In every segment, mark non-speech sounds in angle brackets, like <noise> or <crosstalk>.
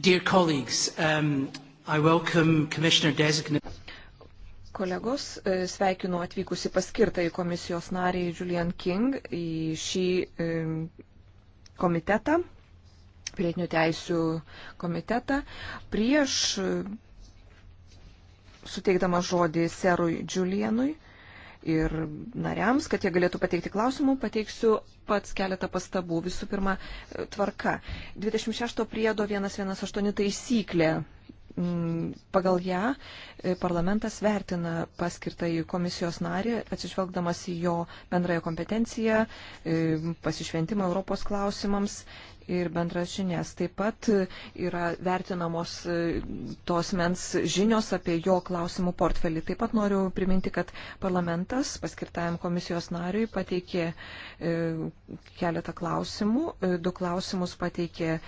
Dear colleagues, um, I welcome Commissioner Designate. Kolegos, e, sveikinu atvykusi paskirtą į komisijos narį Julian King į šį e, komitetą, pilietinių teisių komitetą. Prieš e, suteikdamas žodį serui Julianui, ir nariams, kad jie galėtų pateikti klausimų, pateiksiu pats keletą pastabų. Visų pirma, tvarka. 26 priedo 118 taisyklė Mm, pagal ją e, parlamentas vertina paskirtą į komisijos narį, atsižvelgdamas į jo bendrąją kompetenciją, e, pasišventimą Europos klausimams ir bendras žinias. Taip pat yra vertinamos e, tos mens žinios apie jo klausimų portfelį. Taip pat noriu priminti, kad parlamentas paskirtajam komisijos nariui pateikė keletą klausimų. Du klausimus pateikė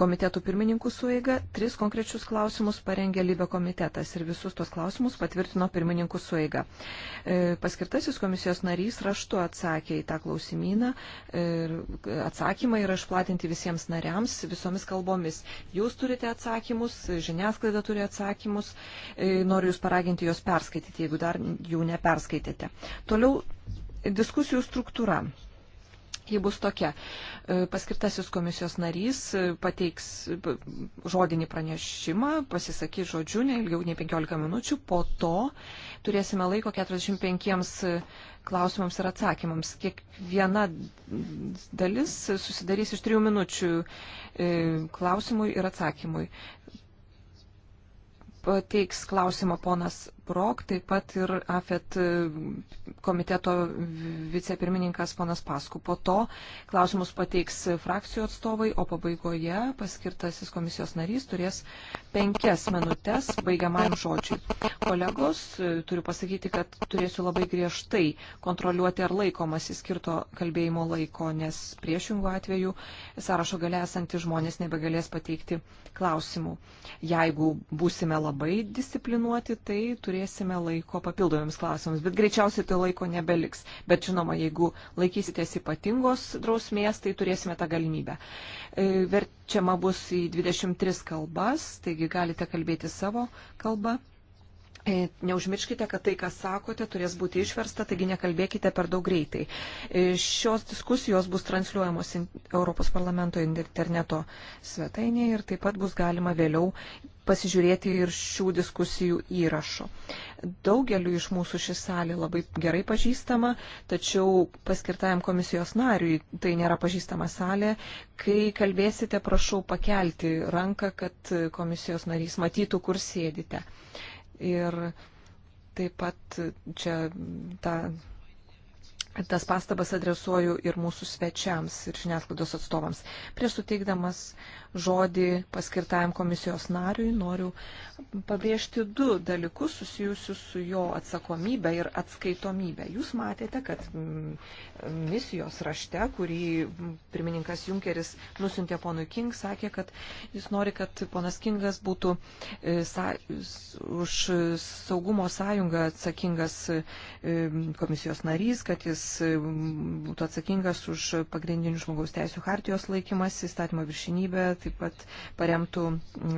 komitetų pirmininkų sueiga, tris konkrečius klausimus parengė Lybė komitetas ir visus tos klausimus patvirtino pirmininkų sueiga. E, paskirtasis komisijos narys raštu atsakė į tą klausimyną, atsakymą yra išplatinti visiems nariams visomis kalbomis. Jūs turite atsakymus, žiniasklaida turi atsakymus, e, noriu jūs paraginti juos perskaityti, jeigu dar jų neperskaitėte. Toliau diskusijų struktūra ji bus tokia. E, paskirtasis komisijos narys e, pateiks e, žodinį pranešimą, pasisakys žodžiu ne ilgiau nei 15 minučių, po to turėsime laiko 45 klausimams ir atsakymams. Kiekviena dalis susidarys iš trijų minučių klausimui ir atsakymui pateiks klausimą ponas Brok, taip pat ir AFET e, komiteto vicepirmininkas ponas Pasku. Po to klausimus pateiks frakcijų atstovai, o pabaigoje paskirtasis komisijos narys turės penkias minutės baigiamajam žodžiui. Kolegos, turiu pasakyti, kad turėsiu labai griežtai kontroliuoti, ar laikomasi skirto kalbėjimo laiko, nes priešingų atveju sąrašo gale esantys žmonės nebegalės pateikti klausimų. Jeigu būsime labai disciplinuoti, tai turėsime laiko papildomiams klausimams, bet greičiausiai tai laiko nebeliks. Bet žinoma, jeigu laikysitės ypatingos drausmės, tai turėsime tą galimybę. E, verčiama bus į 23 kalbas, taigi galite kalbėti savo kalbą. E, neužmirškite, kad tai, ką sakote, turės būti išversta, taigi nekalbėkite per daug greitai. E, šios diskusijos bus transliuojamos Europos parlamento interneto svetainėje ir taip pat bus galima vėliau pasižiūrėti ir šių diskusijų įrašų daugeliu iš mūsų ši salė labai gerai pažįstama, tačiau paskirtajam komisijos nariui tai nėra pažįstama salė. Kai kalbėsite, prašau pakelti ranką, kad komisijos narys matytų, kur sėdite. Ir taip pat čia ta, tas pastabas adresuoju ir mūsų svečiams, ir žiniasklaidos atstovams. Prieš suteikdamas žodį paskirtajam komisijos nariui, noriu pabrėžti du dalykus susijusius su jo atsakomybė ir atskaitomybė. Jūs matėte, kad mm, misijos rašte, kurį pirmininkas Junkeris nusintė ponui King, sakė, kad jis nori, kad ponas Kingas būtų e, sa, už saugumo sąjungą atsakingas e, komisijos narys, kad jis e, būtų atsakingas už pagrindinių žmogaus teisų hartijos laikymas, įstatymo viršinybę, taip pat paremtų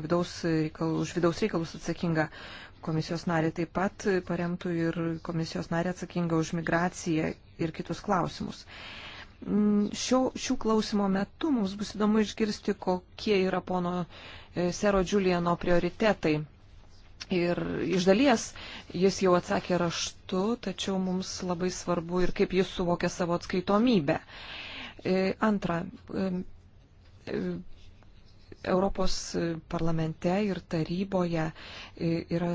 vidaus reikalų, už vidaus reikalus atsakingą komisijos narį, taip pat paremtų ir komisijos narį atsakingą už migraciją ir kitus klausimus. Mm, šio, šių klausimo metu mums bus įdomu išgirsti, kokie yra pono e, Sero Džiulieno prioritetai Ir iš dalies jis jau atsakė raštu, tačiau mums labai svarbu ir kaip jis suvokia savo atskaitomybę. E, antra, e, Europos parlamente ir taryboje yra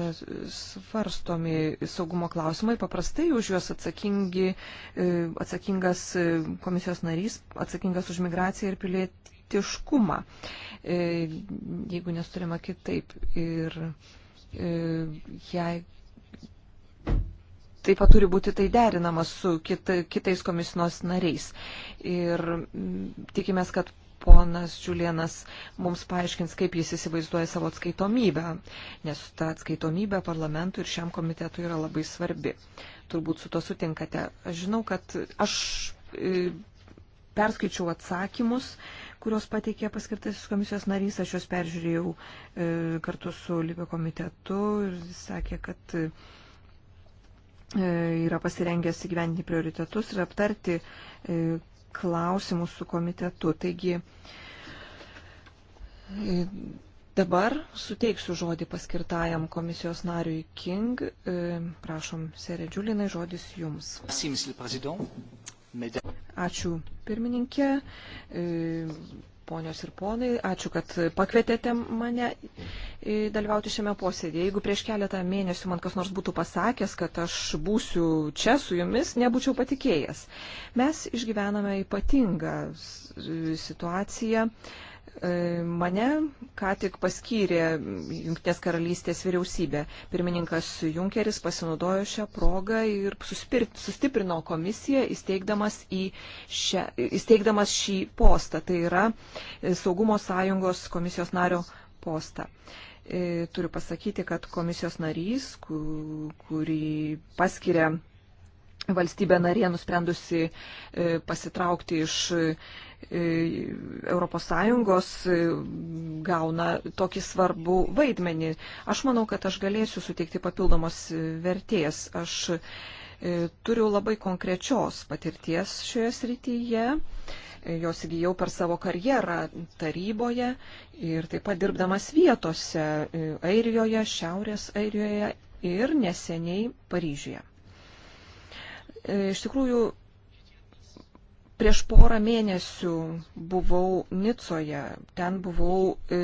svarstomi saugumo klausimai. Paprastai už juos atsakingi, atsakingas komisijos narys, atsakingas už migraciją ir pilietiškumą, jeigu nesturima kitaip. Ir jei taip pat turi būti tai derinamas su kita, kitais komisijos nariais. Ir tikimės, kad ponas Žiulienas mums paaiškins, kaip jis įsivaizduoja savo atskaitomybę, nes ta atskaitomybė parlamentui ir šiam komitetui yra labai svarbi. Turbūt su to sutinkate. Aš žinau, kad aš e, perskaičiau atsakymus, kurios pateikė paskirtasis komisijos narys, aš juos peržiūrėjau e, kartu su Libio komitetu ir jis sakė, kad e, yra pasirengęs įgyvendinti prioritetus ir aptarti e, klausimų su komitetu. Taigi e, dabar suteiksiu žodį paskirtajam komisijos nariui King. E, prašom, serė Džiulinai, žodis jums. Ačiū, pirmininkė. E, ponios ir ponai, ačiū, kad pakvietėte mane dalyvauti šiame posėdėje. Jeigu prieš keletą mėnesių man kas nors būtų pasakęs, kad aš būsiu čia su jumis, nebūčiau patikėjęs. Mes išgyvename ypatingą situaciją. Uh, E, mane ką tik paskyrė Junktinės karalystės vyriausybė. Pirmininkas Junkeris pasinaudojo šią progą ir sustiprino komisiją įsteigdamas, šią, įsteigdamas šį postą, tai yra e, Saugumo sąjungos komisijos nario postą. E, turiu pasakyti, kad komisijos narys, kurį paskiria valstybė narė nusprendusi pasitraukti iš ES e, gauna tokį svarbų vaidmenį. Aš manau, kad aš galėsiu suteikti papildomos vertės. Aš e, turiu labai konkrečios patirties šioje srityje. E, jos įgyjau per savo karjerą taryboje ir taip pat dirbdamas vietose Airijoje, Šiaurės Airijoje ir neseniai Paryžiuje. Iš tikrųjų, Prieš porą mėnesių buvau Nicoje, ten buvau e,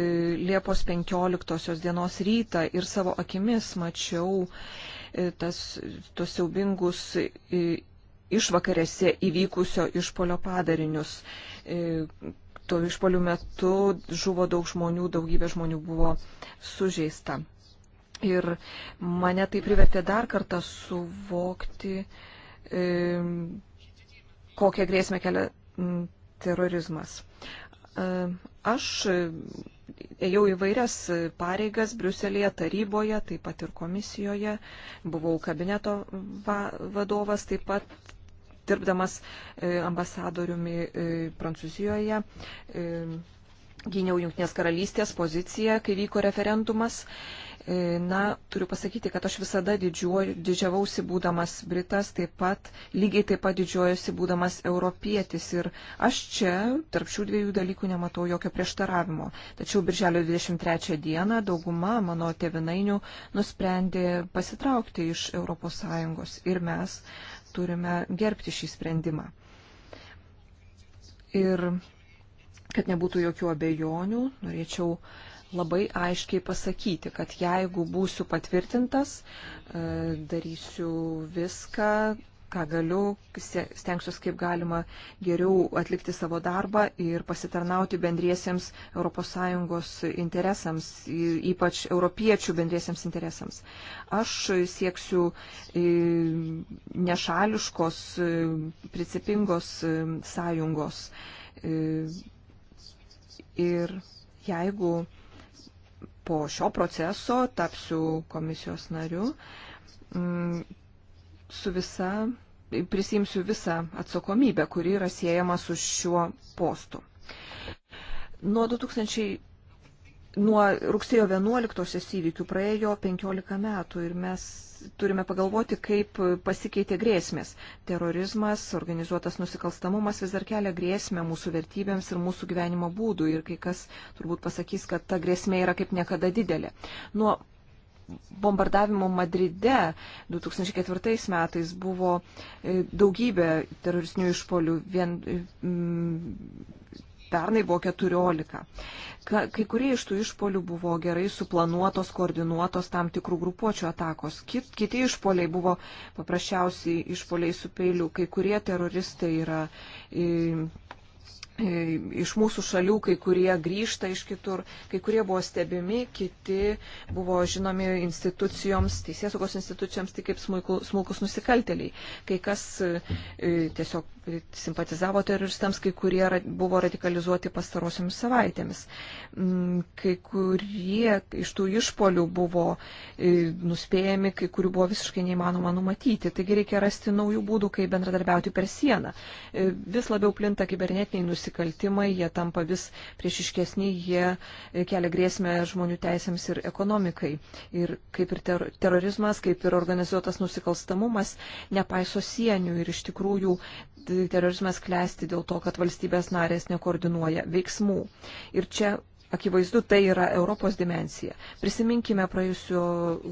Liepos 15 dienos rytą ir savo akimis mačiau e, tas, tos siaubingus e, išvakarėse įvykusio išpolio padarinius. E, to išpolių metu žuvo daug žmonių, daugybė žmonių buvo sužeista. Ir mane tai privertė dar kartą suvokti e, kokią grėsmę kelia terorizmas. E, aš ėjau įvairias pareigas Briuselėje, taryboje, taip pat ir komisijoje, buvau kabineto va vadovas, taip pat dirbdamas e, ambasadoriumi e, Prancūzijoje, gyniau Junktinės karalystės poziciją, kai vyko referendumas. Na, turiu pasakyti, kad aš visada didžiuoju, didžiavausi būdamas Britas, taip pat lygiai taip pat didžiuojusi būdamas europietis ir aš čia tarp šių dviejų dalykų nematau jokio prieštaravimo. Tačiau birželio 23 dieną dauguma mano tevinainių nusprendė pasitraukti iš ES ir mes turime gerbti šį sprendimą. Ir kad nebūtų jokių abejonių, norėčiau labai aiškiai pasakyti, kad jeigu būsiu patvirtintas, e, darysiu viską, ką galiu, stengsiuosi kaip galima geriau atlikti savo darbą ir pasitarnauti bendriesiems ES interesams, ypač europiečių bendriesiems interesams. Aš sieksiu e, nešališkos, e, principingos sąjungos. Ir jeigu po šio proceso tapsiu komisijos nariu, mm, su visa, prisimsiu visą atsakomybę, kuri yra siejama su šiuo postu. Nuo 2000 nuo rugsėjo 11-osios įvykių praėjo 15 metų ir mes turime pagalvoti, kaip pasikeitė grėsmės. Terorizmas, organizuotas nusikalstamumas vis dar kelia grėsmę mūsų vertybėms ir mūsų gyvenimo būdų ir kai kas turbūt pasakys, kad ta grėsmė yra kaip niekada didelė. Nuo bombardavimo Madride 2004 metais buvo e, daugybė teroristinių išpolių. Vien, mm, pernai buvo 14. Ka, kai kurie iš tų išpolių buvo gerai suplanuotos, koordinuotos tam tikrų grupuočių atakos. Kit, kiti išpoliai buvo paprasčiausiai išpoliai su peiliu. Kai kurie teroristai yra. E, E, iš mūsų šalių, kai kurie grįžta iš kitur, kai kurie buvo stebimi, kiti buvo žinomi institucijoms, teisėsaugos institucijoms tik kaip smulkus nusikalteliai. Kai kas e, tiesiog simpatizavo teroristams, kai kurie buvo radikalizuoti pastarosiomis savaitėmis. Mm, kai kurie iš tų išpolių buvo e, nuspėjami, kai kurių buvo visiškai neįmanoma numatyti. Taigi reikia rasti naujų būdų, kaip bendradarbiauti per sieną. Vis labiau plinta kibernetiniai nusikalteliai nusikaltimai, jie tampa vis priešiškesni, jie kelia grėsmę žmonių teisėms ir ekonomikai. Ir kaip ir ter terorizmas, kaip ir organizuotas nusikalstamumas nepaiso sienių ir iš tikrųjų terorizmas klesti dėl to, kad valstybės narės nekoordinuoja veiksmų. Ir čia Akivaizdu, tai yra Europos dimensija. Prisiminkime praėjusio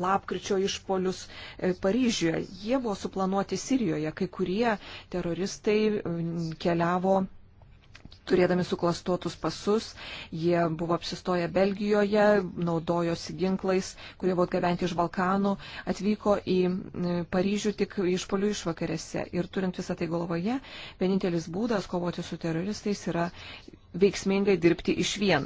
lapkričio išpolius e, Paryžiuje. Jie buvo suplanuoti Sirijoje. Kai kurie teroristai keliavo turėdami suklastotus pasus, jie buvo apsistoję Belgijoje, naudojosi ginklais, kurie buvo atgabenti iš Balkanų, atvyko į e, Paryžių tik išpolių išvakarėse. Ir turint visą tai galvoje, vienintelis būdas kovoti su teroristais yra veiksmingai dirbti iš vien.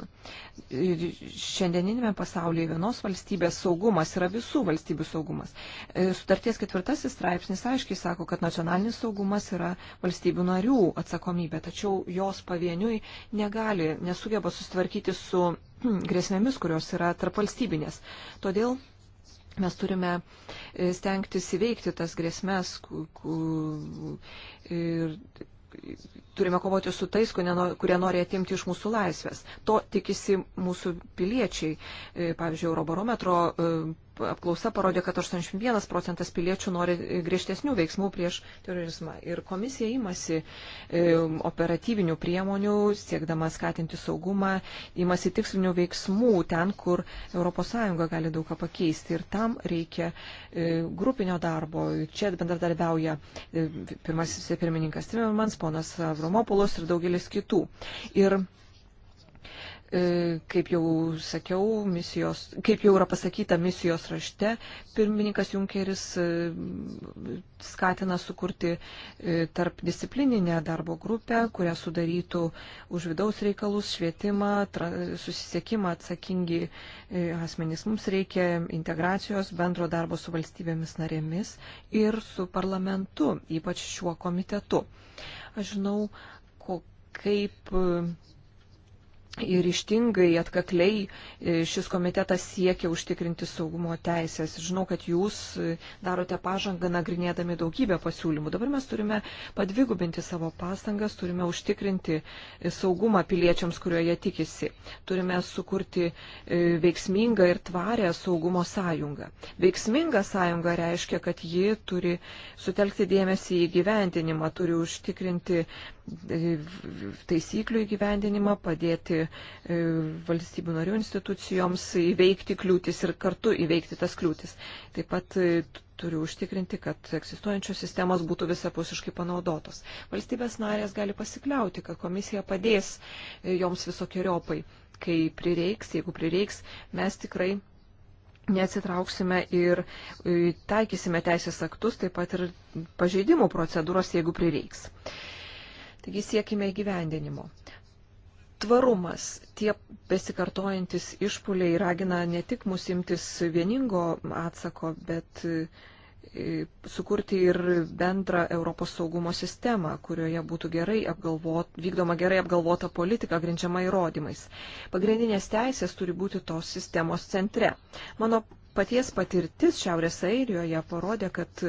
Šiandieninėme pasaulyje vienos valstybės saugumas yra visų valstybių saugumas. E, sutarties ketvirtasis straipsnis aiškiai sako, kad nacionalinis saugumas yra valstybių narių atsakomybė, tačiau jos pavieniui negali, nesugeba susitvarkyti su <clears throat> grėsmėmis, kurios yra tarp valstybinės. Todėl mes turime e, stengtis įveikti tas grėsmės ir turime kovoti su tais, kurie nori atimti iš mūsų laisvės. To tikisi mūsų piliečiai. E, pavyzdžiui, Eurobarometro e, apklausa parodė, kad 81 procentas piliečių nori griežtesnių veiksmų prieš terorizmą. Ir komisija imasi e, operatyvinių priemonių, siekdama skatinti saugumą, imasi tikslinių veiksmų ten, kur ES gali daug ką pakeisti. Ir tam reikia e, grupinio darbo. Čia bendradarbiauja e, pirmasis pirmininkas Timmermans, ponas Avromopulos ir daugelis kitų. Ir E, kaip jau sakiau, misijos, kaip jau yra pasakyta misijos rašte, pirmininkas Junkeris e, skatina sukurti e, tarp disciplininę darbo grupę, kurią sudarytų už vidaus reikalus, švietimą, susisiekimą atsakingi asmenys. Mums reikia integracijos, bendro darbo su valstybėmis narėmis ir su parlamentu, ypač šiuo komitetu. Aš žinau, kaip ir ištingai, atkakliai e, šis komitetas siekia užtikrinti saugumo teisės. Žinau, kad jūs e, darote pažangą nagrinėdami daugybę pasiūlymų. Dabar mes turime padvigubinti savo pastangas, turime užtikrinti e, saugumą piliečiams, kurioje tikisi. Turime sukurti veiksmingą ir tvarę saugumo sąjungą. Veiksminga sąjunga reiškia, kad ji turi sutelkti dėmesį į gyventinimą, turi užtikrinti taisyklių įgyvendinimą, padėti e, valstybių narių institucijoms įveikti kliūtis ir kartu įveikti tas kliūtis. Taip pat e, turiu užtikrinti, kad egzistuojančios sistemos būtų visapusiškai panaudotos. Valstybės narės gali pasikliauti, kad komisija padės e, joms visokiojopai. Kai prireiks, jeigu prireiks, mes tikrai neatsitrauksime ir taikysime teisės aktus, taip pat ir pažeidimų procedūros, jeigu prireiks. Taigi siekime įgyvendinimo. Tvarumas tie besikartojantis išpuliai ragina ne tik mus imtis vieningo atsako, bet e, sukurti ir bendrą Europos saugumo sistemą, kurioje būtų gerai apgalvot, vykdoma gerai apgalvota politika, grindžiama įrodymais. Pagrindinės teisės turi būti tos sistemos centre. Mano paties patirtis Šiaurės Airijoje parodė, kad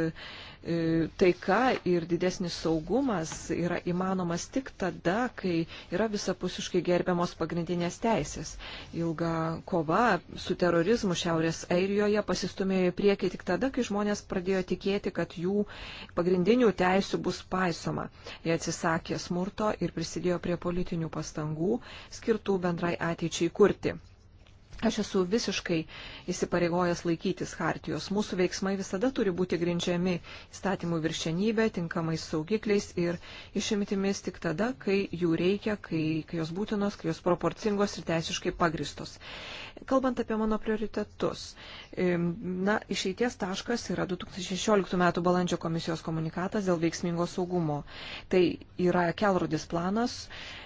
E, taika ir didesnis saugumas yra įmanomas tik tada, kai yra visapusiškai gerbiamos pagrindinės teisės. Ilga kova su terorizmu Šiaurės Airijoje pasistumėjo į priekį tik tada, kai žmonės pradėjo tikėti, kad jų pagrindinių teisų bus paisoma. Jie atsisakė smurto ir prisidėjo prie politinių pastangų skirtų bendrai ateičiai kurti. Aš esu visiškai įsipareigojęs laikytis hartijos. Mūsų veiksmai visada turi būti grindžiami įstatymų viršenybė, tinkamais saugikliais ir išimtimis tik tada, kai jų reikia, kai, kai jos būtinos, kai jos proporcingos ir teisiškai pagristos. Kalbant apie mano prioritetus, na, išeities taškas yra 2016 m. balandžio komisijos komunikatas dėl veiksmingo saugumo. Tai yra kelrodis planas,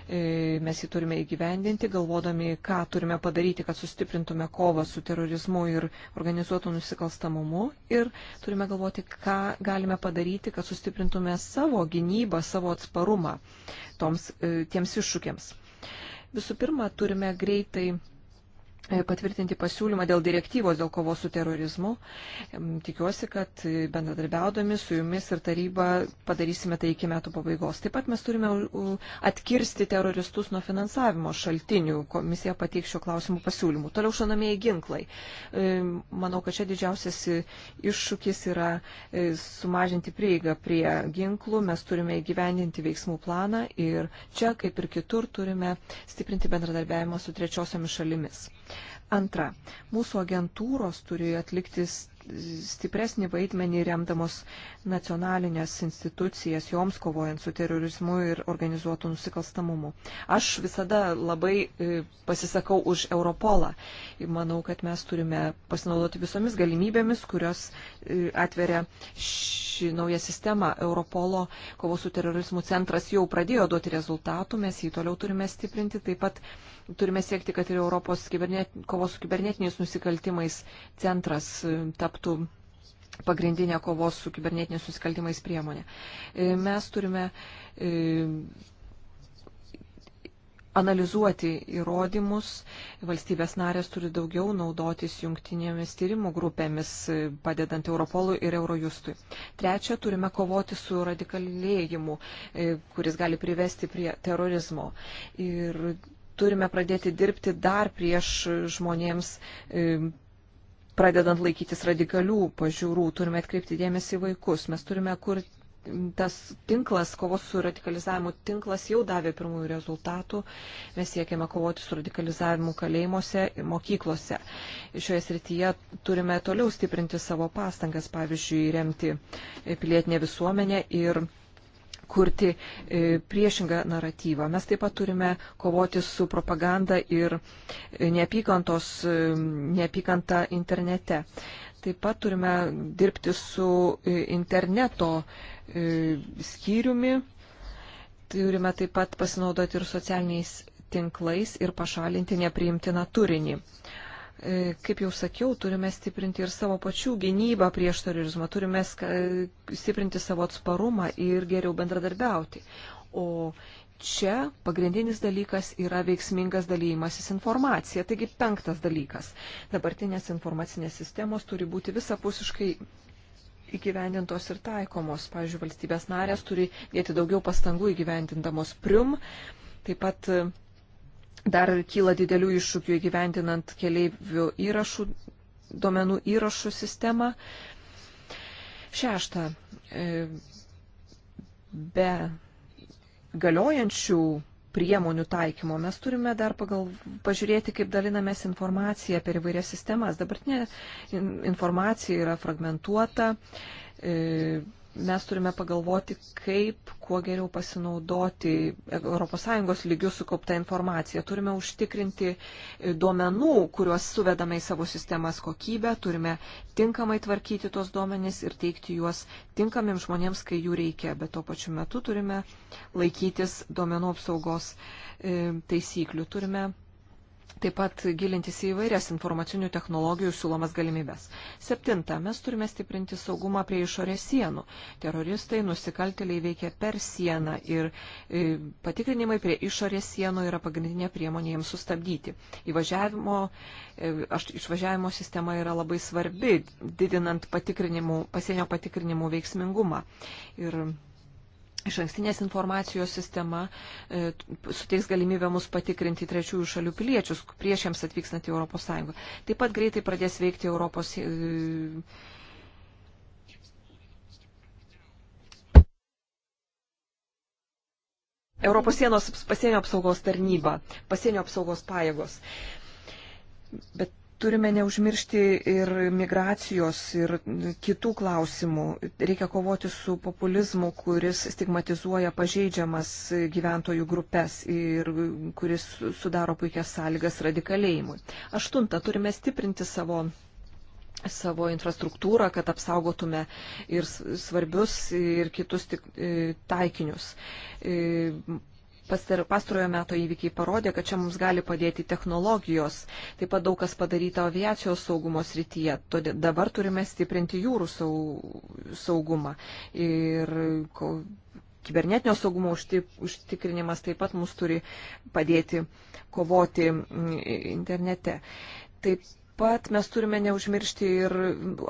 e, mes jį turime įgyvendinti, galvodami, ką turime padaryti, kad sustiprintume kovą su terorizmu terorizmu ir organizuotų nusikalstamumu ir turime galvoti, ką galime padaryti, kad sustiprintume savo gynybą, savo atsparumą toms, e, tiems iššūkiams. Visų pirma, turime greitai E, patvirtinti pasiūlymą dėl direktyvos dėl kovos su terorizmu. Tikiuosi, kad e, bendradarbiaudami su jumis ir taryba padarysime tai iki metų pabaigos. Taip pat mes turime atkirsti teroristus nuo finansavimo šaltinių. Komisija pateiks šio klausimų pasiūlymų. Toliau šonamieji ginklai. E, manau, kad čia didžiausias iššūkis yra sumažinti prieigą prie ginklų. Mes turime įgyvendinti veiksmų planą ir čia, kaip ir kitur, turime stiprinti bendradarbiavimą su trečiosiomis šalimis. Antra, mūsų agentūros turi atlikti stipresnį vaidmenį remdamos nacionalinės institucijas, joms kovojant su terorizmu ir organizuotų nusikalstamumu. Aš visada labai e, pasisakau už Europolą ir manau, kad mes turime pasinaudoti visomis galimybėmis, kurios e, atveria ši nauja sistema. Europolo kovos su terorizmu centras jau pradėjo duoti rezultatų, mes jį toliau turime stiprinti. Taip pat turime siekti, kad ir Europos kibernet, kovos su kibernetiniais nusikaltimais centras e, taptų pagrindinė kovos su kibernetiniais nusikaltimais priemonė. E, mes turime e, analizuoti įrodymus. Valstybės narės turi daugiau naudotis jungtinėmis tyrimų grupėmis, padedant Europolui ir Eurojustui. Trečia, turime kovoti su radikalėjimu, kuris gali privesti prie terorizmo. Ir turime pradėti dirbti dar prieš žmonėms e, pradedant laikytis radikalių pažiūrų, turime atkreipti dėmesį į vaikus, mes turime kurti. Tas tinklas, kovos su radikalizavimu tinklas jau davė pirmųjų rezultatų. Mes siekiame kovoti su radikalizavimu kalėjimuose ir mokyklose. Šioje srityje turime toliau stiprinti savo pastangas, pavyzdžiui, remti pilietinę visuomenę ir kurti e, priešingą naratyvą. Mes taip pat turime kovoti su propaganda ir e, neapykantos, e, neapykanta internete. Taip pat turime dirbti su interneto skyriumi. Turime taip pat pasinaudoti ir socialiniais tinklais ir pašalinti nepriimtiną turinį. E, kaip jau sakiau, turime stiprinti ir savo pačių gynybą prieš terorizmą, turime stiprinti savo atsparumą ir geriau bendradarbiauti. O čia pagrindinis dalykas yra veiksmingas dalymasis informacija. Taigi penktas dalykas. Dabartinės informacinės sistemos turi būti visapusiškai įgyvendintos ir taikomos. Pavyzdžiui, valstybės narės turi dėti daugiau pastangų įgyvendindamos prium. Taip pat Dar kyla didelių iššūkių įgyvendinant keleivių įrašų, duomenų įrašų sistemą. Šešta. E, be galiojančių priemonių taikymo mes turime dar pagal pažiūrėti, kaip dalinamės informaciją per įvairias sistemas. Dabartinė informacija yra fragmentuota. E, mes turime pagalvoti, kaip kuo geriau pasinaudoti ES lygių sukauptą informaciją. Turime užtikrinti duomenų, kuriuos suvedame į savo sistemas kokybę, turime tinkamai tvarkyti tos duomenys ir teikti juos tinkamiems žmonėms, kai jų reikia, bet tuo pačiu metu turime laikytis duomenų apsaugos e, taisyklių. Turime taip pat gilintis į įvairias informacinių technologijų siūlomas galimybės. Septinta, mes turime stiprinti saugumą prie išorės sienų. Teroristai, nusikaltėliai veikia per sieną ir e, patikrinimai prie išorės sienų yra pagrindinė priemonė jiems sustabdyti. Įvažiavimo, e, aš, išvažiavimo sistema yra labai svarbi, didinant patikrinimų, pasienio patikrinimų veiksmingumą. Ir Iš ankstinės informacijos sistema e, suteiks galimybę mus patikrinti trečiųjų šalių piliečius prieš jiems atvykstant į ES. Taip pat greitai pradės veikti Europos. E, Europos sienos pasienio apsaugos tarnyba, pasienio apsaugos pajėgos. Bet turime neužmiršti ir migracijos, ir kitų klausimų. Reikia kovoti su populizmu, kuris stigmatizuoja pažeidžiamas gyventojų grupės ir kuris sudaro puikias sąlygas radikalėjimui. Aštunta, turime stiprinti savo savo infrastruktūrą, kad apsaugotume ir svarbius, ir kitus tik, e, taikinius. E, Pastarojo meto įvykiai parodė, kad čia mums gali padėti technologijos. Taip pat daug kas padaryta aviacijos saugumo srityje. Todėl dabar turime stiprinti jūrų saugumą. Ir kibernetinio saugumo užtikrinimas taip pat mus turi padėti kovoti mm, internete. Taip pat mes turime neužmiršti ir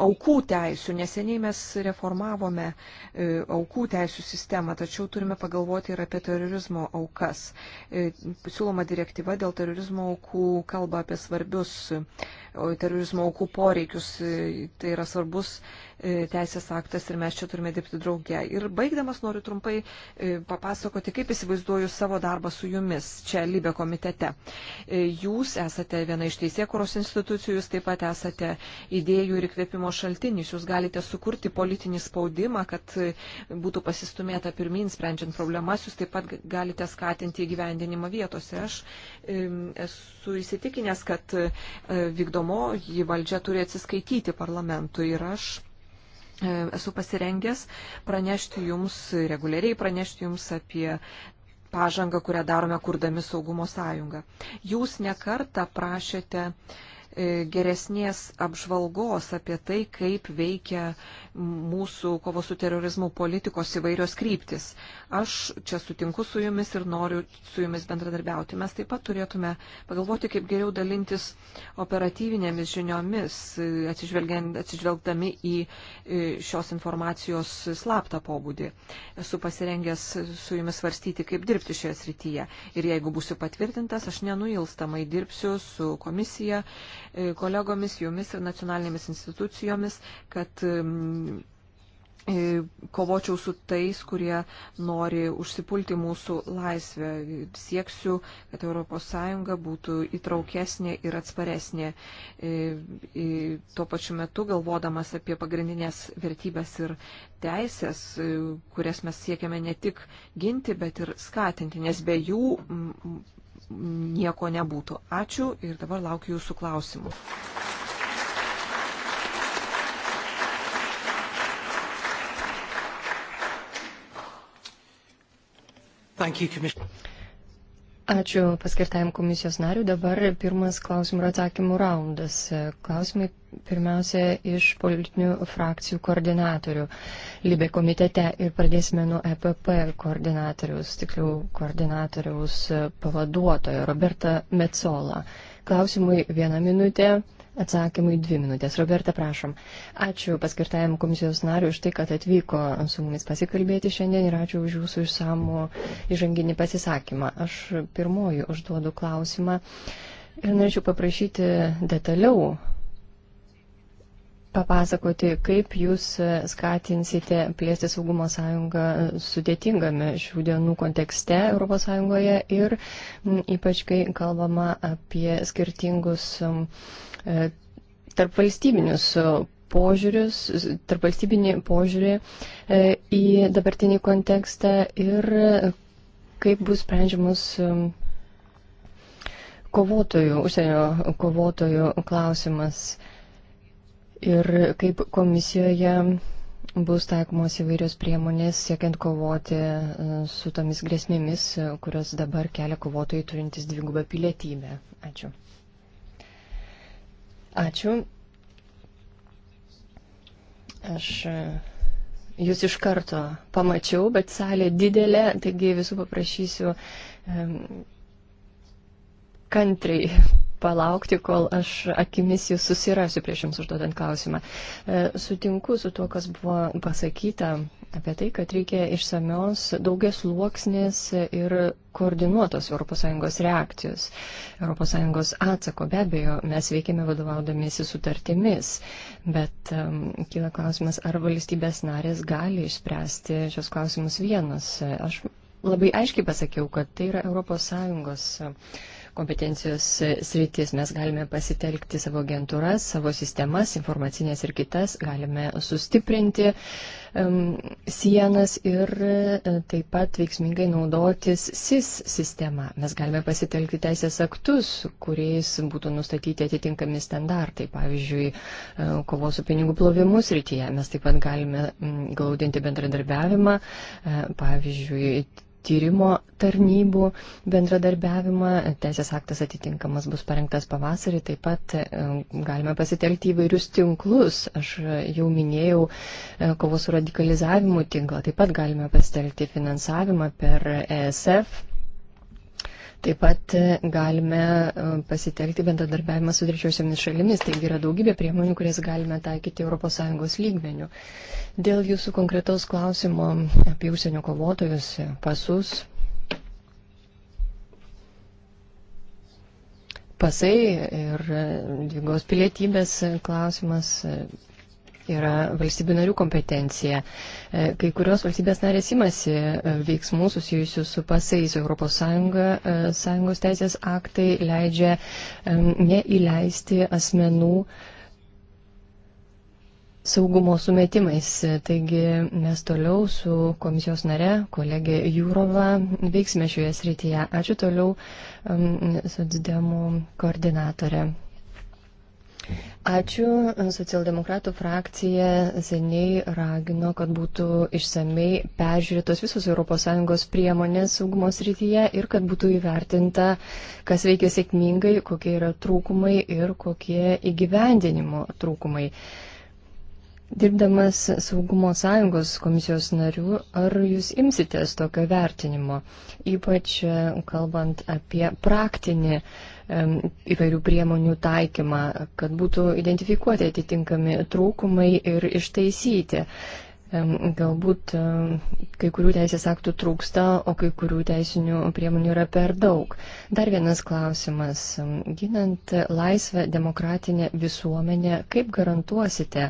aukų teisų. Neseniai mes reformavome e, aukų teisų sistemą, tačiau turime pagalvoti ir apie terorizmo aukas. E, siūloma direktyva dėl terorizmo aukų kalba apie svarbius terorizmo aukų poreikius. E, tai yra svarbus e, teisės aktas ir mes čia turime dirbti drauge. Ir baigdamas noriu trumpai e, papasakoti, kaip įsivaizduoju savo darbą su jumis čia Libė komitete. Jūs esate viena iš teisėkuros institucijų, jūs taip pat esate idėjų ir įkvėpimo šaltinis. Jūs galite sukurti politinį spaudimą, kad būtų pasistumėta pirmin sprendžiant problemas. Jūs taip pat galite skatinti įgyvendinimą vietose. Aš esu įsitikinęs, kad vykdom vykdomoji valdžia turi atsiskaityti parlamentui ir aš e, esu pasirengęs pranešti jums, reguliariai pranešti jums apie pažangą, kurią darome kurdami saugumo sąjungą. Jūs nekartą prašėte e, geresnės apžvalgos apie tai, kaip veikia mūsų kovos su terorizmu politikos įvairios kryptis. Aš čia sutinku su jumis ir noriu su jumis bendradarbiauti. Mes taip pat turėtume pagalvoti, kaip geriau dalintis operatyvinėmis žiniomis, atsižvelgdami į šios informacijos slaptą pobūdį. Esu pasirengęs su jumis svarstyti, kaip dirbti šioje srityje. Ir jeigu būsiu patvirtintas, aš nenuilstamai dirbsiu su komisija, e, kolegomis, jumis ir nacionalinėmis institucijomis, kad kovočiau su tais, kurie nori užsipulti mūsų laisvę. Sieksiu, kad ES būtų įtraukesnė ir atsparesnė. Ir tuo pačiu metu galvodamas apie pagrindinės vertybės ir teisės, kurias mes siekiame ne tik ginti, bet ir skatinti, nes be jų nieko nebūtų. Ačiū ir dabar laukiu jūsų klausimų. Ačiū paskirtajam komisijos nariu. Dabar pirmas klausimų ir atsakymų raundas. Klausimai pirmiausia iš politinių frakcijų koordinatorių Libė komitete ir pradėsime nuo EPP koordinatoriaus, tikliau koordinatoriaus pavaduotojo Roberta Metzola. Klausimui vieną minutę atsakymui dvi minutės. Roberta, prašom. Ačiū paskirtajam komisijos nariu už tai, kad atvyko su mumis pasikalbėti šiandien ir ačiū už jūsų išsamų įžanginį pasisakymą. Aš pirmoju užduodu klausimą ir norėčiau paprašyti detaliau papasakoti, kaip jūs skatinsite plėsti saugumo sąjungą sudėtingame šių dienų kontekste ES ir ypač kai kalbama apie skirtingus E, tarp valstybinius požiūrius, tarp valstybinį požiūrį e, į dabartinį kontekstą ir kaip bus sprendžiamus e, kovotojų, užsienio kovotojų klausimas ir kaip komisijoje bus taikomos įvairios priemonės siekiant kovoti su tomis grėsmėmis, kurios dabar kelia kovotojai turintys dvigubą pilietybę. Ačiū. Ačiū. Aš e, jūs iš karto pamačiau, bet salė didelė, taigi visų paprašysiu e, kantriai palaukti, kol aš akimis jūs susirasiu prieš jums užduodant klausimą. E, sutinku su tuo, kas buvo pasakyta apie tai, kad reikia išsamios daugias luoksnės ir koordinuotos ES reakcijos. ES atsako be abejo mes veikiame vadovaudamiesi sutartimis, bet um, kyla klausimas, ar valstybės narės gali išspręsti šios klausimus vienas. Aš labai aiškiai pasakiau, kad tai yra ES kompetencijos sritis. Mes galime pasitelkti savo agentūras, savo sistemas, informacinės ir kitas, galime sustiprinti um, sienas ir e, taip pat veiksmingai naudotis SIS sistema. Mes galime pasitelkti teisės aktus, kuriais būtų nustatyti atitinkami standartai, pavyzdžiui, e, kovos su pinigų plovimu srityje. Mes taip pat galime glaudinti bendradarbiavimą, e, pavyzdžiui, tyrimo tarnybų bendradarbiavimą. Teisės aktas atitinkamas bus parengtas pavasarį. Taip pat e, galime pasitelkti įvairius tinklus. Aš jau minėjau e, kovos su radikalizavimu tinklą. Taip pat galime pasitelkti finansavimą per ESF Taip pat e, galime e, pasitelkti bendradarbiavimą su trečiosiomis šalimis, taigi yra daugybė priemonių, kurias galime taikyti ES lygmenių. Dėl jūsų konkretaus klausimo apie užsienio kovotojus, pasus, pasai ir e, dvigos pilietybės klausimas yra valstybių narių kompetencija. E, kai kurios valstybės narės imasi e, veiksmų susijusių su pasais. Europos Sąjunga, e, Sąjungos teisės aktai leidžia neįleisti asmenų saugumo sumetimais. Taigi mes toliau su komisijos nare, kolegė Jūrova, veiksime šioje srityje. Ačiū toliau um, su didemu koordinatorė. Ačiū. Socialdemokratų frakcija seniai ragino, kad būtų išsamei peržiūrėtos visos ES priemonės saugumo srityje ir kad būtų įvertinta, kas veikia sėkmingai, kokie yra trūkumai ir kokie įgyvendinimo trūkumai. Dirbdamas saugumo sąjungos komisijos nariu, ar jūs imsitės tokio vertinimo, ypač e, kalbant apie praktinį uh, įvairių priemonių taikymą, kad būtų identifikuoti atitinkami trūkumai ir ištaisyti galbūt kai kurių teisės aktų trūksta, o kai kurių teisinių priemonių yra per daug. Dar vienas klausimas. Ginant laisvę demokratinę visuomenę, kaip garantuosite,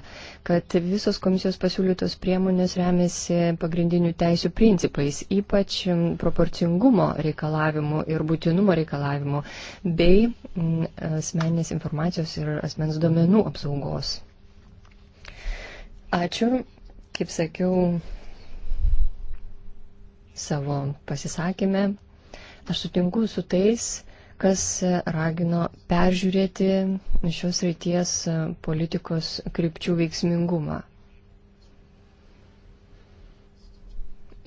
kad visos komisijos pasiūlytos priemonės remiasi pagrindinių teisų principais, ypač proporcingumo reikalavimu ir būtinumo reikalavimu, bei asmeninės informacijos ir asmens duomenų apsaugos? Ačiū. Kaip sakiau savo pasisakymę, aš sutinku su tais, kas ragino peržiūrėti šios reities politikos krypčių veiksmingumą.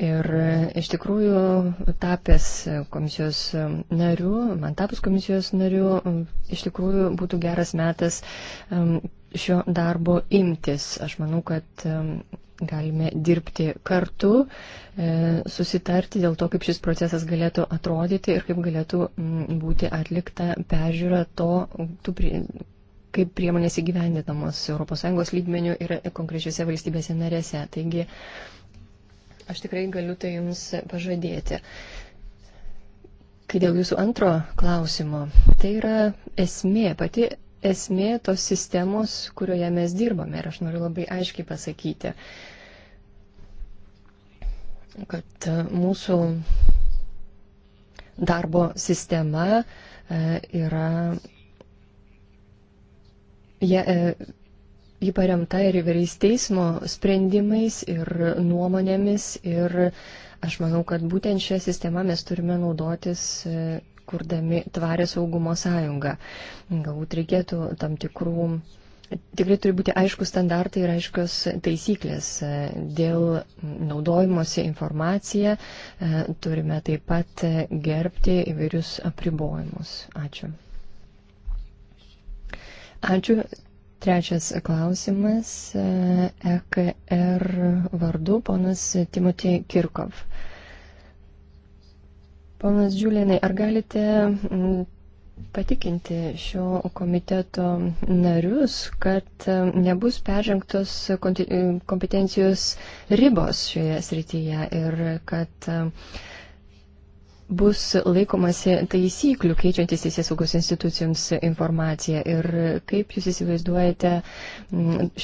Ir iš tikrųjų, tapęs komisijos nariu, man tapus komisijos nariu, iš tikrųjų būtų geras metas um, šio darbo imtis. Aš manau, kad um, galime dirbti kartu, e, susitarti dėl to, kaip šis procesas galėtų atrodyti ir kaip galėtų mm, būti atlikta peržiūra to, tų, kaip priemonės įgyvendinamos ES lygmenių ir konkrečiose valstybėse narėse. Taigi, aš tikrai galiu tai Jums pažadėti. Kai dėl jūsų antro klausimo, tai yra esmė, pati esmė tos sistemos, kurioje mes dirbame. Ir aš noriu labai aiškiai pasakyti, kad e, mūsų darbo sistema e, yra. Ja, e, Ji paremta ir įvairiais teismo sprendimais ir nuomonėmis ir aš manau, kad būtent šią sistemą mes turime naudotis kurdami tvarę saugumo sąjungą. Galbūt reikėtų tam tikrų. Tikrai turi būti aiškus standartai ir aiškios taisyklės dėl naudojimuose informacija. E, turime taip pat gerbti įvairius apribojimus. Ačiū. Ačiū. Trečias klausimas. EKR e vardu ponas Timotė Kirkov. Ponas Žiūlėnai, ar galite mm, patikinti šio komiteto narius, kad mm, nebus peržengtos kompetencijos ribos šioje srityje ir kad uh, bus laikomasi taisyklių keičiantis teisėsaugos institucijoms informaciją ir kaip jūs įsivaizduojate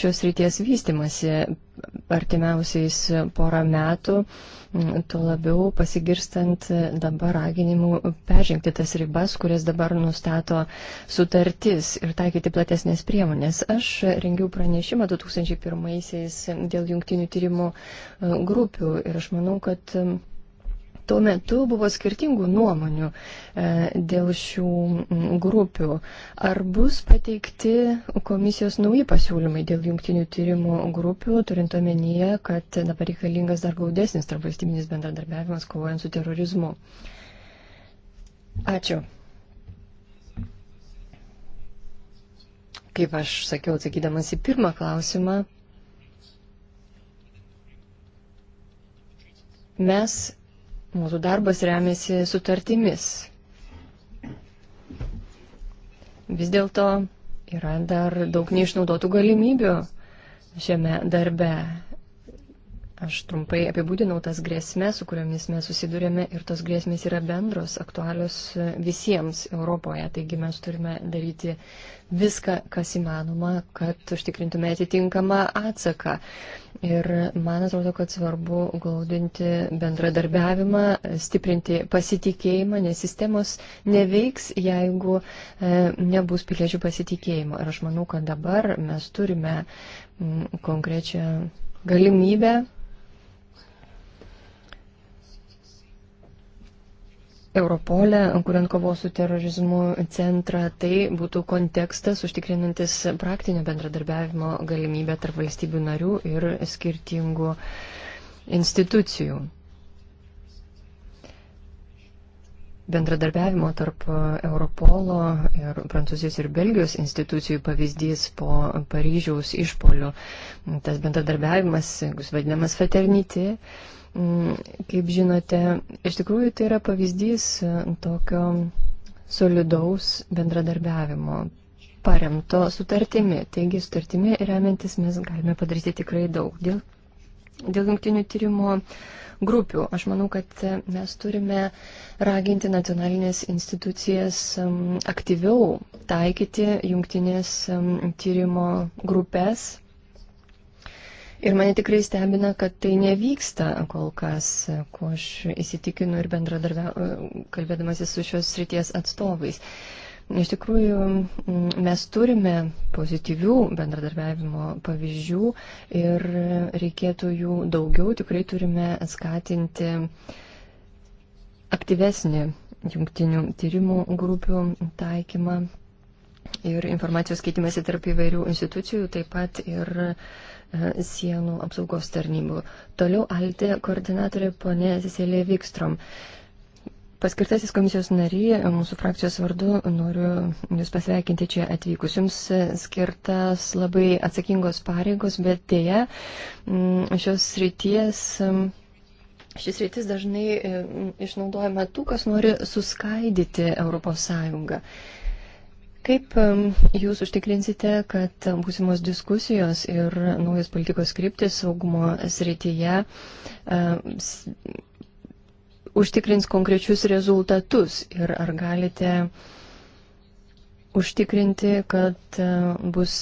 šios ryties vystimasi artimiausiais porą metų, tuo labiau pasigirstant dabar raginimų peržengti tas ribas, kurias dabar nustato sutartis ir taikyti platesnės priemonės. Aš rengiau pranešimą 2001-aisiais dėl jungtinių tyrimų e, grupių ir aš manau, kad Tuo metu buvo skirtingų nuomonių e, dėl šių grupių. Ar bus pateikti komisijos nauji pasiūlymai dėl jungtinių tyrimų grupių, turint omenyje, kad dabar reikalingas dar gaudesnis tarpvalstybinis bendradarbiavimas kovojant su terorizmu? Ačiū. Kaip aš sakiau, atsakydamas į pirmą klausimą, mes Mūsų darbas remiasi sutartimis. Vis dėlto yra dar daug neišnaudotų galimybių šiame darbe. Aš trumpai apibūdinau tas grėsmės, su kuriomis mes susidurėme ir tos grėsmės yra bendros, aktualios visiems Europoje. Taigi mes turime daryti viską, kas įmanoma, kad užtikrintume atitinkamą atsaką. Uh, Ir man atrodo, kad svarbu glaudinti bendradarbiavimą, stiprinti pasitikėjimą, nes sistemos neveiks, jeigu e, nebus piliečių pasitikėjimo. Ir aš manau, kad dabar mes turime mm, konkrečią galimybę Europolę, kuriant kovos su terorizmu centrą, tai būtų kontekstas užtikrinantis praktinio bendradarbiavimo galimybę tarp valstybių narių ir skirtingų institucijų. Bendradarbiavimo tarp Europolo ir Prancūzijos ir Belgijos institucijų pavyzdys po Paryžiaus išpolių. Tas bendradarbiavimas, jeigu vadinamas fraternitė, Mm, kaip žinote, iš tikrųjų tai yra pavyzdys e, tokio solidaus bendradarbiavimo, paremto sutartimi. Taigi sutartimi remiantis mes galime padaryti tikrai daug. Dėl, dėl jungtinių tyrimo grupių aš manau, kad mes turime raginti nacionalinės institucijas aktyviau taikyti jungtinės tyrimo grupės Ir mane tikrai stebina, kad tai nevyksta kol kas, ko aš įsitikinu ir bendradarbia, kalbėdamasi su šios srities atstovais. Iš tikrųjų, mes turime pozityvių bendradarbiavimo pavyzdžių ir reikėtų jų daugiau, tikrai turime skatinti aktyvesnį jungtinių tyrimų grupių taikymą ir informacijos keitimasi tarp įvairių institucijų, taip pat ir uh, sienų apsaugos tarnybų. Toliau Altė koordinatorė ponė Cecilija Vikstrom. Paskirtasis komisijos nary, mūsų frakcijos vardu noriu Jūs pasveikinti čia atvykus. Jums skirtas labai atsakingos pareigos, bet dėja mm, šios ryties. Mm, šis rytis dažnai mm, išnaudojama tų, kas nori suskaidyti ES. Kaip jūs užtikrinsite, kad būsimos diskusijos ir naujas politikos kryptis saugumo srityje uh, užtikrins konkrečius rezultatus ir ar galite užtikrinti, kad bus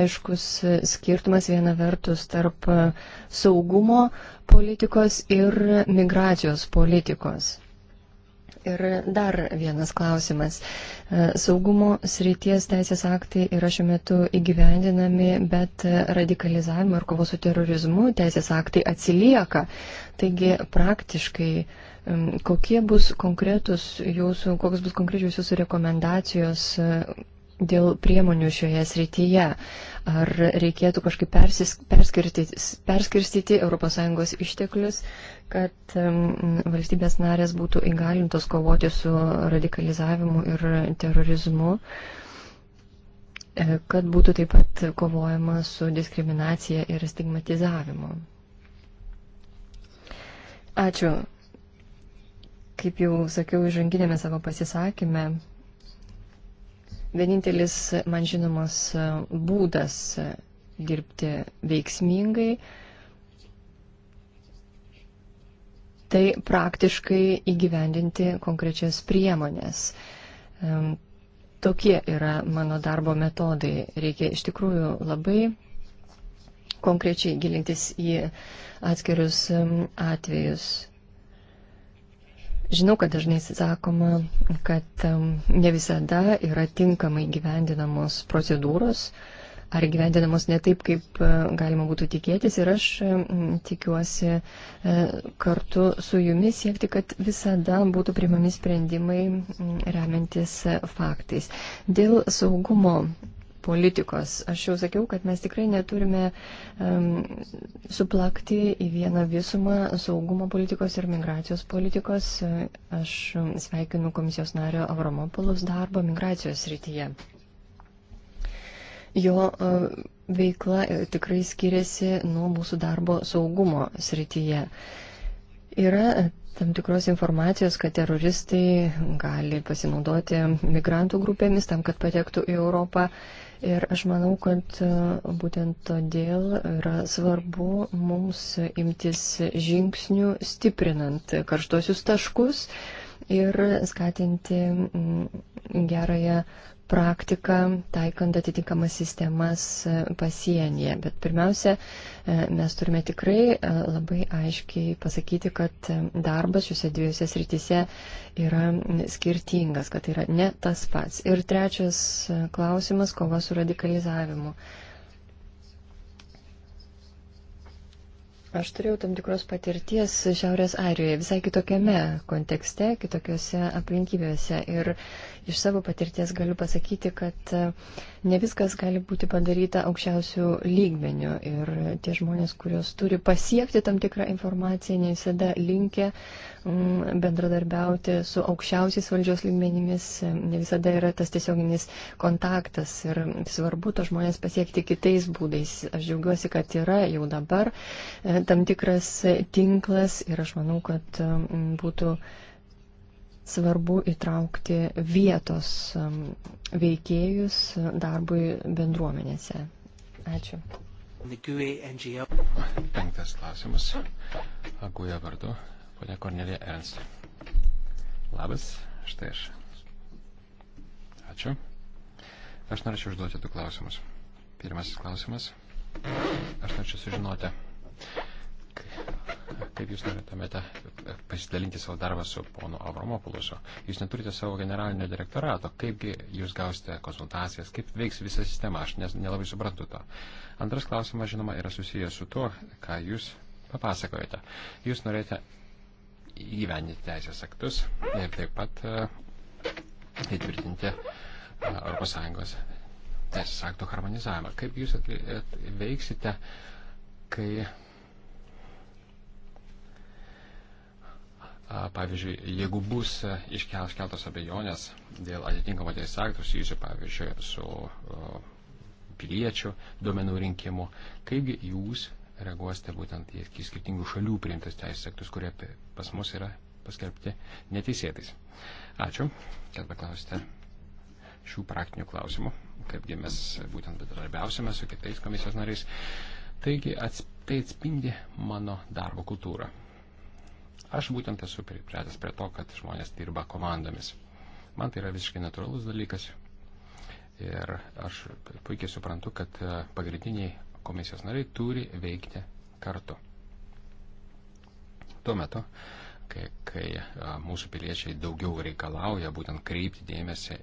aiškus skirtumas viena vertus tarp saugumo politikos ir migracijos politikos? Ir dar vienas klausimas. E, saugumo srities teisės aktai yra šiuo metu įgyvendinami, bet radikalizavimo ir kovos su terorizmu teisės aktai atsilieka. Taigi praktiškai kokie bus konkretus jūsų, kokios bus konkrečios jūsų rekomendacijos e, dėl priemonių šioje srityje? Ar reikėtų kažkaip persis, perskirstyti, perskirstyti ES išteklius kad valstybės narės būtų įgalintos kovoti su radikalizavimu ir terorizmu, e, kad būtų taip pat kovojama su diskriminacija ir stigmatizavimu. Ačiū. Kaip jau sakiau, įžanginėme savo pasisakymę. Vienintelis man žinomas būdas dirbti veiksmingai tai praktiškai įgyvendinti konkrečias priemonės. Tokie yra mano darbo metodai. Reikia iš tikrųjų labai konkrečiai gilintis į atskirius atvejus. Žinau, kad dažnai sakoma, kad ne visada yra tinkamai gyvendinamos procedūros, uh, ar gyvendinamos ne taip, kaip e, galima būtų tikėtis. Ir aš e, tikiuosi e, kartu su jumis siekti, kad visada būtų primami sprendimai remiantis faktais. Dėl saugumo politikos. Aš jau sakiau, kad mes tikrai neturime um, suplakti į vieną visumą saugumo politikos ir migracijos politikos. Aš sveikinu komisijos nario Avramopoulos darbą migracijos rytyje jo e, veikla e, tikrai skiriasi nuo mūsų darbo saugumo srityje. Yra e, tam tikros informacijos, kad teroristai gali pasinaudoti migrantų grupėmis tam, kad patektų į Europą. Ir aš manau, kad būtent todėl yra svarbu mums imtis žingsnių stiprinant karštosius taškus ir skatinti gerąją praktiką, taikant atitinkamas sistemas e, pasienyje. Bet pirmiausia, e, mes turime tikrai e, labai aiškiai pasakyti, kad darbas šiuose dviejose srityse yra skirtingas, kad tai yra ne tas pats. Ir trečias klausimas - kova su radikalizavimu. Aš turėjau tam tikros patirties Šiaurės Airijoje, visai kitokiame kontekste, kitokiose aplinkybėse. Ir Iš savo patirties galiu pasakyti, kad e, ne viskas gali būti padaryta aukščiausių lygmenių ir tie žmonės, kurios turi pasiekti tam tikrą informaciją, ne visada linkia mm, bendradarbiauti su aukščiausiais valdžios lygmenimis, ne visada yra tas tiesioginis kontaktas ir svarbu to žmonės pasiekti kitais būdais. Aš džiaugiuosi, kad yra jau dabar e, tam tikras tinklas ir aš manau, kad būtų svarbu įtraukti vietos um, veikėjus darbui bendruomenėse. Ačiū. Penktas klausimas. Aguja vardu, ponia Kornelija Ernst. Labas, štai aš. Ačiū. Aš norėčiau užduoti du klausimus. Pirmasis klausimas. Aš norėčiau sužinoti, kaip jūs norėtumėte e, pasidalinti savo darbą su ponu Avramopulusu. Jūs neturite savo generalinio direktorato. Kaipgi jūs gausite konsultacijas, kaip veiks visa sistema, aš nes, nelabai suprantu to. Antras klausimas, žinoma, yra susijęs su tuo, ką jūs papasakojate. Jūs norite įgyvendinti teisės aktus ir taip pat e, įtvirtinti ES teisės aktų harmonizavimą. Kaip jūs veiksite, kai Pavyzdžiui, jeigu bus e, iškeltos abejonės dėl atitinkamo teisės aktų susijusių, pavyzdžiui, su piliečių duomenų rinkimu, kaipgi jūs reaguosite būtent į skirtingų šalių priimtas teisės aktus, kurie pas mus yra paskelbti neteisėtais. Ačiū, kad paklausite šių praktinių klausimų, kaipgi mes būtent bedarbiausime su kitais komisijos nariais. Taigi, ats, tai atspindi mano darbo kultūrą. Aš būtent esu pripratęs prie to, kad žmonės dirba komandomis. Man tai yra visiškai natūralus dalykas. Ir aš puikiai suprantu, kad e, pagrindiniai komisijos nariai turi veikti kartu. Tuo metu, kai, kai e, mūsų piliečiai daugiau reikalauja būtent kreipti dėmesį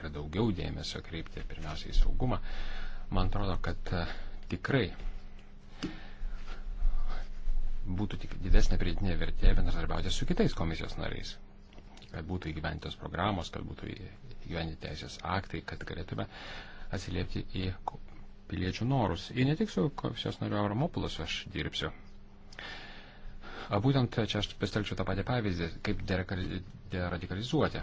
ir daugiau dėmesio kreipti pirmiausiai į saugumą, man atrodo, kad e, tikrai būtų tik didesnė pridėtinė vertė bendradarbiauti su kitais komisijos nariais. Kad būtų įgyventos programos, kad būtų įgyventi teisės aktai, kad galėtume atsiliepti į piliečių norus. Ir ne tik su komisijos nariu Avramopulus aš dirbsiu. A, būtent čia aš pasitelkčiau tą patį pavyzdį, kaip deradikalizuoti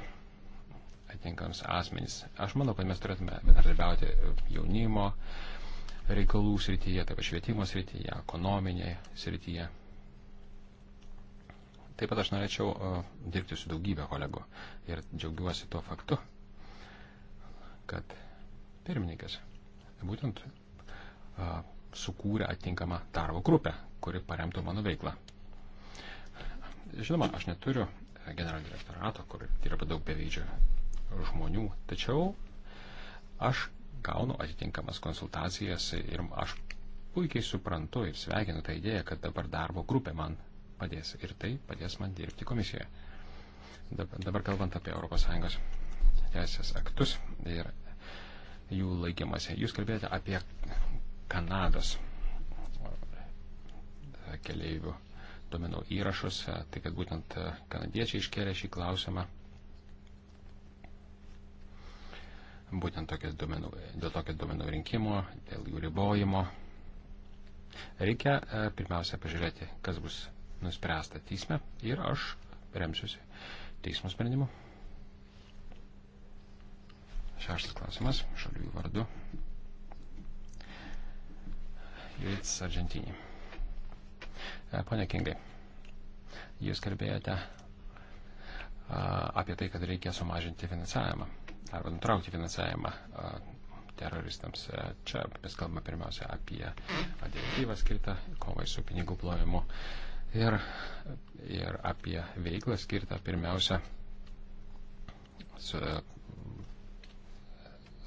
atinkams asmenys. Aš manau, kad mes turėtume bendradarbiauti jaunimo reikalų srityje, taip pat švietimo srityje, ekonominėje srityje. Taip pat aš norėčiau e, dirbti su daugybė kolegų ir džiaugiuosi tuo faktu, kad pirmininkas būtent e, sukūrė atitinkamą darbo grupę, kuri paremtų mano veiklą. Žinoma, aš neturiu generalinio direktorato, kur dirba daug beveidžių žmonių, tačiau aš gaunu atitinkamas konsultacijas ir aš puikiai suprantu ir sveikinu tą idėją, kad dabar darbo grupė man padės ir tai padės man dirbti komisijoje. Dabar, dabar kalbant apie ES teisės aktus ir jų laikymasi. Jūs kalbėjote apie Kanados keleivių domenų įrašus, tai kad būtent kanadiečiai iškėlė šį klausimą. Būtent domenų, dėl tokio domenų rinkimo, dėl jų ribojimo. Reikia e, pirmiausia pažiūrėti, kas bus nuspręsta teisme ir aš remsiuosi teismo sprendimu. Šeštas klausimas, šalių vardu. Judits Argentinį. E, pone Kingai, jūs kalbėjote apie tai, kad reikia sumažinti finansavimą arba nutraukti finansavimą teroristams. E, čia mes kalbame pirmiausia apie direktyvą skirtą kovai su pinigų plovimu. Uh, ir, ir apie veiklą skirtą pirmiausia su,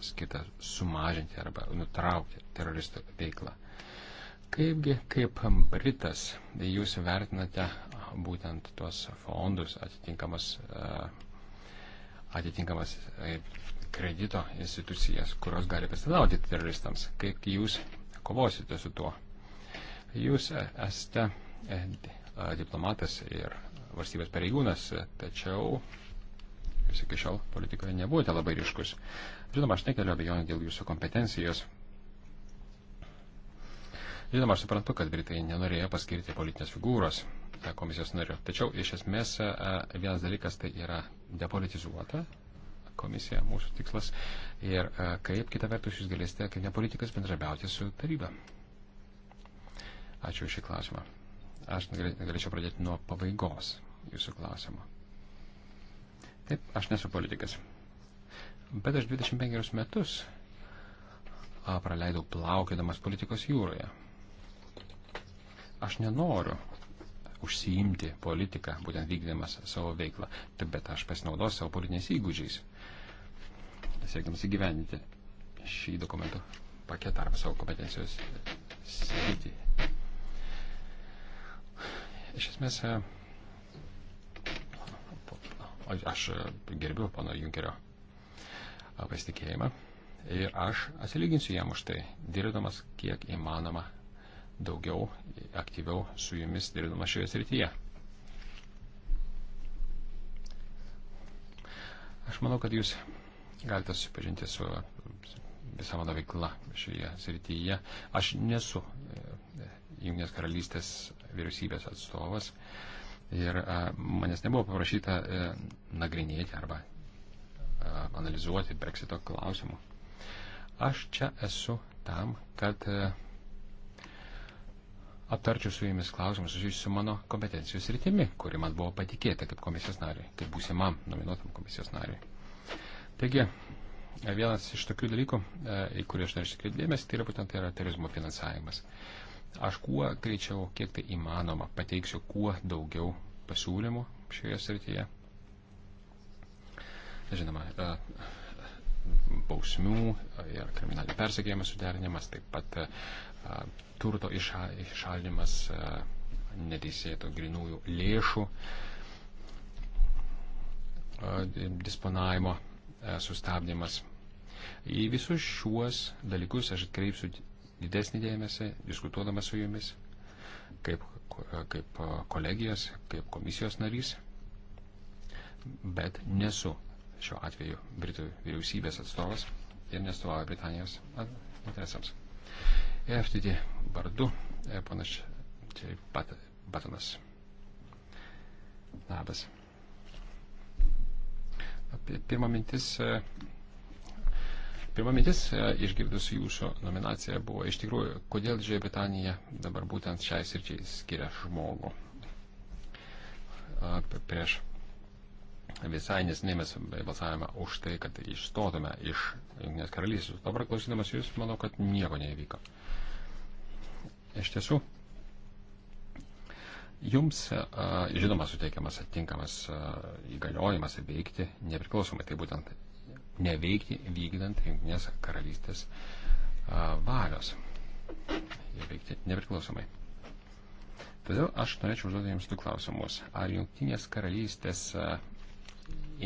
skirtą sumažinti arba nutraukti teroristų veiklą. Kaipgi, kaip Britas, jūs vertinate būtent tuos fondus, atitinkamas, e, atitinkamas e, kredito institucijas, kurios gali pasidauti teroristams. Kaip jūs kovosite su tuo? Jūs e, esate diplomatas ir valstybės pareigūnas, tačiau jūs iki šiol politikoje nebuvote labai ryškus. Žinoma, aš nekeliu abejonių dėl jūsų kompetencijos. Žinoma, aš suprantu, kad Britai nenorėjo paskirti politinės figūros komisijos nariu. Tačiau iš esmės vienas dalykas tai yra depolitizuota komisija, mūsų tikslas. Ir kaip kitą vertus jūs galėsite, kaip ne politikas, bendrabiauti su taryba. Ačiū šį klausimą. Aš galėčiau pradėti nuo pabaigos jūsų klausimo. Taip, aš nesu politikas. Bet aš 25 metus a, praleidau plaukėdamas politikos jūroje. Aš nenoriu užsiimti politiką, būtent vykdydamas savo veiklą, taip, bet aš pasinaudosiu savo politiniais įgūdžiais, siekdamas įgyvendinti šį dokumentų paketą arba savo kompetencijos sritį. Iš esmės, e, aš e, gerbiu pana Junkerio e, pasitikėjimą ir aš atsilyginsiu jam už tai, dirbdamas kiek įmanoma daugiau, aktyviau su jumis dirbdamas šioje srityje. Aš manau, kad jūs galite susipažinti su visą mano veiklą šioje srityje. Aš nesu Junginės karalystės vyriausybės atstovas ir manęs nebuvo paprašyta e, nagrinėti arba analizuoti breksito klausimų. Aš čia esu tam, kad e, aptarčiau su jumis klausimus susijusius su mano kompetencijos rytimi, kuri man buvo patikėta kaip komisijos nariai, kaip būsimam nominuotam komisijos nariai. Taigi, vienas iš tokių dalykų, e, į kurį aš norėčiau kreipdėmės, tai yra būtent tai yra terorizmo finansavimas. Uh, Aš kuo greičiau, kiek tai įmanoma, pateiksiu kuo daugiau pasiūlymų šioje srityje. Žinoma, e, bausmių ir kriminalinio persekėjimo suderinimas, taip pat e, turto išaldimas e, neteisėto grinųjų lėšų disponavimo sustabdymas. Į visus šiuos dalykus aš atkreipsiu didesnį dėmesį, diskutuodama su jumis, kaip, kaip kolegijos, kaip komisijos narys, bet nesu šiuo atveju Britų vyriausybės atstovas ir nestovauju Britanijos interesams. E FTD vardu e, panas čia pat, Batanas. Labas. Pirma mintis e, Pirma mintis, e, išgirdus jūsų nominaciją, buvo iš tikrųjų, kodėl Didžioji Britanija dabar būtent šiai sričiai skiria žmogų. Prieš visai nesiniai mes balsavome už tai, kad išstotume iš Junktinės karalystės. Dabar klausydamas jūs, manau, kad nieko nevyko. Iš tiesų, Jums, žinoma, suteikiamas atitinkamas įgaliojimas veikti nepriklausomai, tai būtent neveikti vykdant Junktinės karalystės valios ir veikti nepriklausomai. Todėl aš norėčiau užduoti Jums du klausimus. Ar Junktinės karalystės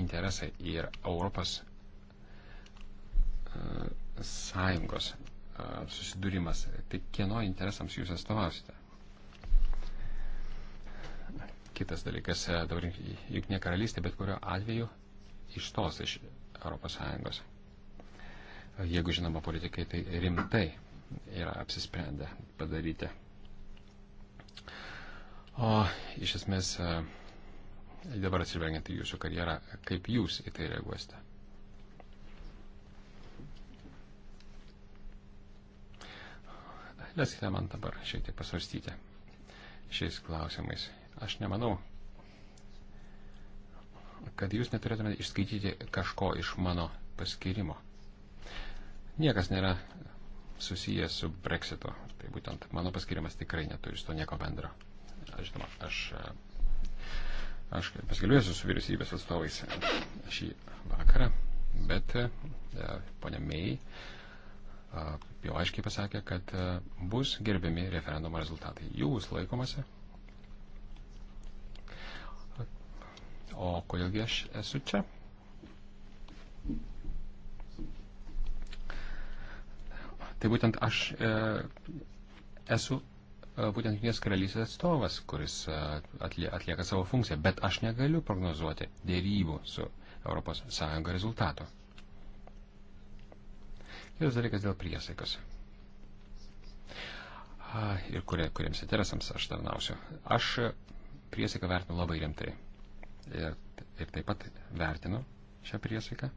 interesai ir Europos sąjungos susidūrimas, tai kieno interesams Jūs atstovausite? Kitas dalykas, dabar Junktinė karalystė, bet kurio atveju iš tos, iš ES. Jeigu žinoma, politikai tai rimtai yra apsisprendę padaryti. O iš esmės, e, dabar atsižvelgiant į jūsų karjerą, kaip jūs į tai reaguosite? Leiskite man dabar šiek tiek pasvarstyti šiais klausimais. Aš nemanau, kad jūs neturėtumėte išskaityti kažko iš mano paskirimo. Niekas nėra susijęs su breksitu. Tai būtent mano paskirimas tikrai neturi su to nieko bendro. Aš, žinoma, aš, aš pasikalbėsiu su vyriausybės atstovais šį vakarą, bet e, ponia Mei jau aiškiai pasakė, kad e, bus gerbiami referendumo rezultatai. Jų bus laikomasi O kodėlgi aš esu čia? Tai būtent aš e, esu e, būtent Junės karalystės atstovas, kuris e, atlie, atlieka savo funkciją, bet aš negaliu prognozuoti dėrybų su ES rezultato. Kitas dalykas dėl priesaikos. Ir kurie, kuriems interesams aš tarnausiu. Aš priesaiką vertinu labai rimtai ir, ir taip pat vertinu šią priesaiką.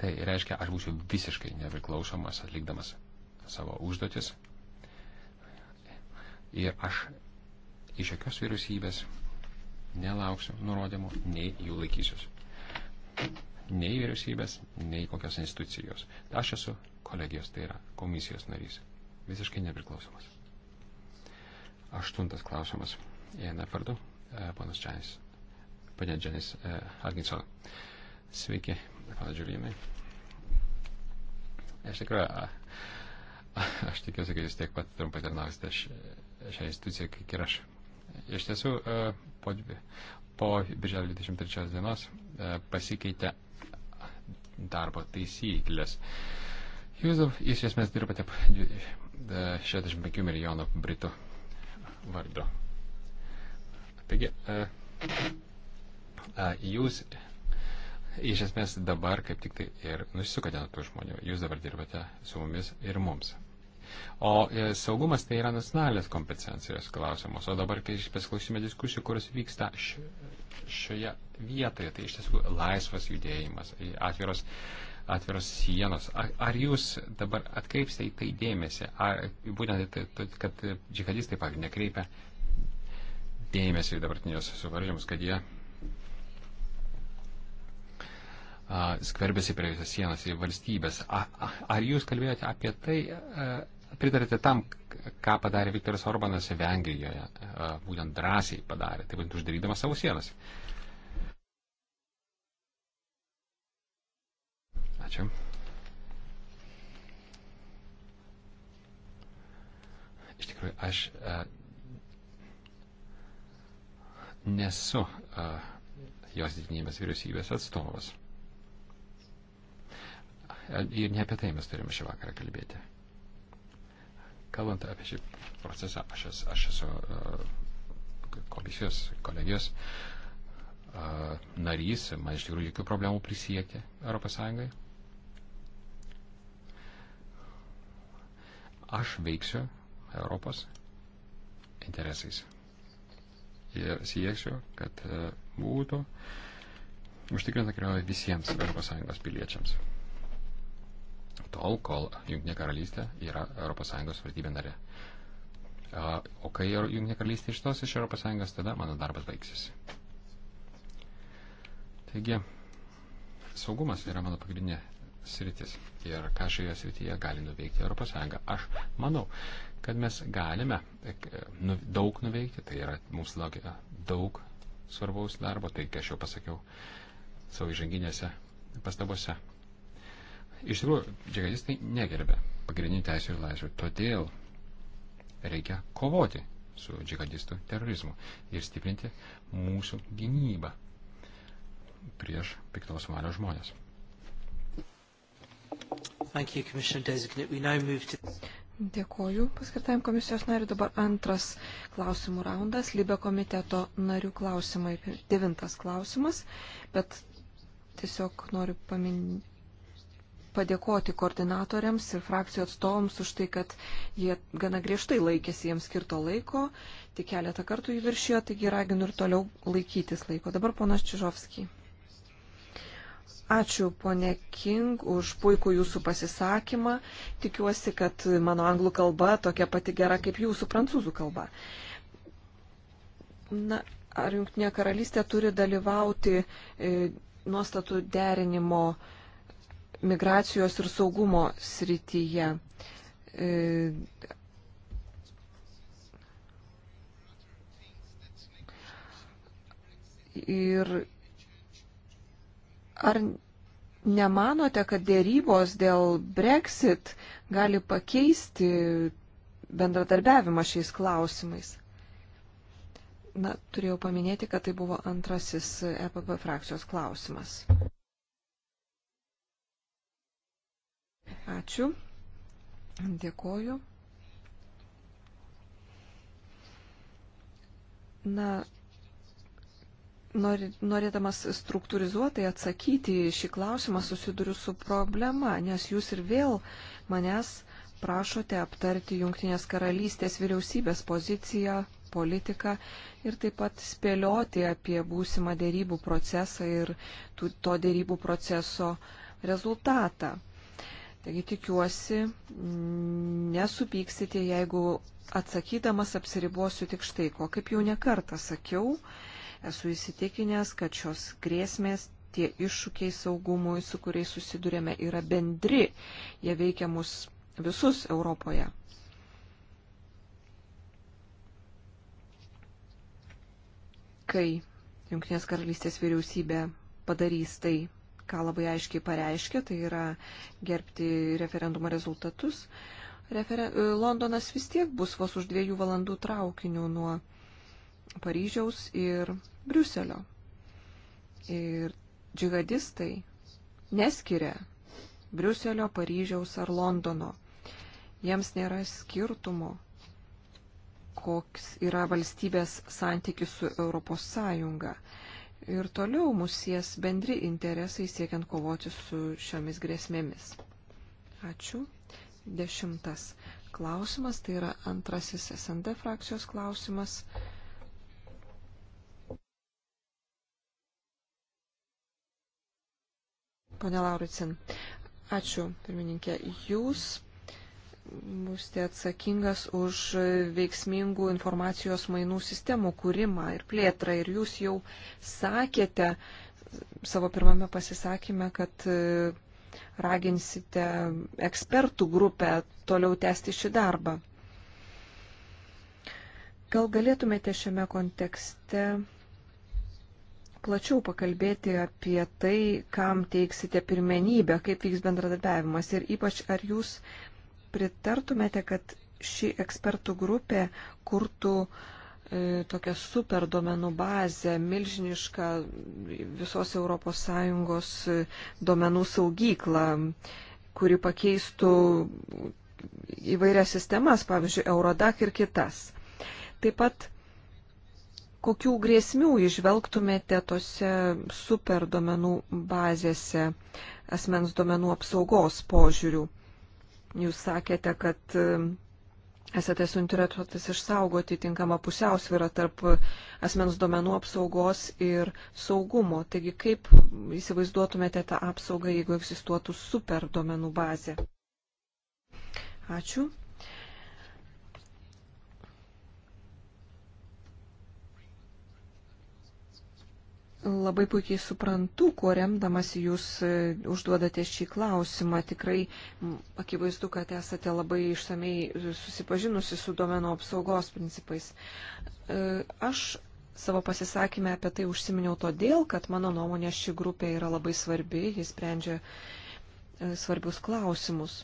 Tai reiškia, aš būsiu visiškai nepriklausomas atlikdamas savo užduotis. Ir aš iš jokios vyriausybės nelauksiu nurodymų, nei jų laikysiuosi. Nei vyriausybės, nei kokios institucijos. Aš esu kolegijos, tai yra komisijos narys. Visiškai nepriklausomas. Aštuntas klausimas. Jei nevardu, e, panas Čianis. Pane Džanis e, Atkinson. Sveiki, pana Džiulijimai. Aš tikrai, aš tikiuosi, kad jūs tiek pat trumpai tarnausite šią instituciją, kaip ir aš. Iš tiesų, e, po, po birželio 23 dienos e, pasikeitė darbo taisyklės. Jūs iš esmės dirbate 65 e, milijonų britų vardu. Taigi, e, Jūs iš esmės dabar kaip tik tai ir nusisukate nuo tų žmonių. Jūs dabar dirbate su mumis ir mums. O e, saugumas tai yra nacionalinės kompetencijos klausimas. O dabar, kai pasiklausime diskusijų, kuris vyksta šioje vietoje, tai iš tiesų laisvas judėjimas, e, atviros, atviros sienos. Ar, ar jūs dabar atkreipsite į tai dėmesį? Ar būtent, tai, tai, kad džihadistai, pavyzdžiui, nekreipia dėmesį į dabartinius suvaržymus, kad jie skverbėsi prie visas sienas į valstybės. Ar jūs kalbėjote apie tai, pritarėte tam, ką padarė Viktoras Orbanas Vengrijoje, būtent drąsiai padarė, taip pat uždarydamas savo sienas? Ačiū. Iš tikrųjų, aš nesu jos didinybės vyriausybės atstovas. Ir ne apie tai mes turime šį vakarą kalbėti. Kalbant apie šį procesą, aš, esu, aš esu e, komisijos, kolegijos e, narys, man iš tikrųjų jokių problemų prisiekė ES. Aš veiksiu Europos interesais. Ir sieksiu, kad e, būtų užtikrinta kelionė visiems ES piliečiams tol, kol Junktinė karalystė yra ES valstybė narė. O kai Junktinė karalystė išstos iš ES, tada mano darbas baigsis. Taigi, saugumas yra mano pagrindinė sritis ir ką šioje srityje gali nuveikti ES. Aš manau, kad mes galime e, nu, daug nuveikti, tai yra mums laukia daug svarbaus darbo, tai ką aš jau pasakiau savo įžanginėse pastabose. Iš tikrųjų, džihadistai negerbė pagrindinių teisų ir laisvių. Todėl reikia kovoti su džihadistų terorizmu ir stiprinti mūsų gynybą prieš piktos valios žmonės. Dėkoju paskirtajam komisijos nariu. Dabar antras klausimų raundas. Libe komiteto narių klausimai. Devintas klausimas, bet tiesiog noriu paminėti padėkoti koordinatoriams ir frakcijų atstovams už tai, kad jie gana griežtai laikėsi jiems skirto laiko, tik keletą kartų jį viršijo, taigi raginu ir toliau laikytis laiko. Dabar ponas Čižovskis. Ačiū, ponė King, už puikų jūsų pasisakymą. Tikiuosi, kad mano anglų kalba tokia pati gera kaip jūsų prancūzų kalba. Na, ar Junktinė karalystė turi dalyvauti e, nuostatų derinimo e, migracijos ir saugumo srityje. E, ir ar nemanote, kad dėrybos dėl Brexit gali pakeisti bendradarbiavimą šiais klausimais? Na, turėjau paminėti, kad tai buvo antrasis EPP frakcijos klausimas. Ačiū. Dėkoju. Na, norėdamas struktūrizuotai atsakyti šį klausimą, susiduriu su problema, nes jūs ir vėl manęs prašote aptarti Junktinės karalystės vyriausybės poziciją, politiką ir taip pat spėlioti apie būsimą dėrybų procesą ir to dėrybų proceso rezultatą. Taigi tikiuosi, nesupyksite, jeigu atsakydamas apsiribosiu tik štai ko. Kaip jau nekartą sakiau, esu įsitikinęs, kad šios grėsmės tie iššūkiai saugumui, su kuriais susidurėme, yra bendri. Jie veikia mus visus Europoje. Kai Junktinės karalystės vyriausybė padarys tai, ką labai aiškiai pareiškė, tai yra gerbti referendumo rezultatus. Referen... E, Londonas vis tiek bus vos už dviejų valandų traukinių nuo Paryžiaus ir Briuselio. Ir džihadistai neskiria Briuselio, Paryžiaus ar Londono. Jiems nėra skirtumo, koks yra valstybės santykis su Europos Sąjunga ir toliau mus sies bendri interesai siekiant kovoti su šiomis grėsmėmis. Ačiū. Dešimtas klausimas, tai yra antrasis SND frakcijos klausimas. Pone Lauricin, ačiū, pirmininkė. Jūs būsite atsakingas už veiksmingų informacijos mainų sistemų kūrimą ir plėtrą. Ir jūs jau sakėte savo pirmame pasisakymė, kad e, raginsite ekspertų grupę toliau tęsti šį darbą. Gal galėtumėte šiame kontekste plačiau pakalbėti apie tai, kam teiksite pirmenybę, kaip vyks bendradarbiavimas ir ypač ar jūs pritartumėte, kad ši ekspertų grupė kurtų e, tokią super duomenų bazę, milžinišką visos ES e, duomenų saugyklą, kuri pakeistų įvairias sistemas, pavyzdžiui, Eurodac ir kitas. Taip pat, kokių grėsmių išvelgtumėte tose super duomenų bazėse asmens duomenų apsaugos požiūrių? Jūs sakėte, kad e, esate suinteresuotas išsaugoti tinkamą pusiausvyrą tarp asmens duomenų apsaugos ir saugumo. Taigi kaip įsivaizduotumėte tą apsaugą, jeigu egzistuotų super duomenų bazė? Ačiū. Labai puikiai suprantu, kuo remdamas jūs e, užduodate šį klausimą. Tikrai akivaizdu, kad esate labai išsamei e, susipažinusi su domenų apsaugos principais. E, aš savo pasisakymę apie tai užsiminiau todėl, kad mano nuomonė ši grupė yra labai svarbi, jis sprendžia svarbius klausimus.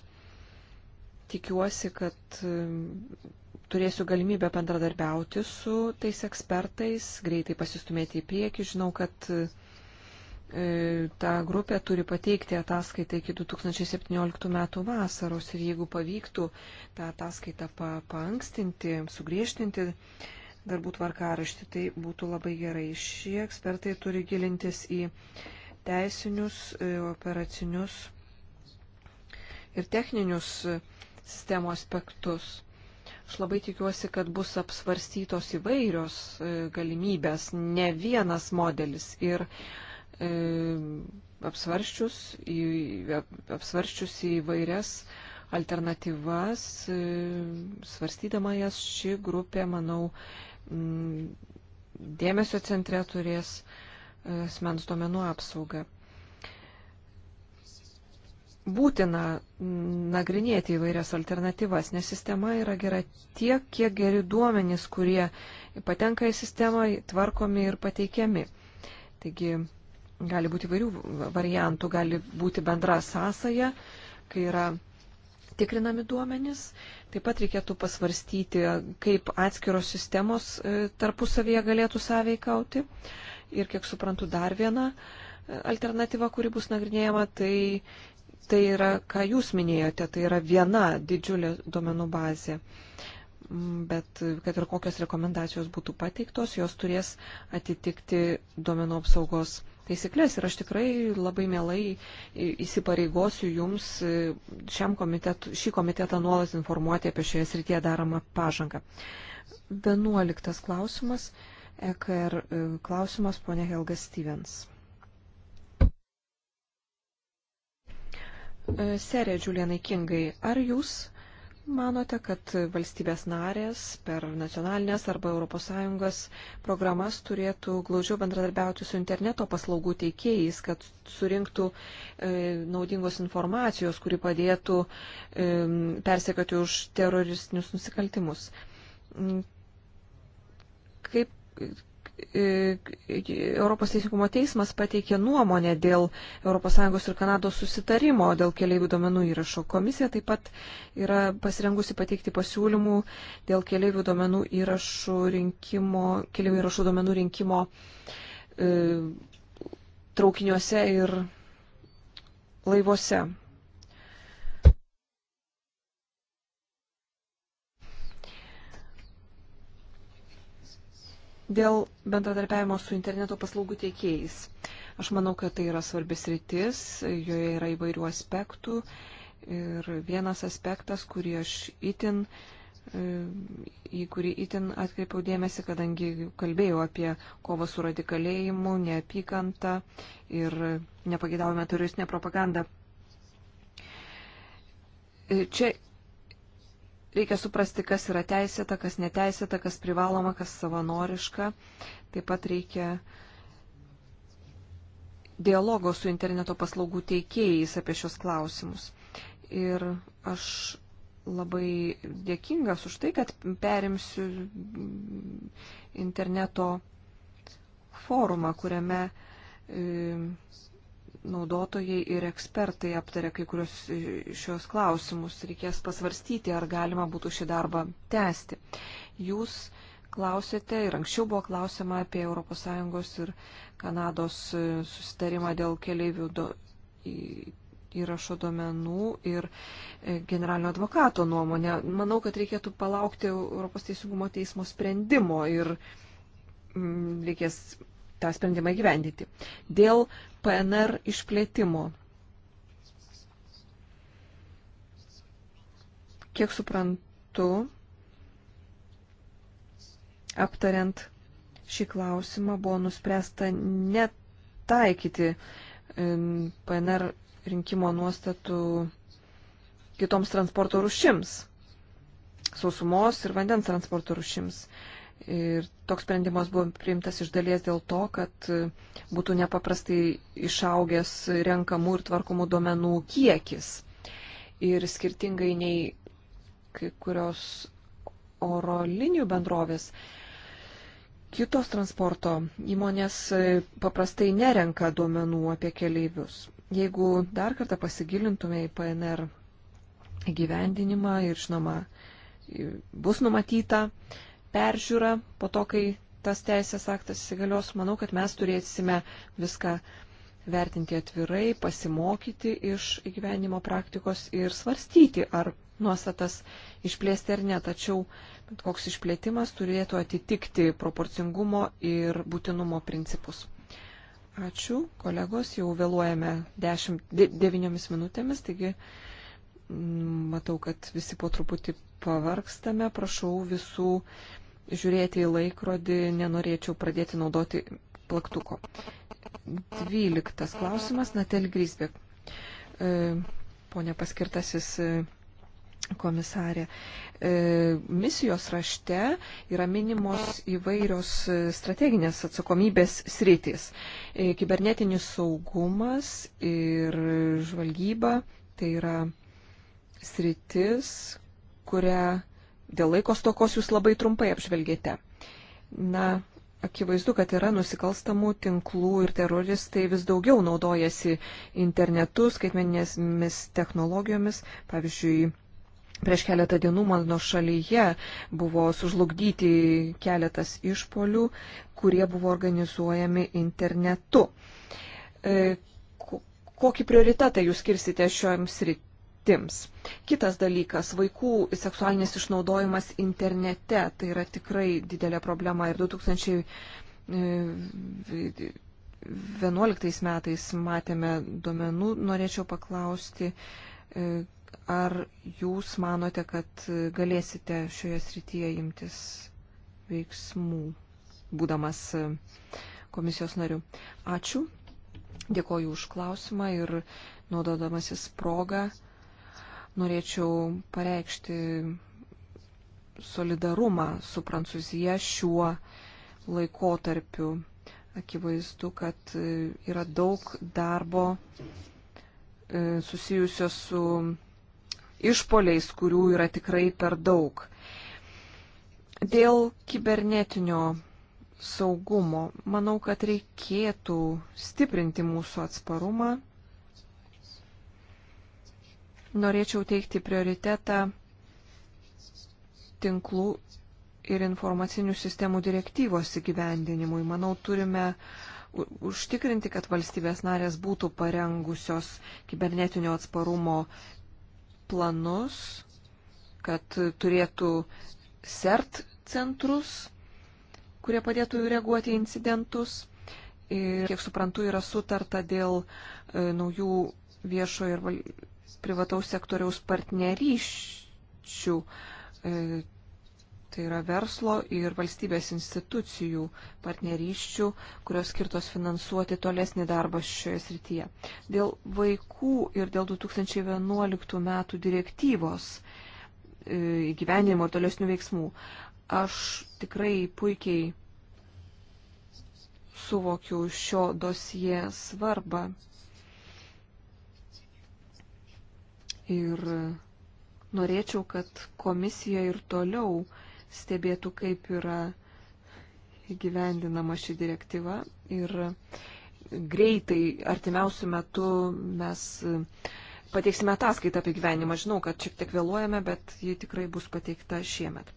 Tikiuosi, kad turėsiu galimybę bendradarbiauti su tais ekspertais, greitai pasistumėti į priekį. Žinau, kad e, ta grupė turi pateikti ataskaitą iki 2017 metų vasaros ir jeigu pavyktų tą ataskaitą pa paankstinti, sugriežtinti darbų tvarkaraštį, tai būtų labai gerai. Šie ekspertai turi gilintis į teisinius, e, operacinius ir techninius e, sistemų aspektus. Aš labai tikiuosi, kad bus apsvarstytos įvairios e, galimybės, ne vienas modelis. Ir e, apsvarščius, į, apsvarščius įvairias alternatyvas, e, svarstydama jas ši grupė, manau, m, dėmesio centre turės e, asmens duomenų apsaugą būtina nagrinėti įvairias alternatyvas, nes sistema yra gera tiek, kiek geri duomenys, kurie patenka į sistemą, tvarkomi ir pateikiami. Taigi gali būti įvairių variantų, gali būti bendra sąsaja, kai yra tikrinami duomenys. Taip pat reikėtų pasvarstyti, kaip atskiros sistemos e, tarpusavėje galėtų sąveikauti. Ir kiek suprantu, dar viena e, alternatyva, kuri bus nagrinėjama, tai tai yra, ką jūs minėjote, tai yra viena didžiulė duomenų bazė. Mm, bet kad ir kokios rekomendacijos būtų pateiktos, jos turės atitikti duomenų apsaugos taisyklės. Ir aš tikrai labai mielai įsipareigosiu jums e, komitet, šį komitetą nuolat informuoti apie šioje srityje daromą pažangą. Vienuoliktas klausimas. EKR e, klausimas, ponia Helga Stevens. E, Serė Džiulienai Kingai, ar jūs manote, kad valstybės narės per nacionalinės arba ES programas turėtų glaudžiau bendradarbiauti su interneto paslaugų teikėjais, kad surinktų e, naudingos informacijos, kuri padėtų e, persekoti už teroristinius nusikaltimus? Mm, kaip, E, Europos Teisingumo teismas pateikė nuomonę dėl ES ir Kanados susitarimo dėl keliaivių duomenų įrašo. Komisija taip pat yra pasirengusi pateikti pasiūlymų dėl keliaivių duomenų įrašų rinkimo, keliaivių įrašų duomenų rinkimo e, traukiniuose ir laivuose. Dėl bendradarbiavimo su interneto paslaugų teikėjais. Aš manau, kad tai yra svarbis rytis, joje yra įvairių aspektų ir vienas aspektas, kurį aš itin, e, į kurį itin atkreipiau dėmesį, kadangi kalbėjau apie kovą su radikalėjimu, neapykantą ir nepagėdavome turistinę propagandą. E, čia Reikia suprasti, kas yra teisėta, kas neteisėta, kas privaloma, kas savanoriška. Taip pat reikia dialogo su interneto paslaugų teikėjais apie šios klausimus. Ir aš labai dėkingas už tai, kad perimsiu interneto forumą, kuriame e, naudotojai ir ekspertai aptarė kai kurios e, šios klausimus. Reikės pasvarstyti, ar galima būtų šį darbą tęsti. Jūs klausėte ir anksčiau buvo klausima apie ES ir Kanados e, susitarimą dėl keliaivių do, įrašo duomenų ir e, generalinio advokato nuomonę. Manau, kad reikėtų palaukti Europos Teisingumo teismo sprendimo ir mm, reikės tą sprendimą gyvendyti. Dėl PNR išplėtimo. Kiek suprantu, aptariant šį klausimą buvo nuspręsta netaikyti PNR rinkimo nuostatų kitoms transporto rušims, sausumos ir vandens transporto rušims. Ir toks sprendimas buvo priimtas iš dalies dėl to, kad e, būtų nepaprastai išaugęs renkamų ir tvarkomų duomenų kiekis. Ir skirtingai nei kai kurios oro linijų bendrovės, kitos transporto įmonės e, paprastai nerenka duomenų apie keleivius. Jeigu dar kartą pasigilintume į PNR gyvendinimą ir žinoma, bus numatyta, peržiūrą po to, kai tas teisės aktas įsigalios, manau, kad mes turėsime viską vertinti atvirai, pasimokyti iš įgyvenimo praktikos ir svarstyti, ar nuostatas išplėsti ar ne. Tačiau bet koks išplėtimas turėtų atitikti proporcingumo ir būtinumo principus. Ačiū, kolegos, jau vėluojame 9 minutėmis, taigi Matau, kad visi po truputį pavargstame. Prašau visų žiūrėti į laikrodį. Nenorėčiau pradėti naudoti plaktuko. Dvyliktas klausimas. Natel Grisbek. E, Pone paskirtasis e, komisarė. E, misijos rašte yra minimos įvairios strateginės atsakomybės sritys. Kibernetinis saugumas ir žvalgyba tai yra sritis, kurią dėl laikos tokos jūs labai trumpai apžvelgėte. Na, akivaizdu, kad yra nusikalstamų tinklų ir teroristai vis daugiau naudojasi internetu, skaitmeninėmis technologijomis. Pavyzdžiui, prieš keletą dienų mano šalyje buvo sužlugdyti keletas išpolių, kurie buvo organizuojami internetu. E, kokį prioritetą jūs skirsite šioms rytims? lytims. Kitas dalykas - vaikų seksualinis išnaudojimas internete. Tai yra tikrai didelė problema ir 2011 e, metais matėme duomenų. Norėčiau paklausti, e, ar jūs manote, kad galėsite šioje srityje imtis veiksmų, būdamas e, komisijos nariu. Ačiū. Dėkoju už klausimą ir nuododamasis progą norėčiau pareikšti solidarumą su Prancūzija šiuo laikotarpiu. Akivaizdu, kad e, yra daug darbo e, susijusio su išpoliais, kurių yra tikrai per daug. Dėl kibernetinio saugumo, manau, kad reikėtų stiprinti mūsų atsparumą norėčiau teikti prioritetą tinklų ir informacinių sistemų direktyvos įgyvendinimui. Manau, turime užtikrinti, kad valstybės narės būtų parengusios kibernetinio atsparumo planus, kad turėtų CERT centrus, kurie padėtų reaguoti į incidentus. Ir, kiek suprantu, yra sutarta dėl e, naujų viešo ir val privataus sektoriaus partnerysčių, e, tai yra verslo ir valstybės institucijų partnerysčių, kurios skirtos finansuoti tolesnį darbą šioje srityje. Dėl vaikų ir dėl 2011 metų direktyvos e, įgyvenimo ir tolesnių veiksmų. Aš tikrai puikiai suvokiu šio dosie svarbą Ir norėčiau, kad komisija ir toliau stebėtų, kaip yra įgyvendinama ši direktyva. Ir greitai, artimiausių metų mes pateiksime ataskaitą apie gyvenimą. Žinau, kad šiek tiek vėluojame, bet ji tikrai bus pateikta šiemet.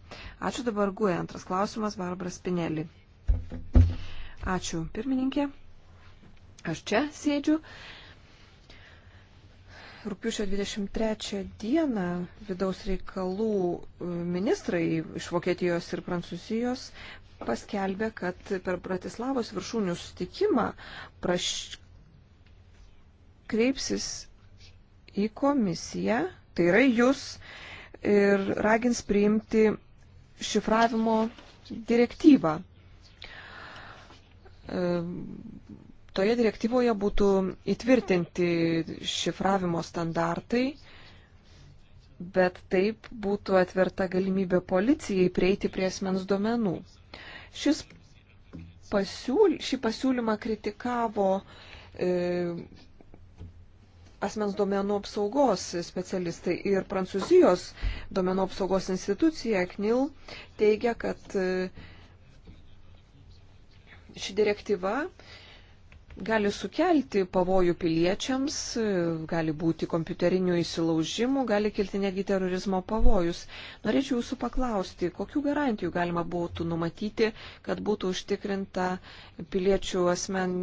Ačiū dabar Guė. Antras klausimas, Barbara Spinelli. Ačiū, pirmininkė. Aš čia sėdžiu rūpiučio 23 dieną vidaus reikalų e, ministrai iš Vokietijos ir Prancūzijos paskelbė, kad per Bratislavos viršūnių sustikimą praš... kreipsis į komisiją, tai yra jūs, ir ragins priimti šifravimo direktyvą. E, toje direktyvoje būtų įtvirtinti šifravimo standartai, bet taip būtų atverta galimybė policijai prieiti prie asmens duomenų. Šis pasiūl, šį pasiūlymą kritikavo e, asmens duomenų apsaugos specialistai ir Prancūzijos duomenų apsaugos institucija CNIL teigia, kad e, ši direktyva gali sukelti pavojų piliečiams, gali būti kompiuterinių įsilaužimų, gali kilti netgi terorizmo pavojus. Norėčiau jūsų paklausti, kokių garantijų galima būtų numatyti, kad būtų užtikrinta piliečių asmen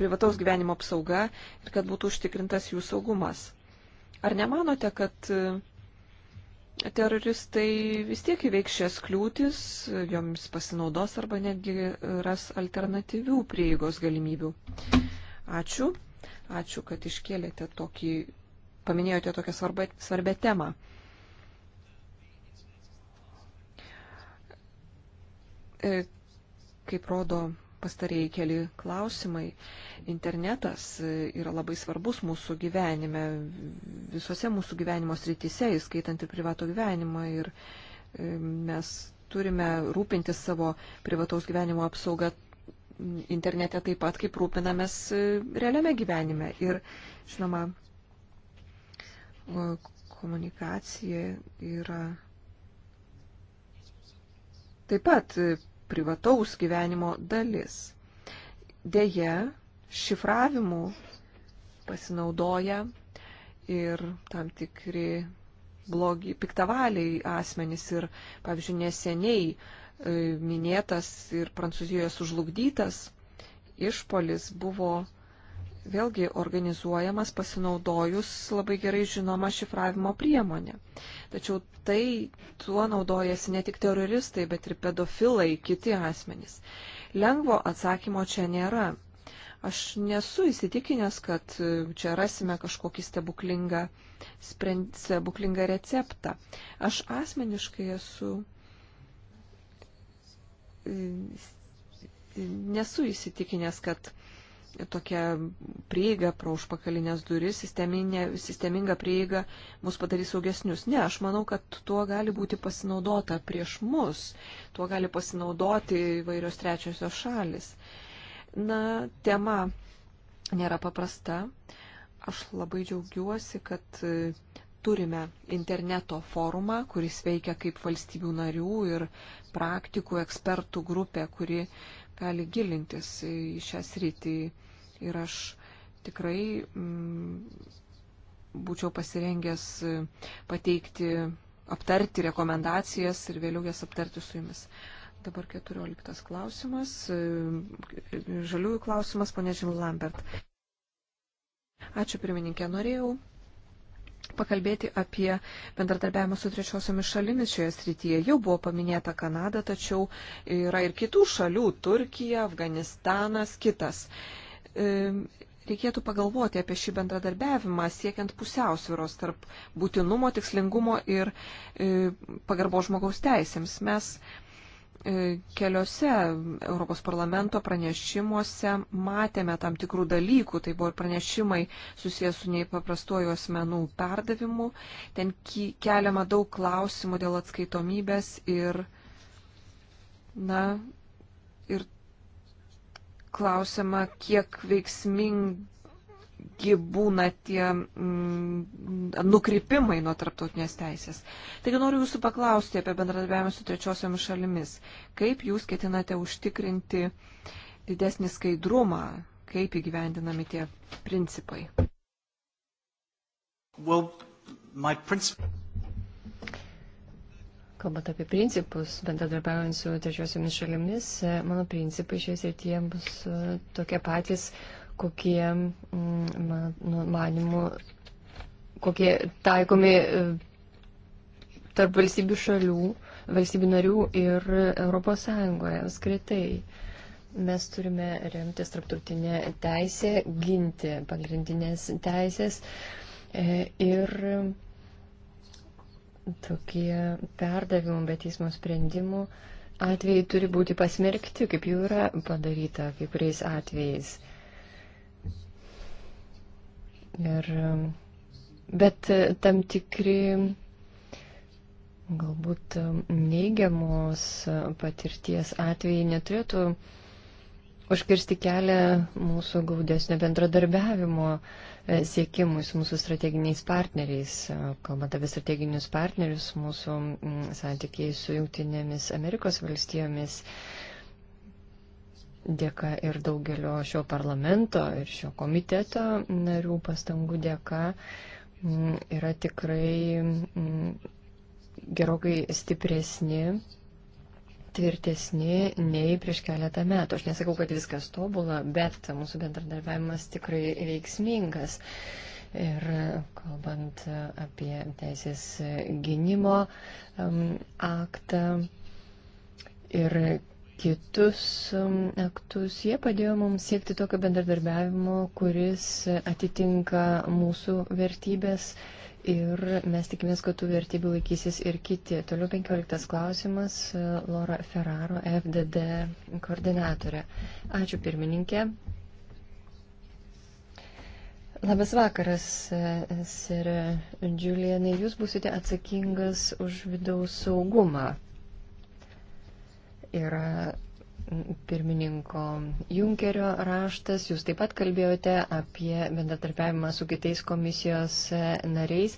privataus gyvenimo apsauga ir kad būtų užtikrintas jų saugumas. Ar nemanote, kad teroristai vis tiek įveiks šias kliūtis, joms pasinaudos arba netgi ras alternatyvių prieigos galimybių. Ačiū. Ačiū, kad iškėlėte tokį, paminėjote tokią svarbę, svarbę temą. E, kaip rodo pastarėjai keli klausimai. Internetas yra labai svarbus mūsų gyvenime, visose mūsų gyvenimo srityse, įskaitant ir privato gyvenimą. Ir e, mes turime rūpintis savo privataus gyvenimo apsaugą internete taip pat, kaip rūpinamės e, realiame gyvenime. Ir, žinoma, komunikacija yra taip pat privataus gyvenimo dalis. Deja, šifravimu pasinaudoja ir tam tikri blogi, piktavaliai asmenys ir, pavyzdžiui, neseniai e, minėtas ir Prancūzijoje sužlugdytas išpolis buvo vėlgi organizuojamas pasinaudojus labai gerai žinoma šifravimo priemonė. Tačiau tai tuo naudojasi ne tik teroristai, bet ir pedofilai, kiti asmenys. Lengvo atsakymo čia nėra. Aš nesu įsitikinęs, kad čia rasime kažkokį stebuklingą, sprend, stebuklingą receptą. Aš asmeniškai esu e, nesu įsitikinęs, kad tokia prieiga pro užpakalinės duris, sisteminga prieiga mus padarys saugesnius. Ne, aš manau, kad tuo gali būti pasinaudota prieš mus, tuo gali pasinaudoti įvairios trečiosios šalis. Na, tema nėra paprasta. Aš labai džiaugiuosi, kad e, turime interneto forumą, kuris veikia kaip valstybių narių ir praktikų ekspertų grupė, kuri uh, gali gilintis į šią sritį. Ir aš tikrai mm, būčiau pasirengęs pateikti, aptarti rekomendacijas ir vėliau jas aptarti su jumis. Dabar 14 klausimas. Žaliųjų klausimas, ponė Žil Lambert. Ačiū pirmininkė, norėjau pakalbėti apie bendradarbiavimą su trečiosiomis šalimis šioje srityje. Jau buvo paminėta Kanada, tačiau yra ir kitų šalių - Turkija, Afganistanas, kitas. Reikėtų pagalvoti apie šį bendradarbiavimą, siekiant pusiausviros tarp būtinumo, tikslingumo ir e, pagarbo žmogaus teisėms. Mes E, keliose Europos parlamento pranešimuose matėme tam tikrų dalykų. Tai buvo ir pranešimai susijęs su neįpaprastuoju asmenų perdavimu. Ten keliama daug klausimų dėl atskaitomybės ir, na, ir klausima, kiek veiksmingai gi būna tie mm, nukrypimai nuo tarptautinės teisės. Taigi noriu jūsų paklausti apie bendradarbiavimą su trečiosiamis šalimis. Kaip jūs ketinate užtikrinti didesnį skaidrumą, kaip įgyvendinami tie principai? Well, princip... Kalbant apie principus, bendradarbiaujant su trečiosiomis šalimis, mano principai šiais rytyje bus e, tokie patys, uh, kokie, mm, mano nu, manimu, kokie taikomi e, tarp valstybių šalių, valstybių narių ir ES apskritai. Mes turime remtis tarptautinę teisę, ginti pagrindinės teisės e, ir tokie perdavimų be teismo sprendimų atvejai turi būti pasmerkti, kaip jau yra padaryta kai kuriais atvejais. Ir, bet e, tam tikri galbūt e, neigiamos e, patirties atvejai neturėtų užkirsti kelią mūsų gaudesnio bendradarbiavimo siekimui su mūsų strateginiais partneriais. Kalbant apie strateginius partnerius, mūsų santykiai su Junktinėmis Amerikos valstijomis dėka ir daugelio šio parlamento ir šio komiteto narių pastangų dėka yra tikrai gerokai stipresni, tvirtesni nei prieš keletą metų. Aš nesakau, kad viskas tobula, bet mūsų bendradarbiavimas tikrai veiksmingas. Ir kalbant apie teisės gynimo aktą ir kitus um, aktus. Jie padėjo mums siekti tokio bendradarbiavimo, kuris atitinka mūsų vertybės ir mes tikimės, kad tų vertybių laikysis ir kiti. Toliau 15 klausimas, e, Laura Ferraro, FDD koordinatorė. Ačiū pirmininkė. Labas vakaras, e, sir Julianai. Jūs būsite atsakingas už vidaus saugumą yra pirmininko Junkerio raštas. Jūs taip pat kalbėjote apie bendratarpiavimą su kitais komisijos nariais.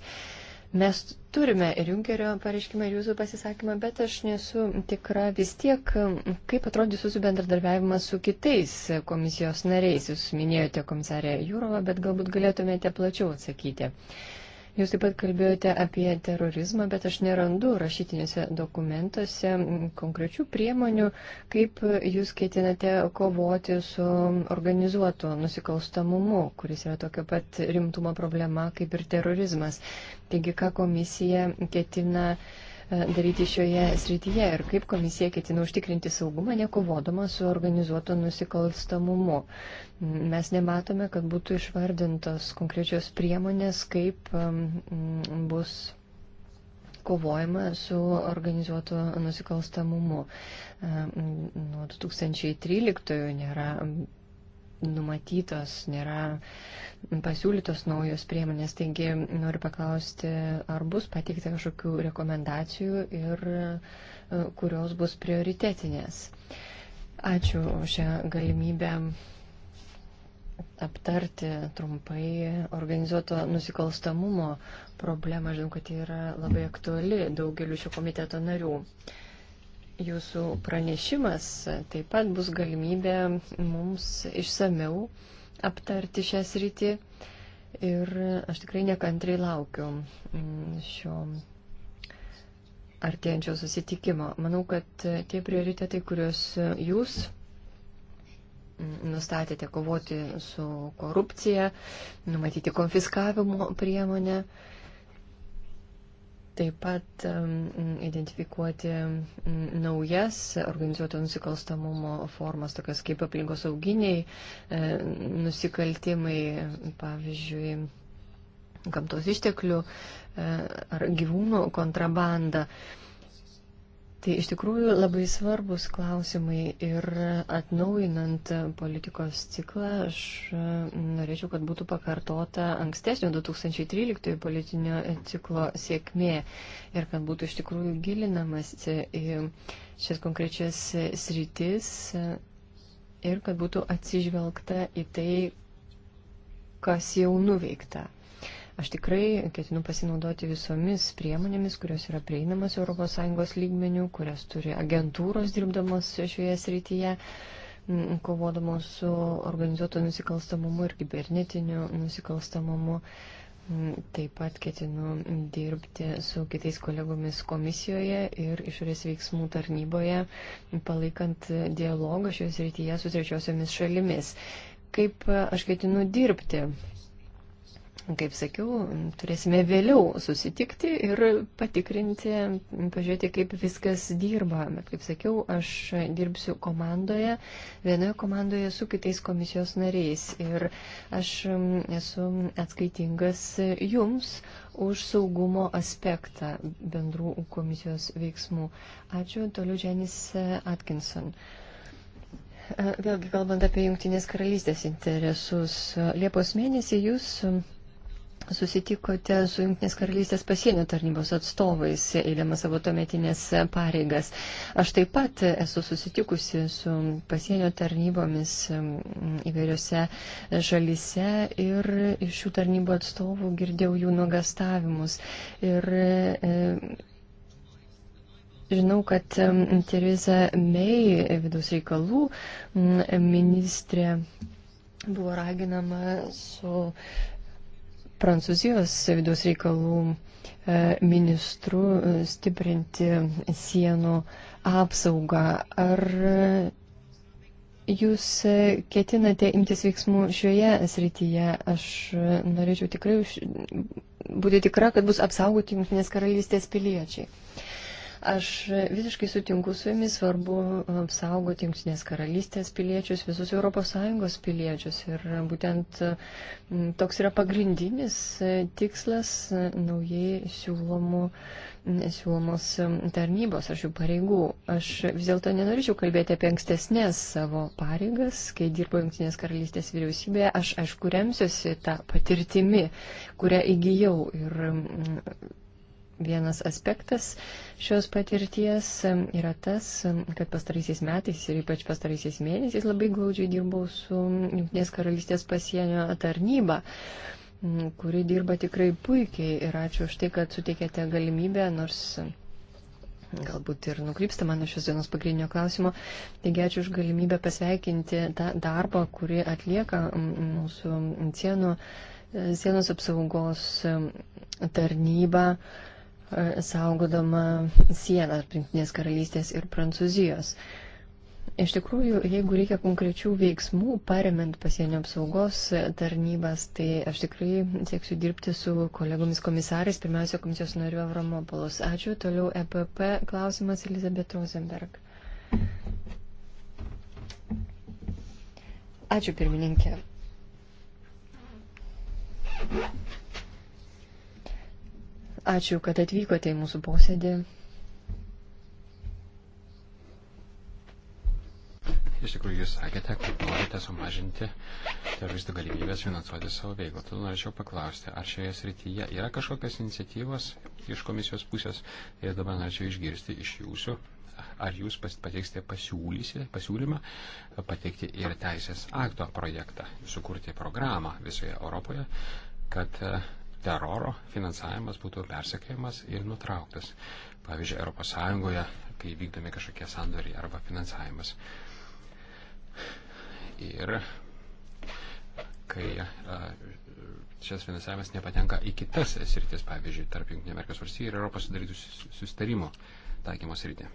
Mes turime ir Junkerio pareiškimą, ir jūsų pasisakymą, bet aš nesu tikra vis tiek, kaip atrodys jūsų bendradarbiavimas su kitais komisijos nariais. Jūs minėjote komisarę Jūrovą, bet galbūt galėtumėte plačiau atsakyti. Uh, Jūs taip pat kalbėjote apie terorizmą, bet aš nerandu rašytinėse dokumentuose konkrečių priemonių, kaip jūs ketinate kovoti su organizuotu nusikalstamumu, kuris yra tokia pat rimtumo problema kaip ir terorizmas. Taigi, ką komisija ketina E, daryti šioje srityje ir kaip komisija ketina užtikrinti saugumą, nekovodama su organizuoto nusikalstamumu. Mes nematome, kad būtų išvardintos konkrečios priemonės, kaip bus kovojama su organizuotu nusikalstamumu. E, nuo 2013 nėra numatytos, nėra pasiūlytos naujos priemonės. Taigi noriu paklausti, ar bus pateikta kažkokių rekomendacijų ir e, kurios bus prioritetinės. Ačiū už šią galimybę aptarti trumpai organizuoto nusikalstamumo problemą. Žinau, kad tai yra labai aktuali daugeliu šio komiteto narių. Uh, Jūsų pranešimas taip pat bus galimybė mums išsameu aptarti šią sritį ir aš tikrai nekantriai laukiu mm, šio artėjančio susitikimo. Manau, kad tie prioritetai, kuriuos jūs mm, nustatėte kovoti su korupcija, numatyti konfiskavimo priemonę, Taip pat identifikuoti naujas organizuoto nusikalstamumo formas, tokias kaip aplinkos auginiai, e, nusikaltimai, pavyzdžiui, gamtos išteklių e, ar gyvūnų kontrabanda. Tai iš tikrųjų labai svarbus klausimai ir atnaujinant politikos ciklą, aš norėčiau, kad būtų pakartota ankstesnio 2013 politinio ciklo sėkmė ir kad būtų iš tikrųjų gilinamas į šias konkrečias sritis ir kad būtų atsižvelgta į tai, kas jau nuveikta. Aš tikrai ketinu pasinaudoti visomis priemonėmis, kurios yra prieinamas ES lygmenių, kurias turi agentūros dirbdamas šioje srityje, kovodamos su organizuoto nusikalstamumu ir kibernetiniu nusikalstamumu. Taip pat ketinu dirbti su kitais kolegomis komisijoje ir išorės veiksmų tarnyboje, palaikant dialogą šioje srityje su trečiosiomis šalimis. Kaip aš ketinu dirbti kaip sakiau, turėsime vėliau susitikti ir patikrinti, pažiūrėti, kaip viskas dirba. Bet, kaip sakiau, aš dirbsiu komandoje, vienoje komandoje su kitais komisijos nariais. Ir aš mm, esu atskaitingas jums už saugumo aspektą bendrų komisijos veiksmų. Ačiū, toliau Dženis Atkinson. Vėlgi, kalbant apie Junktinės karalystės interesus, Liepos mėnesį jūs susitikote su Junktinės karalystės pasienio tarnybos atstovais, eidamas savo tuometinės pareigas. Aš taip pat esu susitikusi su pasienio tarnybomis įvairiose šalise ir iš šių tarnybų atstovų girdėjau jų nuogastavimus. Ir, e, Žinau, kad Teresa May, vidaus reikalų ministrė, buvo raginama su uh, Prancūzijos vidaus reikalų e, ministrų e, stiprinti sienų apsaugą. Ar jūs ketinate imtis veiksmų šioje srityje? Aš norėčiau tikrai būti tikra, kad bus apsaugoti Junktinės karalystės piliečiai. Aš visiškai sutinku su jumis, svarbu apsaugoti um, Junktinės karalystės piliečius, visus ES piliečius. Ir uh, būtent uh, toks yra pagrindinis uh, tikslas naujai siūlomų, siūlomos um, tarnybos ar šių pareigų. Aš vis dėlto nenorėčiau kalbėti apie ankstesnės savo pareigas, kai dirbo Junktinės karalystės vyriausybėje. Aš, aišku, remsiuosi tą patirtimi, kurią įgyjau. Ir, Vienas aspektas šios patirties yra tas, kad pastaraisiais metais ir ypač pastaraisiais mėnesiais labai glaudžiai dirbau su Junktinės karalystės pasienio tarnyba kuri dirba tikrai puikiai ir ačiū už tai, kad suteikėte galimybę, nors galbūt ir nukrypsta mano šios dienos pagrindinio klausimo. Taigi ačiū už galimybę pasveikinti tą darbą, kurį atlieka mūsų sienų, e, sienos apsaugos tarnyba saugodama sieną Junktinės karalystės ir Prancūzijos. Iš tikrųjų, jeigu reikia konkrečių veiksmų, paremint pasienio apsaugos tarnybas, tai aš tikrai sieksiu dirbti su kolegomis komisarais, pirmiausia, komisijos nariu Avramopolus. Ačiū. Toliau EPP klausimas Elizabet Rosenberg. Ačiū pirmininkė. Ačiū, kad atvykote į mūsų posėdį. Iš tikrųjų, jūs sakėte, kad norite sumažinti teroristų galimybės finansuoti savo veiklą. Tad norėčiau paklausti, ar šioje srityje yra kažkokios iniciatyvos iš komisijos pusės ir dabar norėčiau išgirsti iš jūsų, ar jūs pateiksite pasiūlymą pateikti ir teisės akto projektą, sukurti programą visoje Europoje, kad teroro finansavimas būtų persekėjimas ir nutrauktas. Pavyzdžiui, ES, kai vykdomi kažkokie sandoriai arba finansavimas. Ir kai šis finansavimas nepatenka į kitas sritis, pavyzdžiui, tarp JAV ir Europos sudarytų sustarimo taikymo sritį.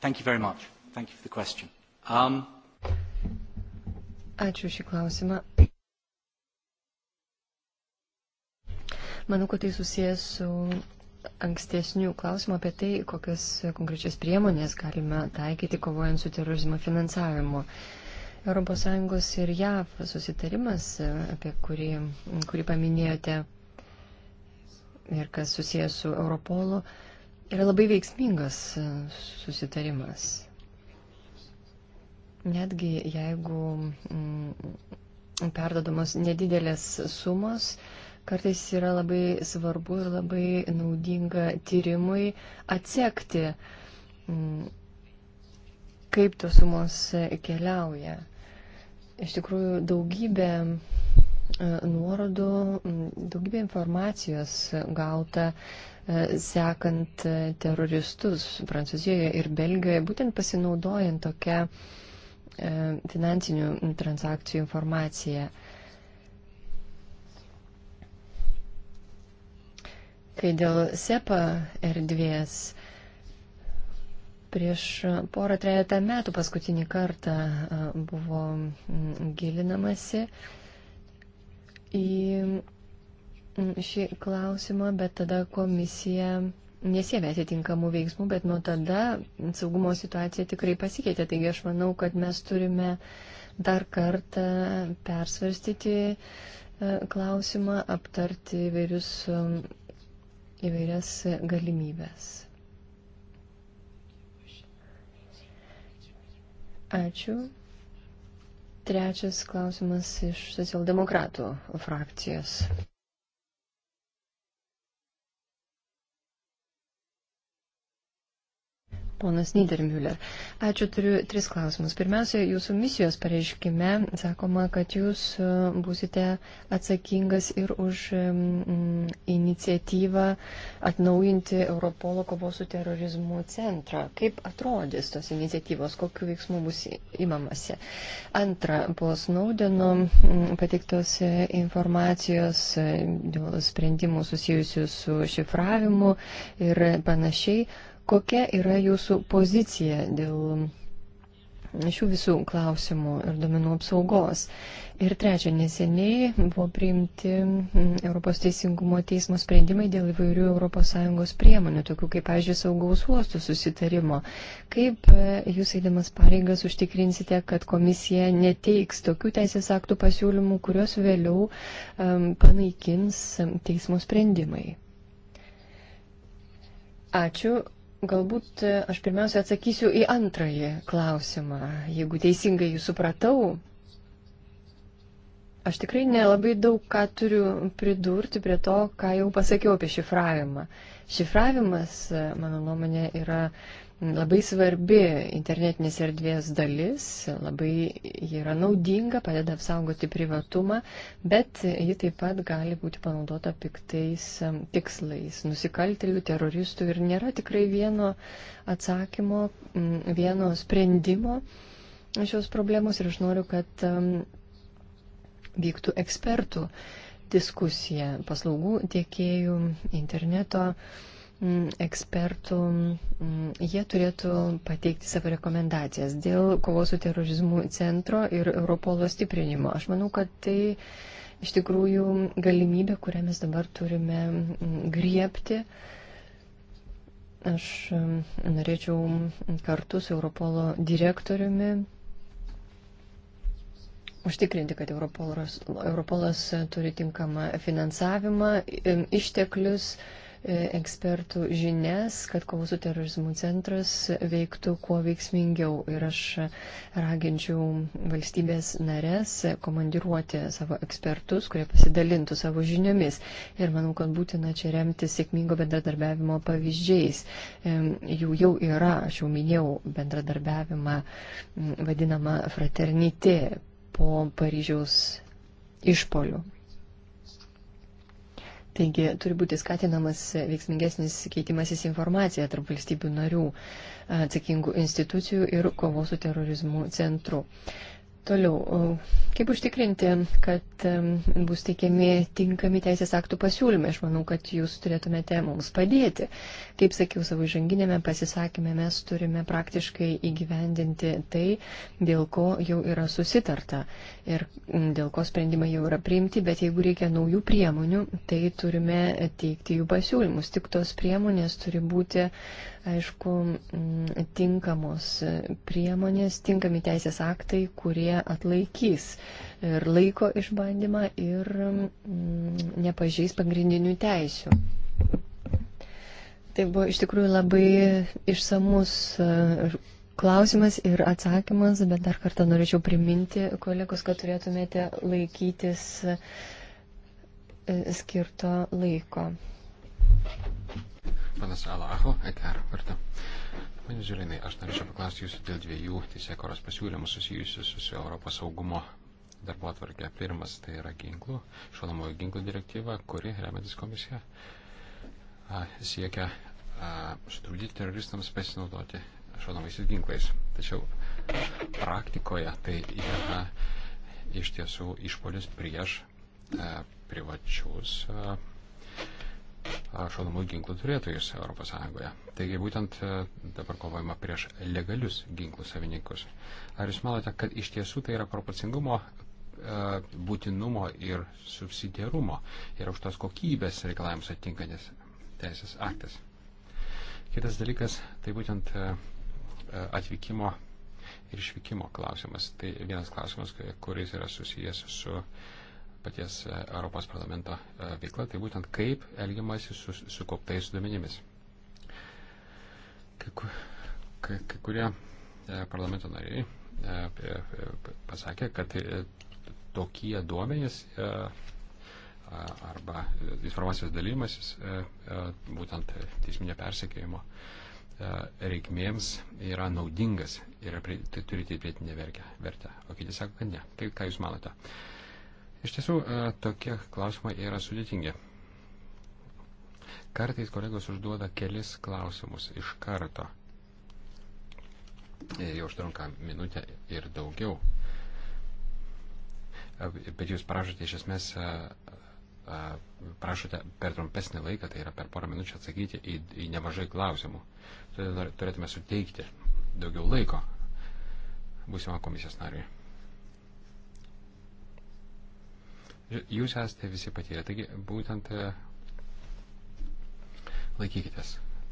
Thank you very much. Thank you for the question. Um... Ačiū šį klausimą. Manau, kad tai susijęs su ankstesnių klausimų apie tai, kokias konkrečias priemonės galime taikyti kovojant su terorizmo finansavimu. ES ir JAV susitarimas, apie kurį, kurį paminėjote ir kas susijęs su Europolu, yra labai veiksmingas susitarimas. Netgi jeigu mm, perdodamos nedidelės sumos, mm, Kartais yra labai svarbu ir labai naudinga tyrimui atsekti, mm, kaip tos sumos e, keliauja. Iš tikrųjų, daugybė e, nuorodų, mm, daugybė informacijos gauta e, sekant teroristus Prancūzijoje ir Belgijoje, būtent pasinaudojant tokią finansinių transakcijų informaciją. Kai dėl SEPA erdvės prieš porą trejata metų paskutinį kartą buvo gilinamasi į šį klausimą, bet tada komisija nesėmė atitinkamų veiksmų, bet nuo tada saugumo situacija tikrai pasikeitė. Taigi aš manau, kad mes turime dar kartą persvarstyti klausimą, aptarti vairius įvairias galimybės. Ačiū. Trečias klausimas iš socialdemokratų frakcijos. Ponas Niedermüller. Ačiū, turiu tris klausimus. Pirmiausia, jūsų misijos pareiškime sakoma, kad jūs e, būsite atsakingas ir už iniciatyvą atnaujinti Europolo kovos su terorizmu centrą. Kaip atrodys tos iniciatyvos, kokiu veiksmu bus imamasi? Antra, po Snaudeno pateiktos e, informacijos e, dėl sprendimų susijusių su šifravimu ir panašiai Kokia yra jūsų pozicija dėl šių visų klausimų ir domenų apsaugos. Ir trečia, neseniai buvo priimti mm, Europos Teisingumo teismo sprendimai dėl įvairių ES priemonių, tokių kaip, pavyzdžiui, saugaus uostų susitarimo. Kaip e, jūs eidamas pareigas užtikrinsite, kad komisija neteiks tokių teisės aktų pasiūlymų, kurios vėliau um, panaikins teismo sprendimai? Ačiū. Galbūt e, aš pirmiausia atsakysiu į antrąjį klausimą. Jeigu teisingai jį supratau, aš tikrai nelabai daug ką turiu pridurti prie to, ką jau pasakiau apie šifravimą. Šifravimas, e, mano nuomonė, yra labai svarbi internetinės erdvės dalis, labai yra naudinga, padeda apsaugoti privatumą, bet ji taip pat gali būti panaudota piktais tikslais, nusikaltelių, teroristų ir nėra tikrai vieno atsakymo, vieno sprendimo šios problemos ir aš noriu, kad vyktų ekspertų diskusija paslaugų tiekėjų, interneto Mm, ekspertų, mm, jie turėtų pateikti savo rekomendacijas dėl kovos su terorizmu centro ir Europolo stiprinimo. Aš manau, kad tai iš tikrųjų galimybė, kurią mes dabar turime mm, griepti. Aš norėčiau kartu su Europolo direktoriumi užtikrinti, kad Europolas, Europolas turi tinkamą finansavimą, išteklius E, ekspertų žinias, kad kovos su terorizmu centras veiktų kuo veiksmingiau. Ir aš raginčiau valstybės narės komandiruoti savo ekspertus, kurie pasidalintų savo žiniomis. Ir manau, kad būtina čia remti sėkmingo bendradarbiavimo pavyzdžiais. E, jų jau yra, aš jau minėjau, bendradarbiavimą vadinamą fraternitė po Paryžiaus išpolių. Taigi turi būti skatinamas veiksmingesnis keitimasis informacija tarp valstybių narių, atsakingų institucijų ir kovos su terorizmu centrų. Toliau, kaip užtikrinti, kad bus teikiami tinkami teisės aktų pasiūlymai? Aš manau, kad jūs turėtumėte mums padėti. Kaip sakiau savo žanginėme pasisakymė, mes turime praktiškai įgyvendinti tai, dėl ko jau yra susitarta ir dėl ko sprendimai jau yra priimti, bet jeigu reikia naujų priemonių, tai turime teikti jų pasiūlymus. Tik tos priemonės turi būti aišku, mm, tinkamos priemonės, tinkami teisės aktai, kurie atlaikys ir laiko išbandymą ir mm, nepažeis pagrindinių teisių. Tai buvo iš tikrųjų labai išsamus e, klausimas ir atsakymas, bet dar kartą norėčiau priminti kolegos, kad turėtumėte laikytis e, skirto laiko. Panas Alaho, EKR vardu. Pane Žiūrinai, aš norėčiau paklausti jūsų dėl dviejų teisėkoros pasiūlymų susijusių su Europos saugumo darbo atvarkė. Pirmas tai yra ginklų, šalamojų ginklų direktyva, kuri, remiantis komisija, siekia sutrukdyti teroristams pasinaudoti šaunamaisiais ginklais. Tačiau praktikoje tai yra iš tiesų išpolis prieš privačius šaunamų ginklų turėtojus ES. Taigi būtent e, dabar kovojama prieš legalius ginklų savininkus. Ar Jūs manote, kad iš tiesų tai yra proporcingumo e, būtinumo ir subsidiarumo ir aukštos kokybės reikalavimus atitinkantis teisės aktas? Kitas dalykas - tai būtent e, atvykimo ir išvykimo klausimas. Tai vienas klausimas, kuris yra susijęs su uh, paties e, Europos parlamento e, veikla, tai būtent kaip elgiamasi su sukauptais duomenimis. Kai, kai, kai kurie e, parlamento nariai pasakė, kad tokie duomenys arba informacijos dalymasis būtent teisminio persekėjimo reikmėms yra naudingas ir tai turi pridėtinę vertę. O kiti sako, kad ne. Kaip ką Jūs manote? Uh, Iš tiesų, e, tokie klausimai yra sudėtingi. Kartais kolegos užduoda kelis klausimus iš karto. Ir jau užtrunka minutę ir daugiau. E, bet jūs prašote iš esmės, e, prašote per trumpesnį laiką, tai yra per porą minučių atsakyti į, į nemažai klausimų. Todėl turėtume suteikti daugiau laiko būsimą komisijos nariui. Jūs esate visi patyrę, taigi būtent e, laikykitės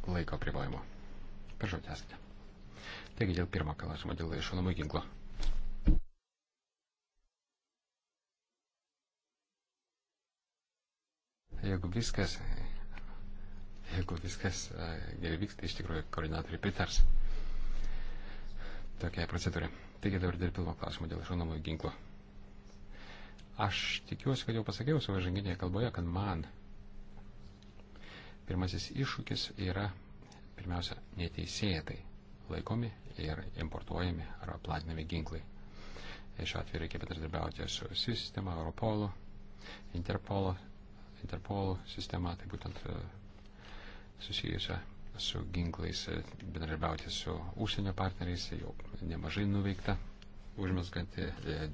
laiko pribojimo. Prašau, tęskite. Taigi dėl pirmo klausimo, dėl išonamų ginklo. Jeigu viskas, jeigu viskas e, gerai vyks, tai iš tikrųjų koordinatoriai pritars tokiai procedūrai. Taigi dabar dėl pilno klausimo, dėl išonamų ginklo. Aš tikiuosi, kad jau pasakiau savo žanginėje kalboje, kad man pirmasis iššūkis yra pirmiausia neteisėtai laikomi ir importuojami ar platinami ginklai. Šiuo atveju reikia bendradarbiauti su SIS sistema, Europolu, Interpolo, Interpolo sistema, tai būtent e, susijusia su ginklais, e, bendradarbiauti su užsienio partneriais, jau nemažai nuveikta, užmeskant e,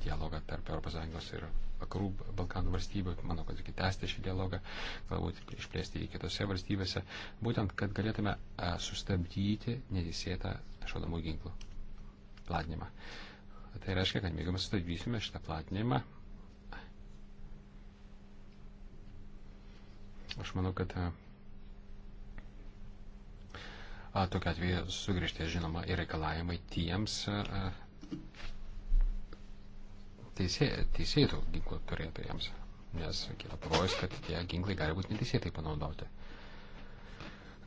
dialogą tarp ES ir vakarų Balkanų valstybių, manau, kad reikia tęsti šį dialogą, galbūt išplėsti į kitose valstybėse, būtent, kad galėtume sustabdyti neteisėtą šaudamų ginklų platinimą. Tai reiškia, kad jeigu mes sustabdysime šitą platinimą, aš manau, kad tokia atveju sugrįžtė, žinoma, ir reikalavimai tiems. A, teisė, teisėtų ginklų turėtojams, nes kyla pavojus, kad tie ginklai gali būti neteisėtai panaudoti.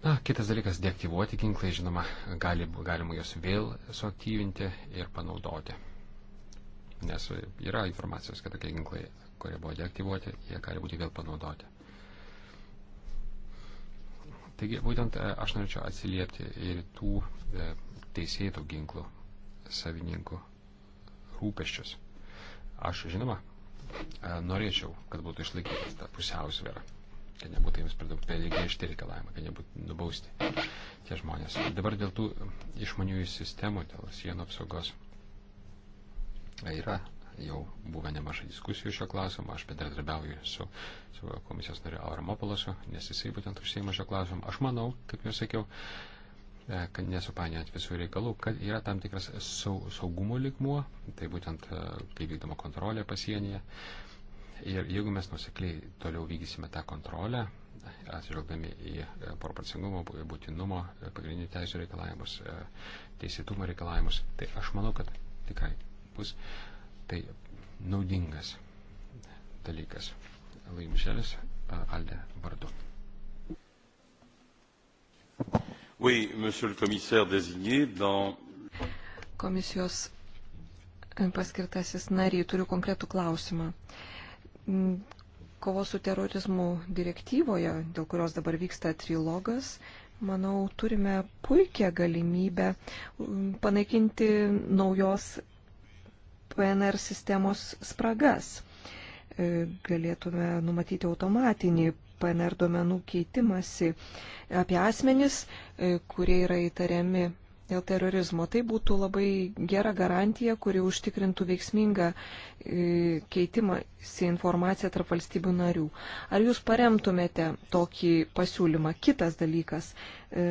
Na, kitas dalykas - deaktyvuoti ginklai, žinoma, gali, galima juos vėl suaktyvinti ir panaudoti. Nes yra informacijos, kad tokie ginklai, kurie buvo deaktyvuoti, jie gali būti vėl panaudoti. Taigi, būtent e, aš norėčiau atsiliepti ir tų e, teisėtų ginklų savininkų rūpeščius. Aš, žinoma, e, norėčiau, kad būtų išlaikytas ta pusiausvėra, kad nebūtų jiems per daug griežti reikalavimai, kad nebūtų nubausti tie žmonės. Dabar dėl tų išmaniųjų sistemų, dėl sienų apsaugos e, yra jau buvę nemažai diskusijų šio klausimo, aš bendradarbiauju su, su komisijos nariu Auramopolosu, nes jisai būtent užsieima šio klausimo. Aš manau, kaip jau sakiau, E, kad nesupainiojant visų reikalų, kad yra tam tikras saugumo likmuo, tai būtent e, kai vykdoma kontrolė pasienyje. Ir jeigu mes nusikliai toliau vykdysime tą kontrolę, atsižvelgdami į e, proporcingumo, būtinumo, pagrindinių teisų reikalavimus, teisėtumo reikalavimus, tai aš manau, kad tikrai bus tai naudingas dalykas. Laimišelis Alde vardu. Oui, monsieur le commissaire désigné, dans. Komisijos e, paskirtasis nariai, turiu konkretų klausimą. Mm, kovos su terorizmu direktyvoje, dėl kurios dabar vyksta trilogas, manau, turime puikią galimybę mm, panaikinti naujos PNR sistemos spragas. E, galėtume numatyti automatinį PNR duomenų keitimasi apie asmenis, e, kurie yra įtariami dėl terorizmo. Tai būtų labai gera garantija, kuri užtikrintų veiksmingą e, keitimąsi informaciją tarp valstybių narių. Ar jūs paremtumėte tokį pasiūlymą? Kitas dalykas. E,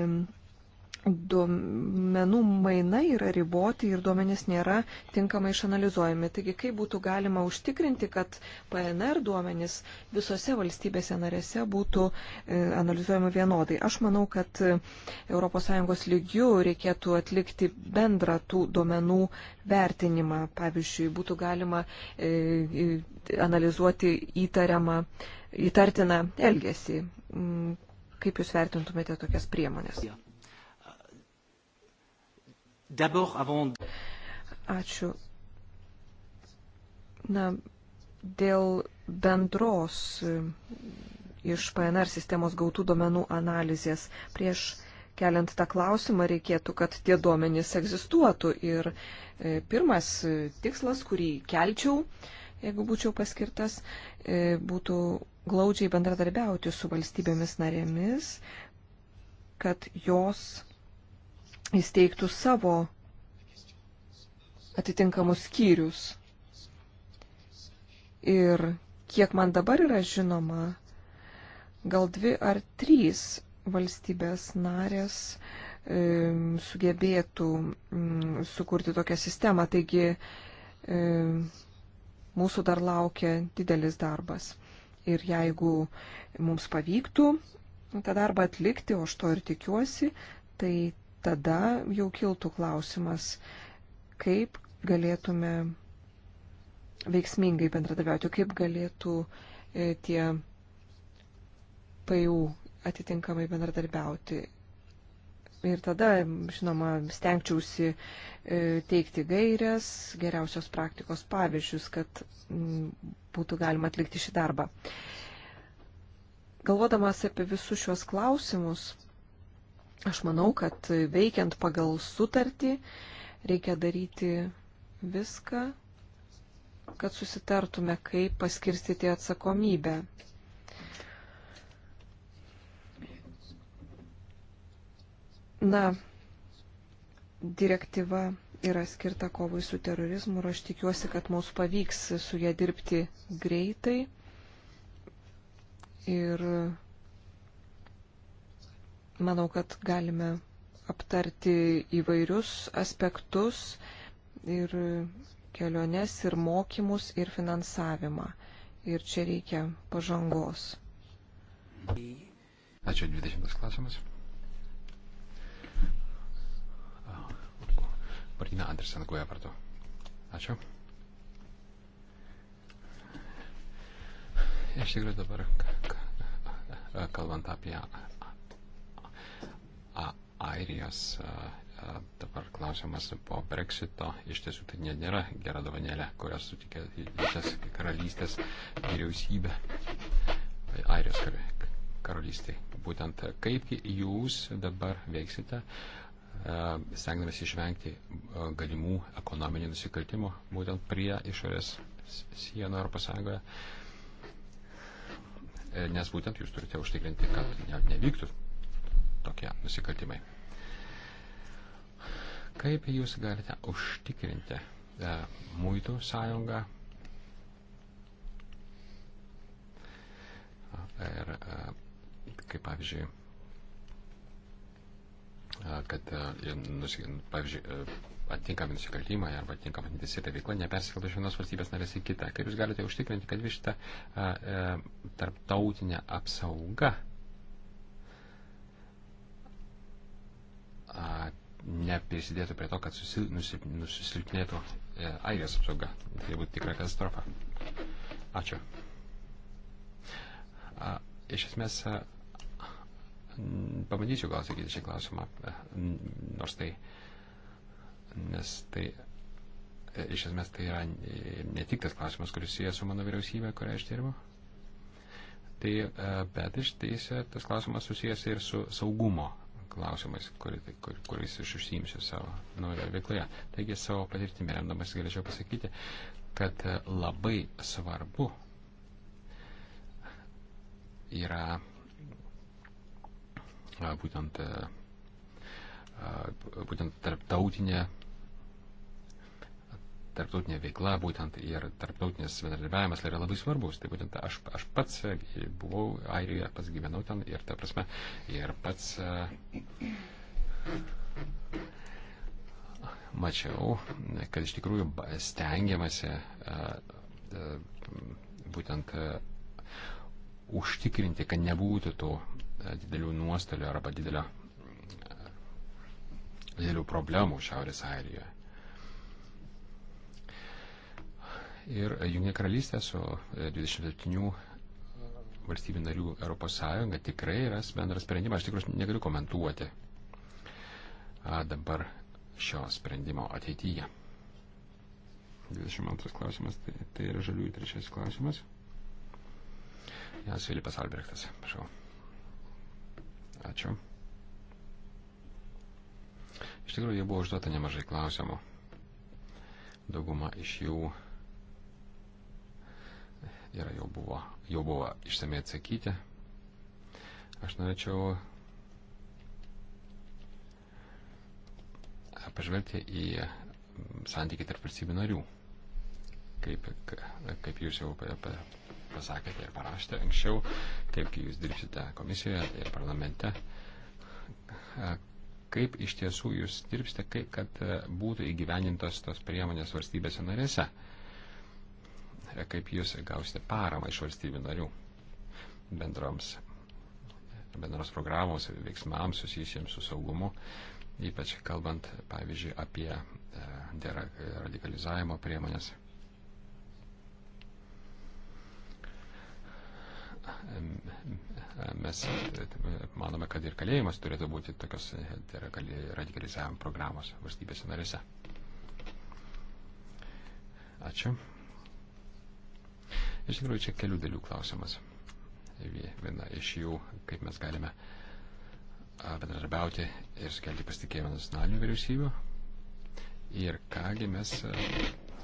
duomenų mainai yra riboti ir duomenys nėra tinkamai išanalizuojami. Taigi, kaip būtų galima užtikrinti, kad PNR duomenys visose valstybėse narėse būtų e, analizuojami vienodai? Aš manau, kad ES lygių reikėtų atlikti bendrą tų duomenų vertinimą. Pavyzdžiui, būtų galima e, e, analizuoti įtariamą, įtartiną elgesį. Mm, kaip Jūs vertintumėte tokias priemonės? Yeah. Ačiū. Na, dėl bendros e, iš PNR sistemos gautų duomenų analizės prieš keliant tą klausimą reikėtų, kad tie duomenys egzistuotų. Ir e, pirmas e, tikslas, kurį kelčiau, jeigu būčiau paskirtas, būtų glaudžiai bendradarbiauti su valstybėmis narėmis, kad jos įsteigtų savo atitinkamus skyrius. Ir kiek man dabar yra žinoma, gal dvi ar trys valstybės narės e, sugebėtų m, mm, sukurti tokią sistemą. Taigi e, mūsų dar laukia didelis darbas. Ir jeigu mums pavyktų tą darbą atlikti, o aš to ir tikiuosi, tai tada jau kiltų klausimas, kaip galėtume veiksmingai bendradarbiauti, kaip galėtų e, tie PAU atitinkamai bendradarbiauti. Ir tada, žinoma, stengčiausi e, teikti gairias, geriausios praktikos pavyzdžius, kad būtų galima atlikti šį darbą. Galvodamas apie visus šiuos klausimus, Aš manau, kad veikiant pagal sutartį reikia daryti viską, kad susitartume, kaip paskirstyti atsakomybę. Na, direktyva yra skirta kovai su terorizmu ir aš tikiuosi, kad mums pavyks su ją dirbti greitai. Ir Manau, kad galime aptarti įvairius aspektus ir keliones, ir mokymus, ir finansavimą. Ir čia reikia pažangos. Ačiū 20 klausimas. Martina Andersen, koja vardu. Ačiū. Iš tikrųjų dabar, kalbant apie Airijos dabar klausimas po Brexito iš tiesų tai nėra gera dovanėlė, kurią sutikė Jungtinės karalystės vyriausybė tai Airijos karalystė. Būtent kaip jūs dabar veiksite, stengdamės išvengti galimų ekonominių nusikaltimų būtent prie išorės sienų Europos Sąjungoje, e, nes būtent jūs turite užtikrinti, kad nevyktų tokie nusikaltimai. Kaip jūs galite užtikrinti e, muitų sąjungą ir e, kaip pavyzdžiui, kad e, nusik, pavyzdžiui, e, atitinkami nusikaltimai arba atitinkama neteisėta veikla nepersikeltų iš vienos valstybės narės į kitą. Kaip jūs galite užtikrinti, kad vis šita e, tarptautinė apsauga e, neprisidėtų prie to, kad susil, nusip, nusisilpnėtų e, Airijos apsauga. Tai būtų tikra katastrofa. Ačiū. A, iš esmės, a, pabandysiu gal atsakyti šį klausimą, a, e, nors tai, nes tai, a, e, iš esmės, tai yra ne tik tas klausimas, kuris sieja su mano vyriausybė, kurią aš dirbu. Tai, a, e, bet iš teisė tas klausimas susijęs ir su saugumo klausimais, kuriais kur, kur aš užsiimsiu savo naujoje veikloje. Taigi savo patirtimi remdamas galėčiau pasakyti, kad labai svarbu yra būtent, būtent tarptautinė tarptautinė veikla, būtent ir tarptautinis bendradarbiavimas yra labai svarbus. Tai būtent aš, aš pats e, buvau Airijoje, pats gyvenau ten ir, ta prasme, ir pats e, mačiau, kad iš tikrųjų stengiamasi e, būtent užtikrinti, kad nebūtų tų didelių nuostolių arba didelio, didelių problemų Šiaurės Airijoje. ir Junginė karalystė su 27 e, valstybių narių Europos Sąjunga tikrai yra bendras sprendimas. Aš tikrus negaliu komentuoti a, dabar šio sprendimo ateityje. 22 klausimas, tai, tai yra žaliųjų trečiasis klausimas. Jas Filipas Albrechtas, prašau. Ačiū. Iš tikrųjų, jie buvo užduota nemažai klausimų. Dauguma iš jų yra, jau, buvo, jau buvo išsamei atsakyti. Aš norėčiau pažvelgti į santykį tarp valstybių narių, kaip, kaip jūs jau pasakėte ir parašėte anksčiau, kaip jūs dirbsite komisijoje ir parlamente, kaip iš tiesų jūs dirbsite, kaip kad būtų įgyvenintos tos priemonės valstybėse narėse kaip jūs gausite paramą iš valstybių narių bendroms, bendros programos veiksmams susijusiems su saugumu, ypač kalbant, pavyzdžiui, apie e, deradikalizavimo priemonės. Mes manome, kad ir kalėjimas turėtų būti tokios tai radikalizavimo programos valstybėse narėse. Ačiū. Iš tikrųjų, čia kelių dalių klausimas. Viena iš jų, kaip mes galime bendradarbiauti ir sukelti pasitikėjimą nacionalinių vyriausybių ir kągi mes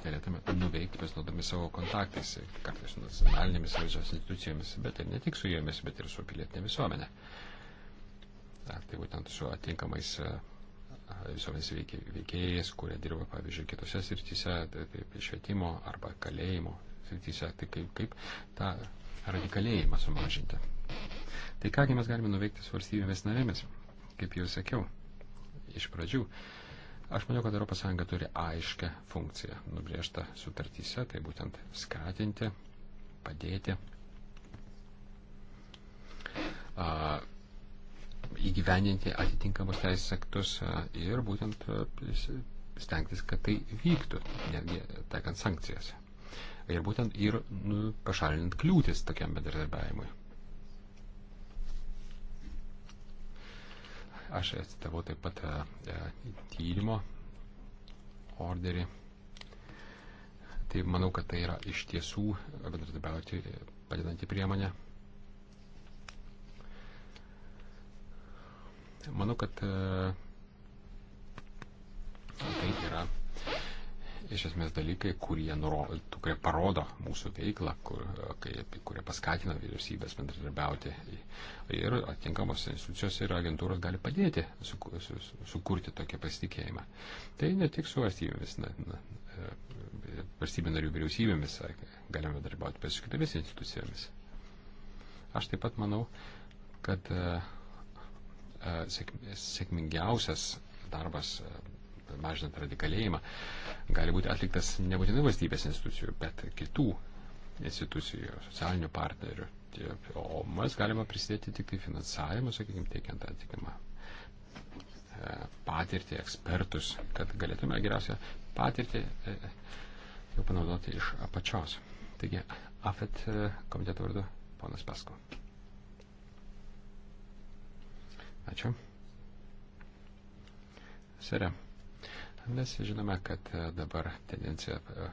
galėtume nuveikti pasinaudodami savo kontaktais, kartais su nacionalinėmis valdžios institucijomis, bet ir ne tik su jomis, bet ir su pilietinė visuomenė. Ar tai būtent su atinkamais visuomenės veikėjais, kurie dirba, pavyzdžiui, kitose srityse, taip tai švietimo arba kalėjimo srityse, tai kaip, kaip tą radikalėjimą sumažinti. Tai kągi mes galime nuveikti su valstybėmis narėmis, kaip jau sakiau iš pradžių. Aš manau, kad ES turi aiškę funkciją nubrėžtą sutartyse, tai būtent skatinti, padėti, a, įgyvendinti atitinkamus teisės aktus a, ir būtent a, stengtis, kad tai vyktų, netgi taikant sankcijas ir būtent ir nu, pašalinant kliūtis tokiam bendradarbiavimui. Aš citavau taip pat e, e, tyrimo orderį. Tai manau, kad tai yra iš tiesų bendradarbiauti e, padedanti priemonė. Manau, kad e, tai yra iš esmės dalykai, kurie, nuro, kurie parodo mūsų veiklą, kur, kaip, kurie paskatina vyriausybės bendradarbiauti. Ir atitinkamos institucijos ir agentūros gali padėti su, su, sukurti tokį pasitikėjimą. Tai ne tik su valstybėmis, na, na, e, valstybė narių vyriausybėmis, galime dalyvauti, bet su kitomis institucijomis. Aš taip pat manau, kad a, e, a, e, sėkmingiausias darbas a, mažinant radikalėjimą, gali būti atliktas nebūtinai valstybės institucijų, bet kitų institucijų, socialinių partnerių. O mes galime prisidėti tik tai finansavimu, sakykime, teikiant atitikimą e, patirtį, ekspertus, kad galėtume geriausią patirtį e, jau panaudoti iš apačios. Taigi, AFET e, komiteto vardu ponas Pasko. Ačiū. Sere. Mes žinome, kad e, dabar tendencija e,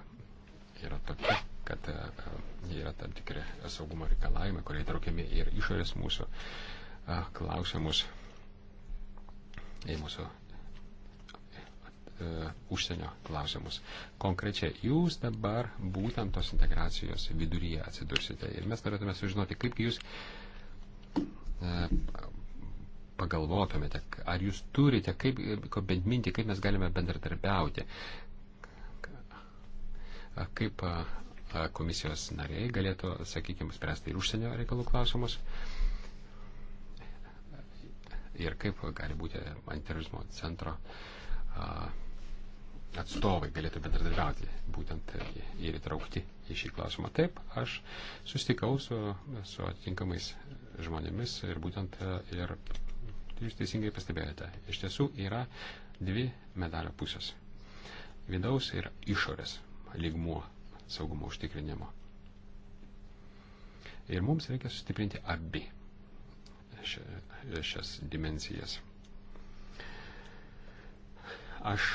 yra tokia, kad e, yra tam tikri saugumo reikalavimai, kurie įtraukiami ir išorės mūsų klausimus į mūsų užsienio klausimus. Konkrečiai jūs dabar būtent tos integracijos viduryje atsidursite ir mes norėtume sužinoti, kaip jūs pagalvotumėte, ar jūs turite kaip, bent mintį, kaip mes galime bendradarbiauti, kaip komisijos nariai galėtų, sakykime, spręsti ir užsienio reikalų klausimus ir kaip gali būti antiterorizmo centro atstovai galėtų bendradarbiauti būtent ir įtraukti į šį klausimą. Taip, aš sustikau su, su atitinkamais žmonėmis ir būtent ir Tai jūs teisingai pastebėjote. Iš tiesų yra dvi medalio pusės. Vidaus ir išorės lygmuo saugumo užtikrinimo. Ir mums reikia sustiprinti abi šias dimensijas. Aš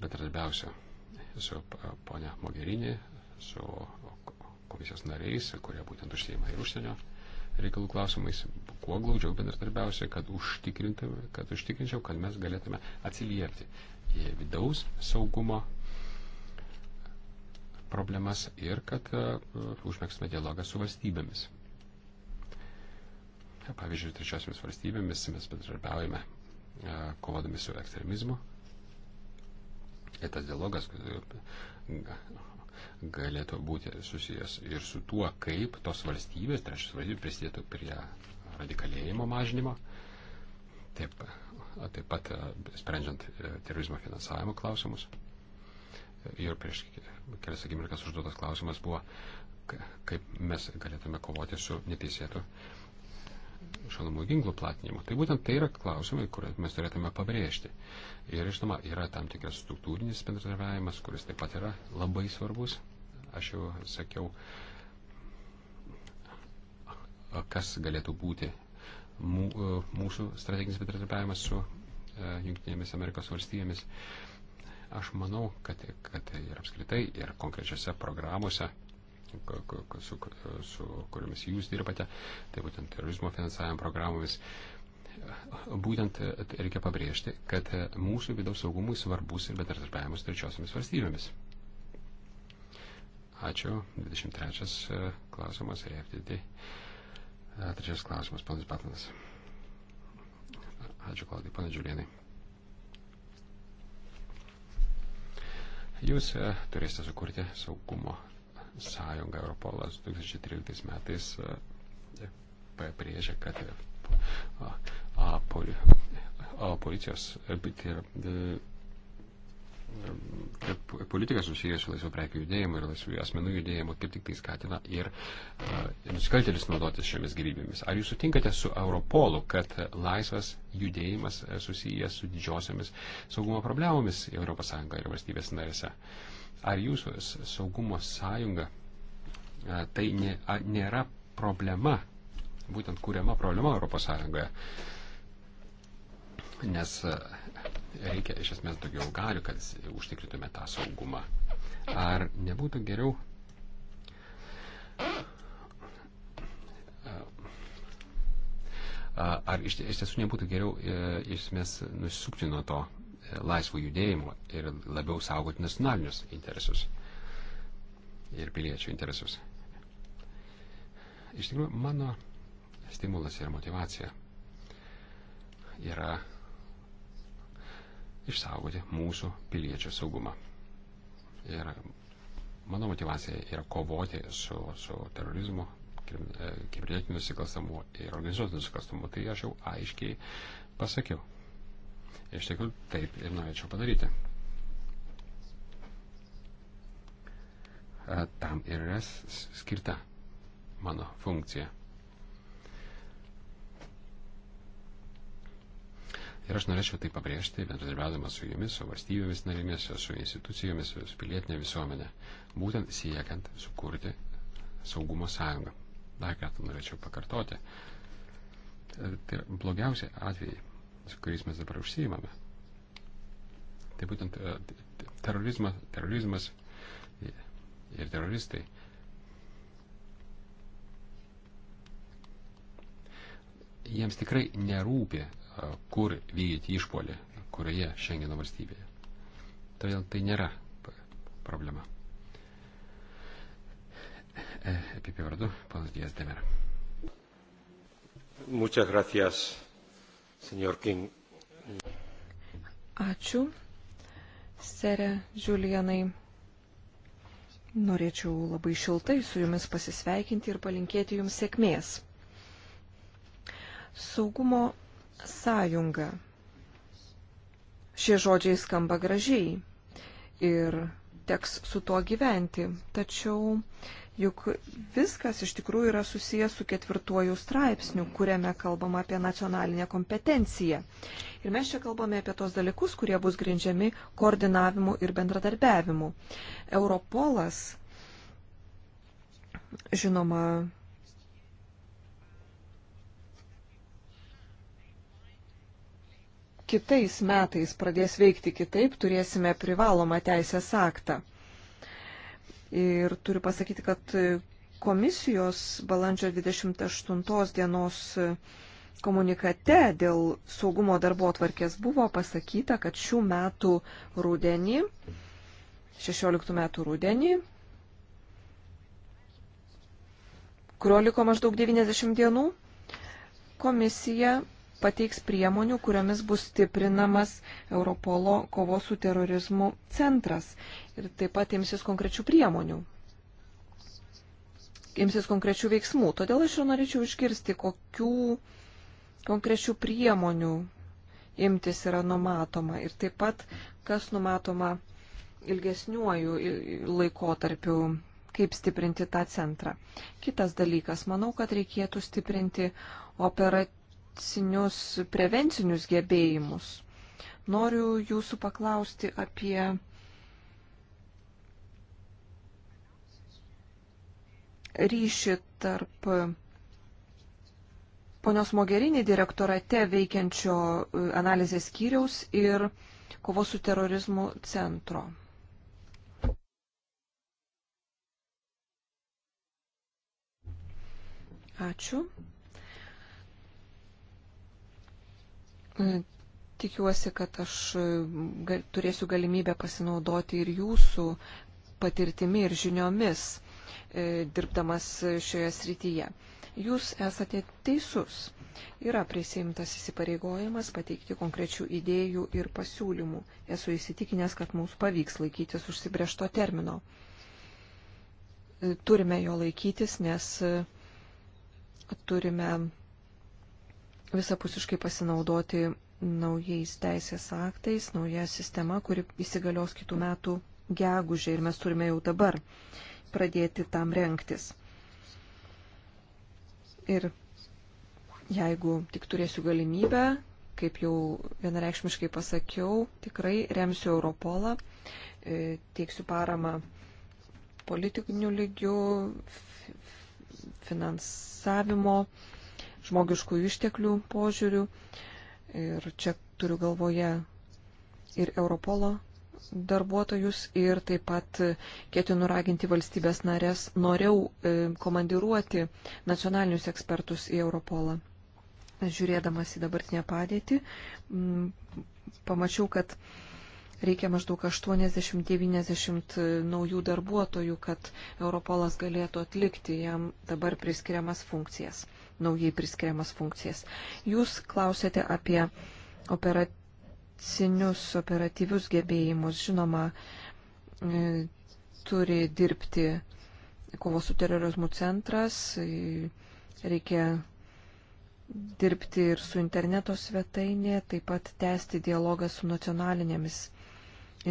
bendradarbiausiu su ponia Mogerinė, su komisijos nariais, kurie būtent užsieima ir užsienio reikalų klausimais kuo glaudžiau bendradarbiausiu, kad, kad užtikrinčiau, kad mes galėtume atsiliepti į vidaus saugumo problemas ir kad uh, užmėgsime dialogą su valstybėmis. Pavyzdžiui, trečiosiomis valstybėmis mes bendradarbiaujame uh, kovodami su ekstremizmu. Ir tas dialogas uh, galėtų būti susijęs ir su tuo, kaip tos valstybės, trečios valstybės prisidėtų prie radikalėjimo mažinimo. Taip, taip pat sprendžiant e, terorizmo finansavimo klausimus. Ir prieš kelias akimirkas užduotas klausimas buvo, kaip mes galėtume kovoti su neteisėtu šalamų ginklų platinimu. Tai būtent tai yra klausimai, kuriuos mes turėtume pabrėžti. Ir žinoma, yra tam tikras struktūrinis bendradarbiavimas, kuris taip pat yra labai svarbus. Aš jau sakiau, kas galėtų būti e, mūsų strateginis bendradarbiavimas su e, Junktinėmis Amerikos valstybėmis. Aš manau, kad, kad ir apskritai, ir konkrečiose programuose su, su kuriomis jūs dirbate, tai būtent terorizmo finansavimo programomis. Būtent e, reikia pabrėžti, kad e, mūsų vidaus saugumui svarbus ir bendradarbiavimas trečiosiamis valstybėmis. Ačiū. 23 e, klausimas, RFDD. Trečias klausimas, panas Patlanas. Ačiū, Klaudai, pana Džiulienai. Jūs turėsite sukurti saugumo sąjunga Europolas 2013 metais e, pabrėžė, kad a, a, poli, a, policijos, e, tai yra e, politika susijęs su laisvo prekių judėjimu ir laisvų asmenų judėjimu kaip tik tai skatina ir nusikaltėlis naudotis šiomis gyvybėmis. Ar jūs sutinkate su Europolu, kad laisvas judėjimas susijęs su didžiosiomis saugumo problemomis ES ir valstybės narėse? Uh, Ar jūsų saugumo sąjunga e, tai nėra problema, būtent kuriama problema Europos sąjungoje? Nes e, reikia iš esmės daugiau galių, kad užtikrintume tą saugumą. Ar nebūtų geriau e, ar iš, iš tiesų nebūtų geriau iš esmės nusisukti nuo to laisvų judėjimų ir labiau saugoti nacionalinius interesus ir piliečių interesus. Iš tikrųjų, mano stimulas ir motivacija yra išsaugoti mūsų piliečių saugumą. Ir mano motivacija yra kovoti su, su terorizmu, e, kibernetiniu nusikalstamu ir organizuotu nusikalstamu. Tai aš jau aiškiai pasakiau. Iš tikrųjų, taip ir norėčiau padaryti. E, tam ir yra skirta mano funkcija. Ir aš norėčiau tai pabrėžti, bendradarbiaudamas su jumis, su valstybėmis narėmis, su institucijomis, su pilietinė visuomenė, būtent siekiant sukurti saugumo sąjungą. Dar kartą norėčiau pakartoti. E, tai blogiausia atvejai kuriais mes dabar užsijimame. Tai būtent e, terorizmas, terorizmas ir teroristai. Jiems tikrai nerūpi, e, kur vykdyti išpolį, kurioje Šengeno valstybėje. Todėl tai nėra problema. Apie e vardu, panas Dijas Demera. Muchas gracias, Senior King. Ačiū. Serė Žiulienai, norėčiau labai šiltai su jumis pasisveikinti ir palinkėti jums sėkmės. Saugumo sąjunga. Šie žodžiai skamba gražiai ir teks su tuo gyventi, tačiau Juk viskas iš tikrųjų yra susijęs su ketvirtuoju straipsniu, kuriame kalbama apie nacionalinę kompetenciją. Ir mes čia kalbame apie tos dalykus, kurie bus grindžiami koordinavimu ir bendradarbiavimu. Europolas, žinoma, kitais metais pradės veikti kitaip, turėsime privalomą teisės aktą. Ir turiu pasakyti, kad komisijos balandžio 28 dienos komunikate dėl saugumo darbo atvarkės buvo pasakyta, kad šių metų rūdienį, 16 metų rūdienį, kurio liko maždaug 90 dienų, komisija pateiks priemonių, kuriomis bus stiprinamas Europolo kovos su terorizmu centras ir taip pat imsis konkrečių priemonių. Imsis konkrečių veiksmų. Todėl aš ir norėčiau išgirsti, kokių konkrečių priemonių imtis yra numatoma ir taip pat, kas numatoma ilgesniuoju laikotarpiu, kaip stiprinti tą centrą. Kitas dalykas, manau, kad reikėtų stiprinti operatyvą tradicinius prevencinius gebėjimus. Noriu jūsų paklausti apie ryšį tarp ponios Mogerinį direktorate veikiančio e, analizės skyriaus ir kovos su terorizmu centro. Ačiū. Tikiuosi, kad aš gal, turėsiu galimybę pasinaudoti ir jūsų patirtimi ir žiniomis e, dirbdamas šioje srityje. Jūs esate teisus. Yra prisimtas įsipareigojimas pateikti konkrečių idėjų ir pasiūlymų. Esu įsitikinęs, kad mums pavyks laikytis užsibriešto termino. E, turime jo laikytis, nes e, turime visapusiškai pasinaudoti naujais teisės aktais, nauja sistema, kuri įsigalios kitų metų gegužė ir mes turime jau dabar pradėti tam renktis. Ir jeigu tik turėsiu galimybę, kaip jau vienareikšmiškai pasakiau, tikrai remsiu Europolą, e, teiksiu paramą politinių lygių, finansavimo žmogiškų išteklių požiūrių. Ir čia turiu galvoje ir Europolo darbuotojus ir taip pat ketinu raginti valstybės narės noriau e, komandiruoti nacionalinius ekspertus į Europolą. Žiūrėdamas į dabartinę padėtį, pamačiau, kad reikia maždaug 80-90 naujų darbuotojų, kad Europolas galėtų atlikti jam dabar priskiriamas funkcijas naujai priskiriamas funkcijas. Jūs klausėte apie operacinius, operatyvius gebėjimus. Žinoma, e, turi dirbti kovos su terorizmu centras, e, reikia dirbti ir su interneto svetainė, taip pat tęsti dialogą su nacionalinėmis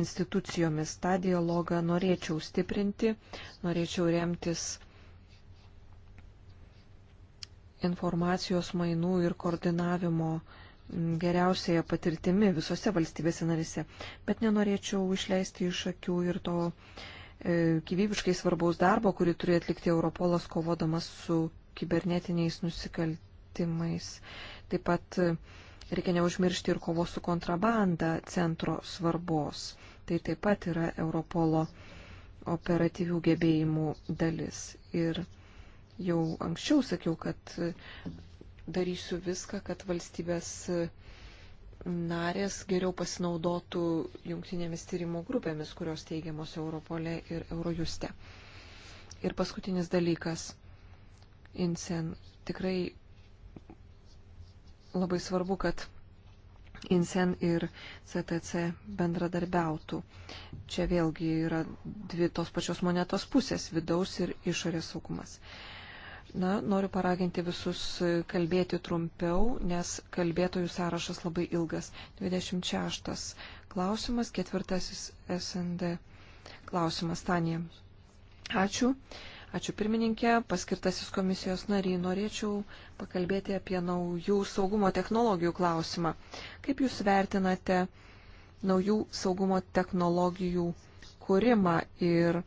institucijomis. Ta dialogą norėčiau stiprinti, norėčiau remtis informacijos mainų ir koordinavimo geriausiaja patirtimi visose valstybėse narise. Bet nenorėčiau išleisti iš akių ir to e, gyvybiškai svarbaus darbo, kurį turi atlikti Europolas kovodamas su kibernetiniais nusikaltimais. Taip pat e, reikia neužmiršti ir kovos su kontrabanda centro svarbos. Tai taip pat yra Europolo operatyvių gebėjimų dalis. Ir jau anksčiau sakiau, kad darysiu viską, kad valstybės narės geriau pasinaudotų jungtinėmis tyrimo grupėmis, kurios teigiamos Europolė ir Eurojuste. Ir paskutinis dalykas. Insen tikrai labai svarbu, kad Insen ir CTC bendradarbiautų. Čia vėlgi yra dvi tos pačios monetos pusės - vidaus ir išorės saugumas. Uh, Na, noriu paraginti visus kalbėti trumpiau, nes kalbėtojų sąrašas labai ilgas. 26. Klausimas, ketvirtasis SND. Klausimas, Tanija. Ačiū. Ačiū pirmininkė, paskirtasis komisijos nariai. Norėčiau pakalbėti apie naujų saugumo technologijų klausimą. Kaip Jūs vertinate naujų saugumo technologijų kūrimą ir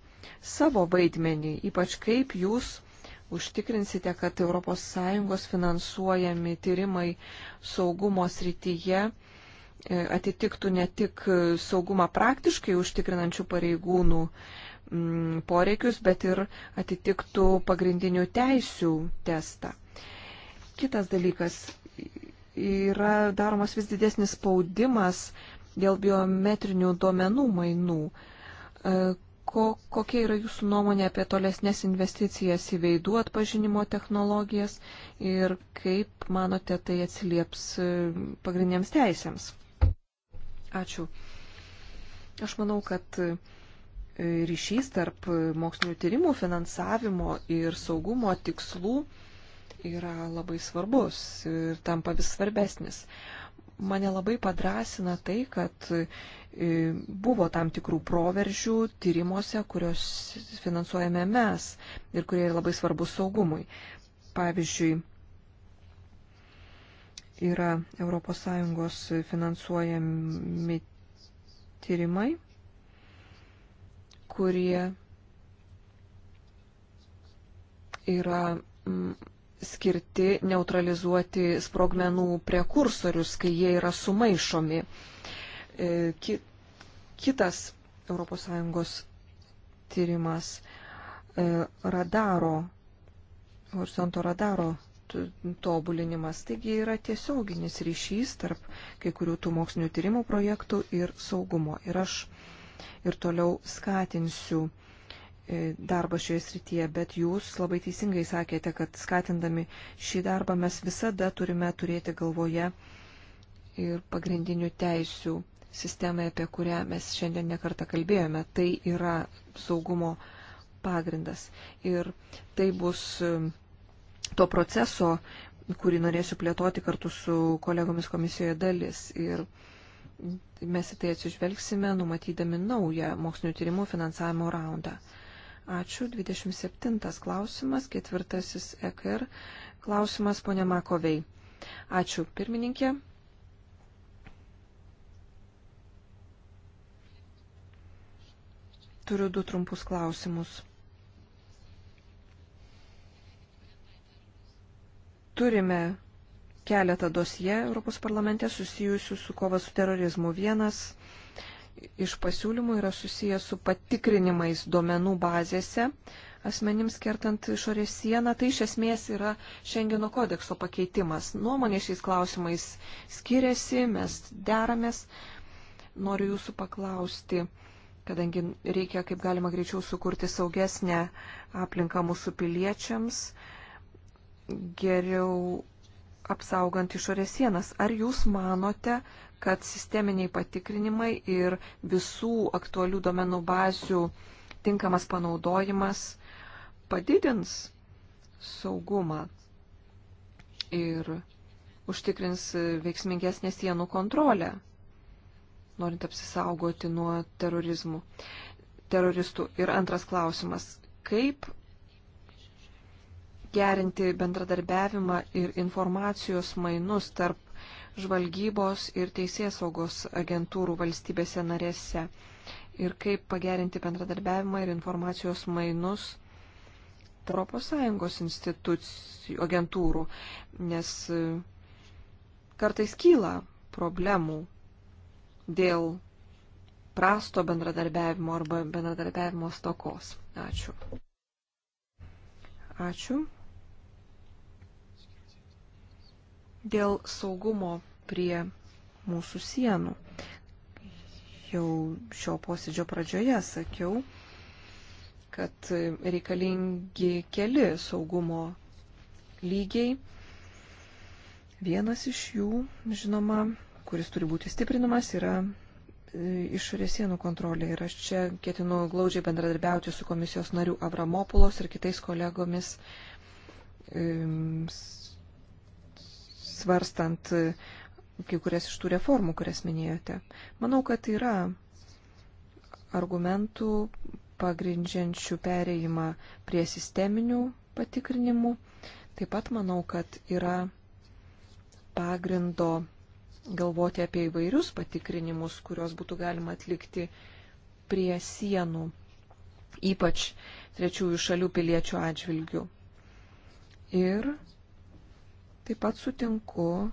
savo vaidmenį, ypač kaip Jūs užtikrinsite, kad ES finansuojami tyrimai saugumo srityje e, atitiktų ne tik saugumą praktiškai užtikrinančių pareigūnų mm, poreikius, bet ir atitiktų pagrindinių teisių testą. Kitas dalykas yra daromas vis didesnis spaudimas dėl biometrinių duomenų mainų. E, ko, kokia yra jūsų nuomonė apie tolesnės investicijas į veidų atpažinimo technologijas ir kaip manote tai atsilieps e, pagrindiniams teisėms? Ačiū. Aš manau, kad e, ryšys tarp mokslinių tyrimų finansavimo ir saugumo tikslų yra labai svarbus ir tampa vis svarbesnis mane labai padrasina tai, kad e, buvo tam tikrų proveržių tyrimuose, kurios finansuojame mes ir kurie yra labai svarbus saugumui. Pavyzdžiui, yra ES finansuojami tyrimai, kurie yra skirti neutralizuoti sprogmenų prekursorius, kai jie yra sumaišomi. E, kitas ES tyrimas e, radaro, horizonto radaro tobulinimas. Taigi yra tiesioginis ryšys tarp kai kurių tų mokslinių tyrimų projektų ir saugumo. Ir aš ir toliau skatinsiu E, darbas šioje srityje, bet jūs labai teisingai sakėte, kad skatindami šį darbą mes visada turime turėti galvoje ir pagrindinių teisių sistemą, apie kurią mes šiandien nekartą kalbėjome. Tai yra saugumo pagrindas. Ir tai bus e, to proceso, kurį norėsiu plėtoti kartu su kolegomis komisijoje dalis. Ir mes į tai atsižvelgsime, numatydami naują mokslinio tyrimų finansavimo raundą. Ačiū. 27 klausimas, ketvirtasis EKR klausimas, ponė Makovei. Ačiū, pirmininkė. Turiu du trumpus klausimus. Turime keletą dosie Europos parlamente susijusių su kova su terorizmu. Vienas iš pasiūlymų yra susijęs su patikrinimais duomenų bazėse asmenims kertant išorės sieną. Tai iš esmės yra Šengeno kodekso pakeitimas. Nuomonė šiais klausimais skiriasi, mes deramės. Noriu jūsų paklausti, kadangi reikia kaip galima greičiau sukurti saugesnę aplinką mūsų piliečiams, geriau apsaugant išorės sienas. Ar jūs manote, kad sisteminiai patikrinimai ir visų aktualių domenų bazių tinkamas panaudojimas padidins saugumą ir užtikrins veiksmingesnę sienų kontrolę, norint apsisaugoti nuo terorizmų, teroristų. Ir antras klausimas, kaip gerinti bendradarbiavimą ir informacijos mainus tarp žvalgybos ir teisėsaugos agentūrų valstybėse narėse ir kaip pagerinti bendradarbiavimą ir informacijos mainus ES institucijų agentūrų, nes e, kartais kyla problemų dėl prasto bendradarbiavimo arba bendradarbiavimo stokos. Ačiū. Ačiū. dėl saugumo prie mūsų sienų. Jau šio posėdžio pradžioje sakiau, kad reikalingi keli saugumo lygiai. Vienas iš jų, žinoma, kuris turi būti stiprinamas, yra e, išorės sienų kontrolė. Ir aš čia ketinu glaudžiai bendradarbiauti su komisijos nariu Avramopulos ir kitais kolegomis e, svarstant e, kai kurias iš tų reformų, kurias minėjote. Manau, kad yra argumentų pagrindžiančių pereimą prie sisteminių patikrinimų. Taip pat manau, kad yra pagrindo galvoti apie įvairius patikrinimus, kuriuos būtų galima atlikti prie sienų, ypač trečiųjų šalių piliečių atžvilgių. Ir Taip pat sutinku,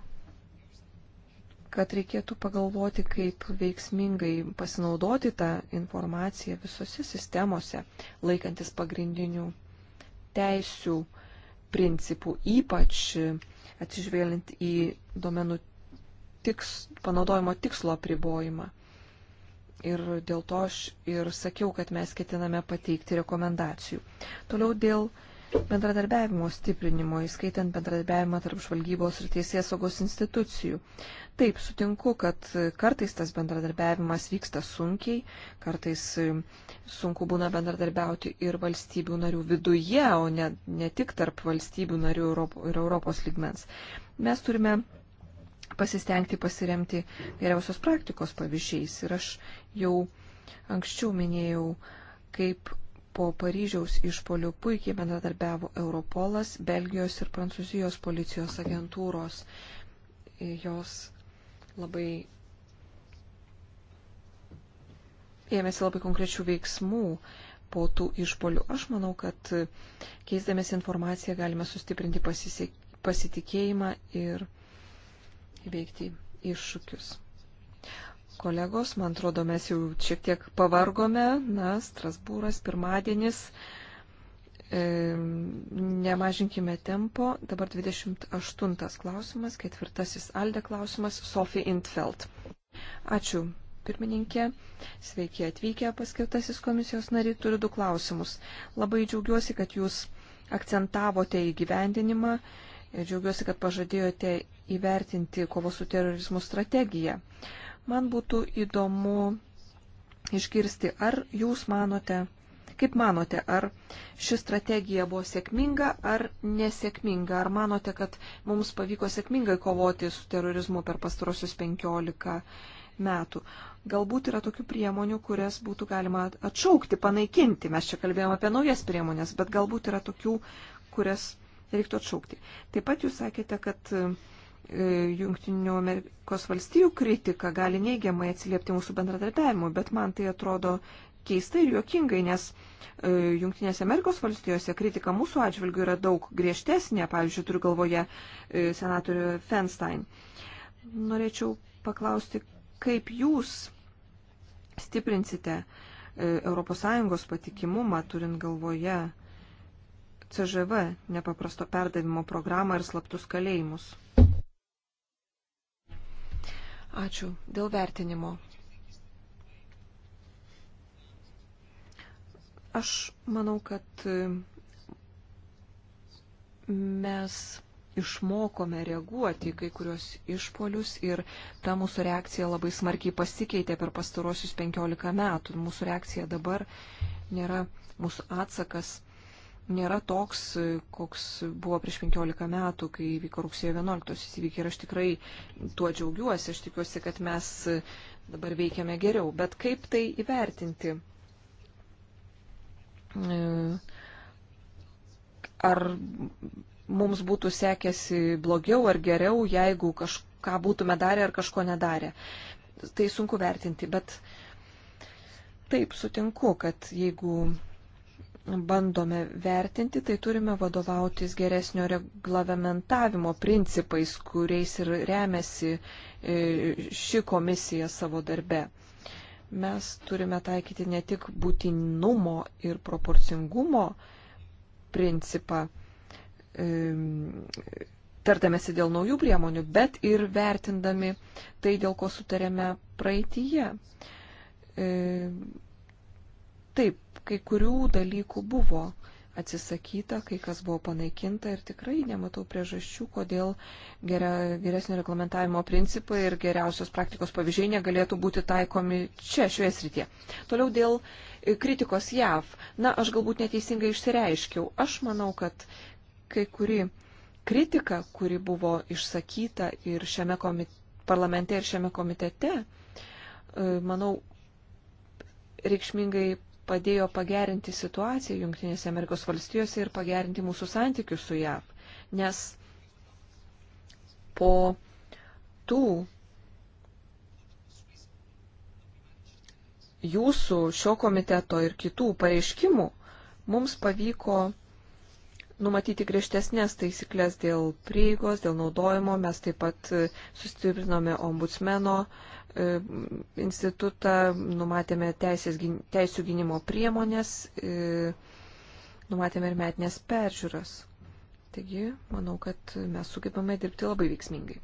kad reikėtų pagalvoti, kaip veiksmingai pasinaudoti tą informaciją visose sistemose, laikantis pagrindinių teisių principų, ypač atsižvelgiant į duomenų tiks, panaudojimo tikslo apribojimą. Ir dėl to aš ir sakiau, kad mes ketiname pateikti rekomendacijų. Toliau dėl bendradarbiavimo stiprinimo, įskaitant bendradarbiavimą tarp žvalgybos ir teisės saugos institucijų. Taip, sutinku, kad kartais tas bendradarbiavimas vyksta sunkiai, kartais sunku būna bendradarbiauti ir valstybių narių viduje, o ne, ne tik tarp valstybių narių ir Europos ligmens. Mes turime pasistengti pasiremti geriausios praktikos pavyzdžiais ir aš jau anksčiau minėjau, kaip po Paryžiaus išpolių puikiai bendradarbiavo Europolas, Belgijos ir Prancūzijos policijos agentūros. Jos labai ėmėsi labai konkrečių veiksmų po tų išpolių. Aš manau, kad keisdamėsi informaciją galime sustiprinti pasitikėjimą ir veikti iššūkius. Kolegos, man atrodo, mes jau šiek tiek pavargome. Na, Strasbūras, pirmadienis. E, nemažinkime tempo. Dabar 28 klausimas, ketvirtasis Alde klausimas, Sofija Intfeld. Ačiū, pirmininkė. Sveiki atvykę paskirtasis komisijos nariai. Turiu du klausimus. Labai džiaugiuosi, kad jūs akcentavote įgyvendinimą. Džiaugiuosi, kad pažadėjote įvertinti kovos su terorizmu strategiją. Man būtų įdomu išgirsti, ar jūs manote, kaip manote, ar ši strategija buvo sėkminga ar nesėkminga, ar manote, kad mums pavyko sėkmingai kovoti su terorizmu per pastarosius 15 metų. Galbūt yra tokių priemonių, kurias būtų galima atšaukti, panaikinti. Mes čia kalbėjome apie naujas priemonės, bet galbūt yra tokių, kurias reiktų atšaukti. Taip pat jūs sakėte, kad E, Junktinių Amerikos valstijų kritika gali neigiamai atsiliepti mūsų bendradarbiavimu, bet man tai atrodo keista ir juokingai, nes e, Junktinėse Amerikos valstijose kritika mūsų atžvilgių yra daug griežtesnė, pavyzdžiui, turiu galvoje e, senatorių Fenstein. Norėčiau paklausti, kaip jūs stiprinsite ES patikimumą, turint galvoje CŽV nepaprasto perdavimo programą ir slaptus kalėjimus. Ačiū dėl vertinimo. Aš manau, kad e, mes išmokome reaguoti į kai kurios išpolius ir ta mūsų reakcija labai smarkiai pasikeitė per pastarosius 15 metų. Mūsų reakcija dabar nėra mūsų atsakas nėra toks, koks buvo prieš 15 metų, kai vyko rugsėjo 11 įvykiai. Ir aš tikrai tuo džiaugiuosi, aš tikiuosi, kad mes dabar veikiame geriau. Bet kaip tai įvertinti? Ar mums būtų sekėsi blogiau ar geriau, jeigu kažką būtume darę ar kažko nedarę? Tai sunku vertinti, bet taip sutinku, kad jeigu bandome vertinti, tai turime vadovautis geresnio reglamentavimo principais, kuriais ir remiasi e, ši komisija savo darbe. Mes turime taikyti ne tik būtinumo ir proporcingumo principą, tartamėsi dėl naujų priemonių, bet ir vertindami tai, dėl ko sutarėme praeitįje. E, taip, kai kurių dalykų buvo atsisakyta, kai kas buvo panaikinta ir tikrai nematau priežasčių, kodėl geria, geresnio reglamentavimo principai ir geriausios praktikos pavyzdžiai negalėtų būti taikomi čia, šioje srityje. Toliau dėl kritikos JAV. Na, aš galbūt neteisingai išsireiškiau. Aš manau, kad kai kuri kritika, kuri buvo išsakyta ir šiame komit parlamente ir šiame komitete, e, manau, reikšmingai padėjo pagerinti situaciją Junktinėse Amerikos valstijose ir pagerinti mūsų santykius su JAV. Nes po tų jūsų šio komiteto ir kitų pareiškimų mums pavyko numatyti griežtesnės taisyklės dėl prieigos, dėl naudojimo. Mes taip pat sustiprinome ombudsmeno uh, E, institutą, numatėme teisės, teisų gynimo priemonės, e, numatėme ir metinės peržiūras. Taigi, manau, kad mes sugebame dirbti labai veiksmingai.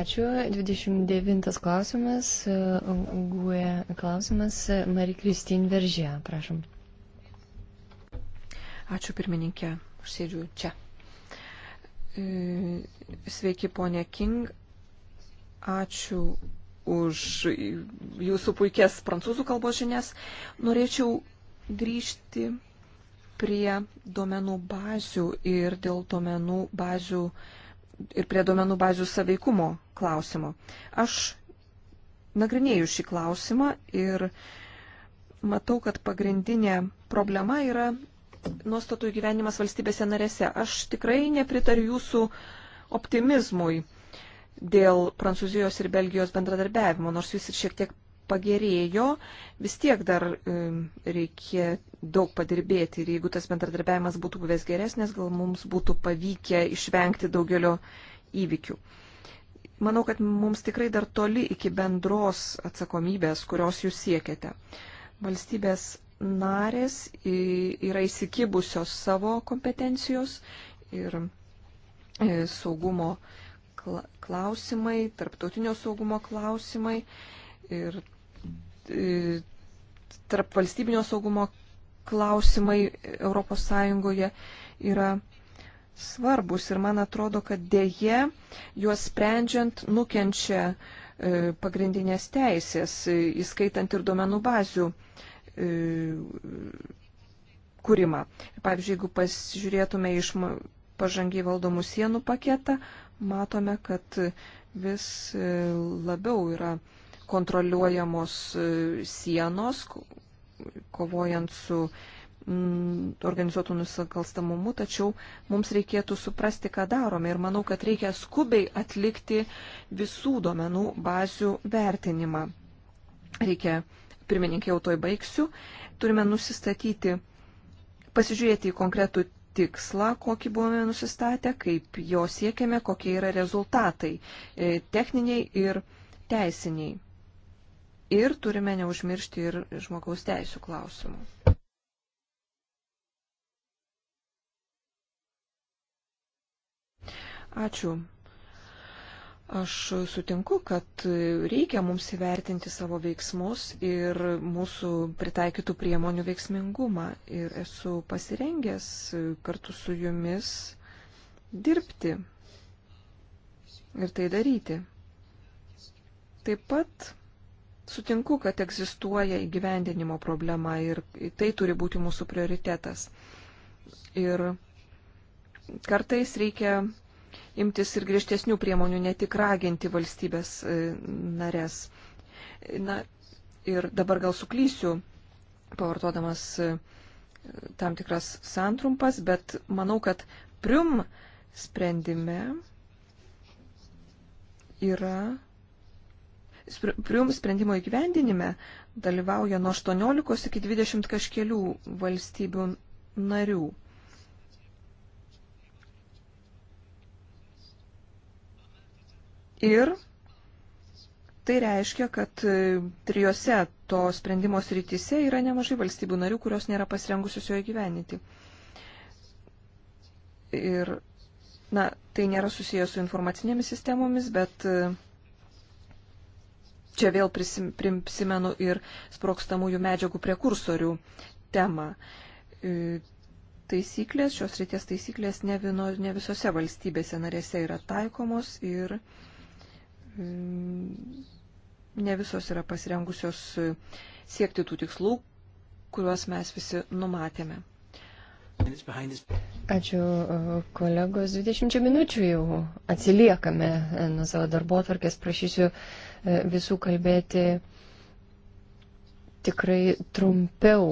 Ačiū. 29 klausimas. E, Guė klausimas. Marija Kristin Veržė, prašom. Ačiū pirmininkė. Aš sėdžiu čia. Sveiki, ponė King. Ačiū už jūsų puikias prancūzų kalbos žinias. Norėčiau grįžti prie duomenų bazių ir dėl duomenų bazių ir prie duomenų bazių saveikumo klausimo. Aš nagrinėjau šį klausimą ir matau, kad pagrindinė problema yra nuostatų įgyvenimas valstybėse narėse. Aš tikrai nepritariu jūsų optimizmui dėl Prancūzijos ir Belgijos bendradarbiavimo, nors jis ir šiek tiek pagerėjo, vis tiek dar reikia daug padirbėti ir jeigu tas bendradarbiavimas būtų buvęs geresnis, gal mums būtų pavykę išvengti daugelio įvykių. Manau, kad mums tikrai dar toli iki bendros atsakomybės, kurios jūs siekiate. Valstybės narės yra įsikibusios savo kompetencijos ir e, saugumo e, klausimai, tarptautinio saugumo klausimai ir e, tarp valstybinio saugumo klausimai ES yra svarbus ir man atrodo, kad dėje juos sprendžiant nukenčia e, pagrindinės teisės, įskaitant ir duomenų bazių e, kūrimą. Pavyzdžiui, jeigu pasižiūrėtume iš pažangiai valdomų sienų paketą, matome, kad vis labiau yra kontroliuojamos e, sienos, kovojant su mm, organizuotų nusikalstamumu, tačiau mums reikėtų suprasti, ką darome. Ir manau, kad reikia skubiai atlikti visų duomenų bazių vertinimą. Reikia, pirmininkai, jau toj baigsiu, turime nusistatyti, pasižiūrėti į konkretų tikslą, kokį buvome nusistatę, kaip jo siekiame, kokie yra rezultatai e, techniniai ir teisiniai. Ir turime neužmiršti ir žmogaus teisų klausimų. Ačiū Aš sutinku, kad reikia mums įvertinti savo veiksmus ir mūsų pritaikytų priemonių veiksmingumą. Ir esu pasirengęs kartu su jumis dirbti ir tai daryti. Taip pat sutinku, kad egzistuoja įgyvendinimo problema ir tai turi būti mūsų prioritetas. Ir kartais reikia imtis ir griežtesnių priemonių, ne tik raginti valstybės e, narės. Na ir dabar gal suklysiu, pavartodamas e, tam tikras santrumpas, bet manau, kad prium sprendime yra. Prium sprendimo įgyvendinime dalyvauja nuo 18 iki 20 kažkelių valstybių narių. Ir tai reiškia, kad trijose to sprendimo srityse yra nemažai valstybių narių, kurios nėra pasirengusios jo įgyveninti. Ir, na, tai nėra susijęs su informacinėmis sistemomis, bet e, čia vėl prisimenu ir sprokstamųjų medžiagų prekursorių temą. E, taisyklės, šios ryties taisyklės ne, vino, ne visose valstybėse narėse yra taikomos ir Mm, ne visos yra pasirengusios siekti tų tikslų, kuriuos mes visi numatėme. Ačiū kolegos, 20 minučių jau atsiliekame e, nuo savo darbo atvarkės, prašysiu e, visų kalbėti tikrai trumpiau.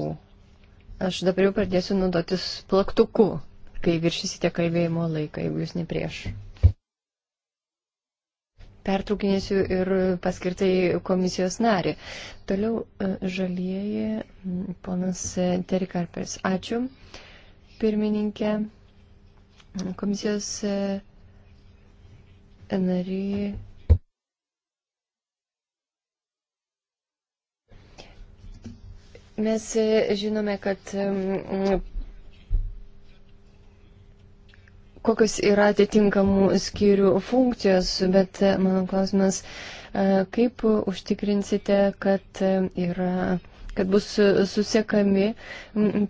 Aš dabar jau pradėsiu naudotis plaktuku, kai viršysite kalbėjimo laiką, jeigu jūs ne prieš pertraukinėsiu ir paskirtai komisijos narį. Toliau e, žalieji, ponas e, Terikarpers. Ačiū, pirmininkė, komisijos e, nary. Mes žinome, kad kokios yra atitinkamų skyrių funkcijos, bet e, mano klausimas, e, kaip užtikrinsite, kad, e, yra, kad bus susiekami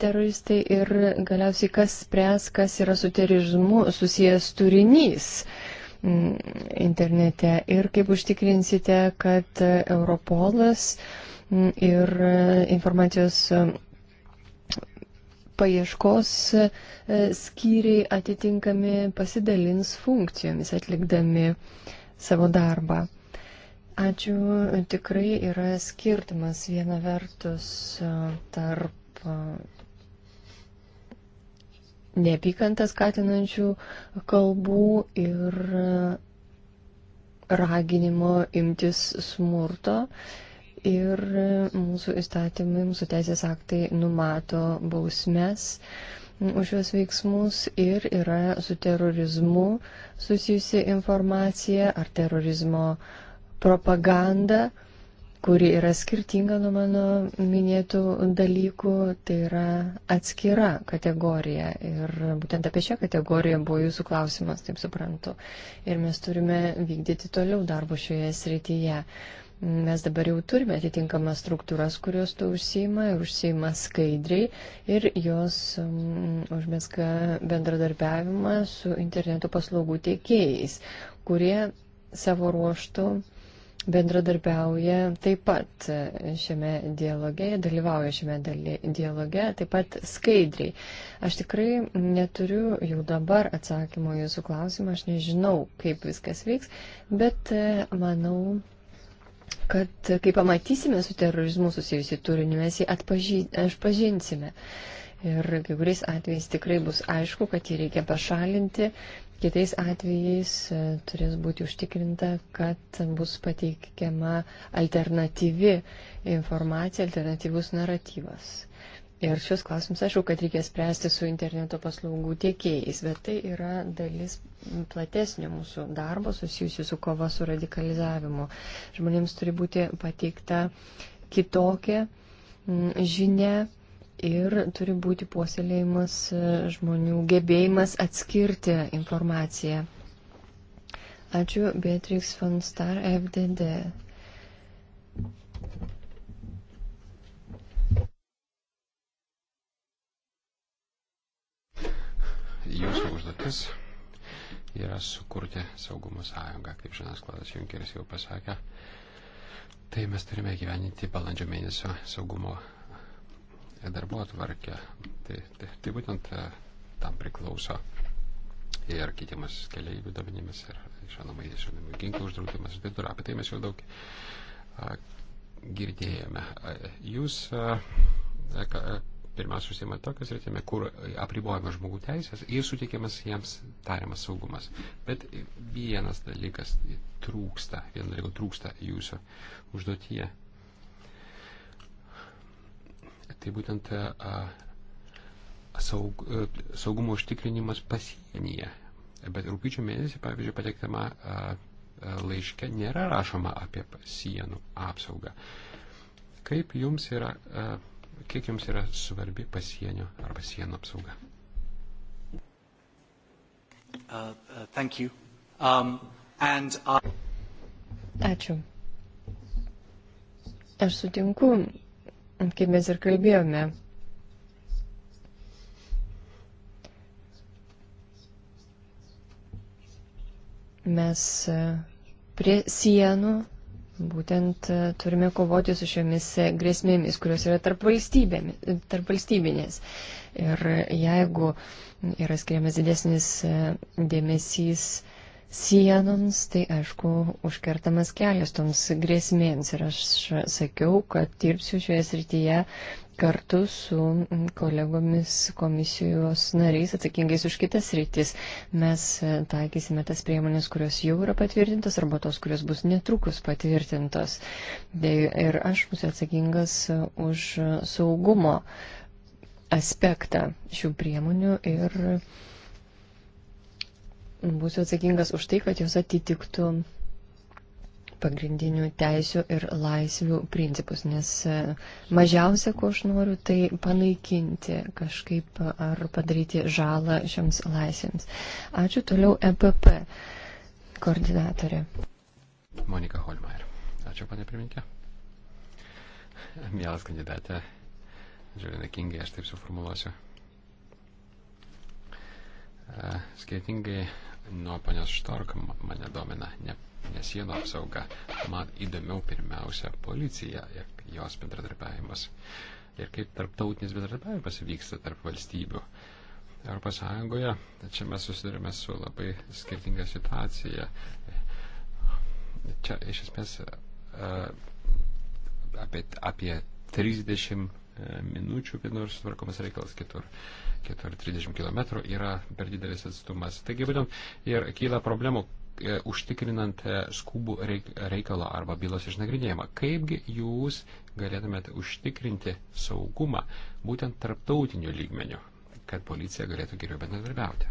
teroristai ir galiausiai kas spręs, kas yra su terorizmu susijęs turinys internete ir kaip užtikrinsite, kad Europolas ir informacijos paieškos e, skyriai atitinkami pasidalins funkcijomis atlikdami savo darbą. Ačiū, tikrai yra skirtumas viena vertus e, tarp e, neapykantą skatinančių kalbų ir raginimo imtis smurto ir e, mūsų įstatymai, mūsų teisės aktai numato bausmes už juos veiksmus ir yra su terorizmu susijusi informacija ar terorizmo propaganda kuri yra skirtinga nuo mano minėtų dalykų, tai yra atskira kategorija. Ir būtent apie šią kategoriją buvo jūsų klausimas, taip suprantu. Ir mes turime vykdyti toliau darbo šioje srityje. Mes dabar jau turime atitinkamas struktūras, kurios to užsima ir užsima skaidriai ir jos um, mm, užmeska bendradarbiavimą su interneto paslaugų teikėjais, kurie savo ruoštų bendradarbiauja taip pat šiame dialoge, dalyvauja šiame dialoge, taip pat skaidriai. Aš tikrai neturiu jau dabar atsakymo jūsų klausimą, aš nežinau, kaip viskas vyks, bet e, manau, kad kai pamatysime su terorizmu susijusi turinį, mes jį atpažinsime. Ir kai kuriais atvejais tikrai bus aišku, kad jį reikia pašalinti, kitais atvejais e, turės būti užtikrinta, kad bus pateikiama alternatyvi informacija, alternatyvus naratyvas. Ir šios klausimus, aišku, kad reikės spręsti su interneto paslaugų tiekėjais, bet tai yra dalis platesnio mūsų darbo susijusiu su kova su radikalizavimu. Žmonėms turi būti pateikta kitokia mm, žinia ir turi būti puoselėjimas e, žmonių gebėjimas atskirti informaciją. Ačiū, Beatrix von Star FDD. jūsų užduotis yra sukurti saugumo sąjungą, kaip žinas Klaudas Junkeris jau pasakė. Tai mes turime gyveninti balandžio mėnesio saugumo darbo atvarkę. Tai, tai, tai būtent e, tam priklauso ir kitimas keliaivių duomenimis ir išanomai išanomai ginklų uždraudimas ir taip toliau. Apie tai mes jau daug a, e, girdėjome. A, e, jūs a, a, pirmiausia užsima tokias rytime, kur apribojamas žmogų teisės ir suteikiamas jiems tariamas saugumas. Bet vienas dalykas trūksta, vienas dalykas trūksta jūsų užduotyje. Tai būtent a, saug, a, e, saugumo užtikrinimas pasienyje. Bet rūpiučio mėnesį, pavyzdžiui, pateiktama laiške nėra rašoma apie sienų apsaugą. Kaip jums yra a, kiek jums yra svarbi pasienio arba sienų apsauga? Uh, uh, um, and, uh... Ačiū. Aš sutinku, kaip mes ir kalbėjome. Mes uh, prie sienų Būtent e, turime kovoti su šiomis e, grėsmėmis, kurios yra tarp, e, tarp valstybinės. Ir jeigu yra skiriamas didesnis dėmesys sienoms, tai aišku, užkertamas kelias toms grėsmėms. Ir aš sakiau, kad dirbsiu šioje srityje kartu su kolegomis komisijos nariais atsakingais už kitas rytis. Mes e, taikysime tas priemonės, kurios jau yra patvirtintos arba tos, kurios bus netrukus patvirtintos. Ir aš būsiu atsakingas už saugumo aspektą šių priemonių ir būsiu atsakingas už tai, kad jos atitiktų pagrindinių teisių ir laisvių principus, nes e, mažiausia, ko aš noriu, tai panaikinti kažkaip ar padaryti žalą šioms laisvėms. Ačiū toliau EPP koordinatorė. Monika Holmeier. Ačiū, panė priminkė. Mielas kandidatė, Žiūrėna Kingai, aš taip suformuluosiu. E, skirtingai nuo panios Štork mane domina ne nes sienų apsauga. Man įdomiau pirmiausia policija ir jos bendradarbiavimas. Ir kaip tarptautinis bendradarbiavimas vyksta tarp valstybių. Europos Sąjungoje tai čia mes susidurime su labai skirtinga situacija. Čia iš esmės e, apie, apie 30 e, minučių vienur sutvarkomas reikalas, kitur, kitur 30 km yra per didelis atstumas. Taigi, būtent, ir kyla problemų, E, užtikrinant e, skubų reikalą arba bylos išnagrinėjimą. Kaipgi jūs galėtumėte užtikrinti saugumą būtent tarptautiniu lygmeniu, kad policija galėtų geriau bendradarbiauti?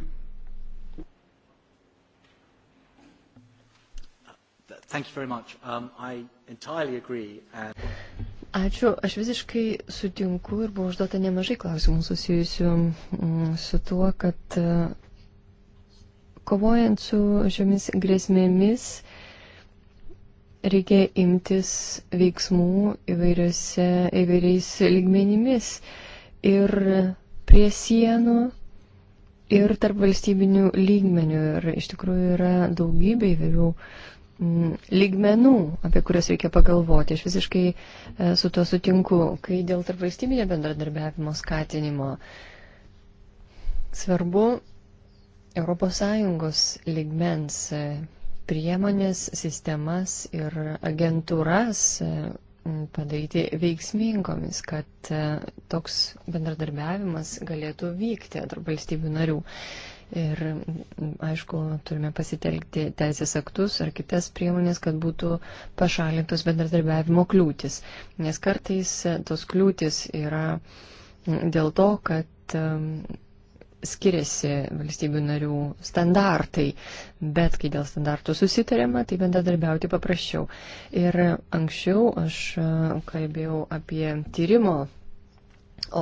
Um, and... Ačiū, aš visiškai sutinku ir buvo užduota nemažai klausimų susijusių mm, su tuo, kad Kovojant su šiomis grėsmėmis reikia imtis veiksmų įvairiais lygmenimis ir prie sienų, ir tarp valstybinių lygmenių. Ir iš tikrųjų yra daugybė įvairių mm, lygmenų, apie kurias reikia pagalvoti. Aš visiškai e, su to sutinku, kai dėl tarp valstybinio bendradarbiavimo skatinimo svarbu ES ligmens e, priemonės, sistemas ir agentūras e, padaryti veiksmingomis, kad e, toks bendradarbiavimas galėtų vykti tarp valstybių narių. Ir aišku, turime pasitelkti teisės aktus ar kitas priemonės, kad būtų pašalintos bendradarbiavimo kliūtis. Nes kartais tos kliūtis yra dėl to, kad skiriasi valstybių narių standartai, bet kai dėl standartų susitarėma, tai bendradarbiauti paprasčiau. Ir anksčiau aš e, kalbėjau apie tyrimo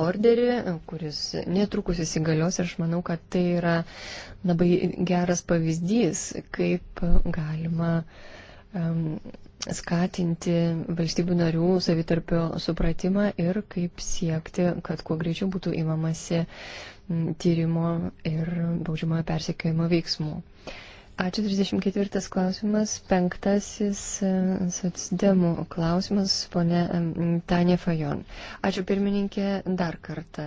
orderį, kuris netrukus įsigalios ir aš manau, kad tai yra labai geras pavyzdys, kaip galima um, skatinti valstybių narių savitarpio supratimą ir kaip siekti, kad kuo greičiau būtų įmamasi uh, tyrimo ir baudžiamojo persekiojimo veiksmų. Ačiū 34 klausimas. Penktasis e, socdemų klausimas, ponė Tanė Fajon. Ačiū pirmininkė, dar kartą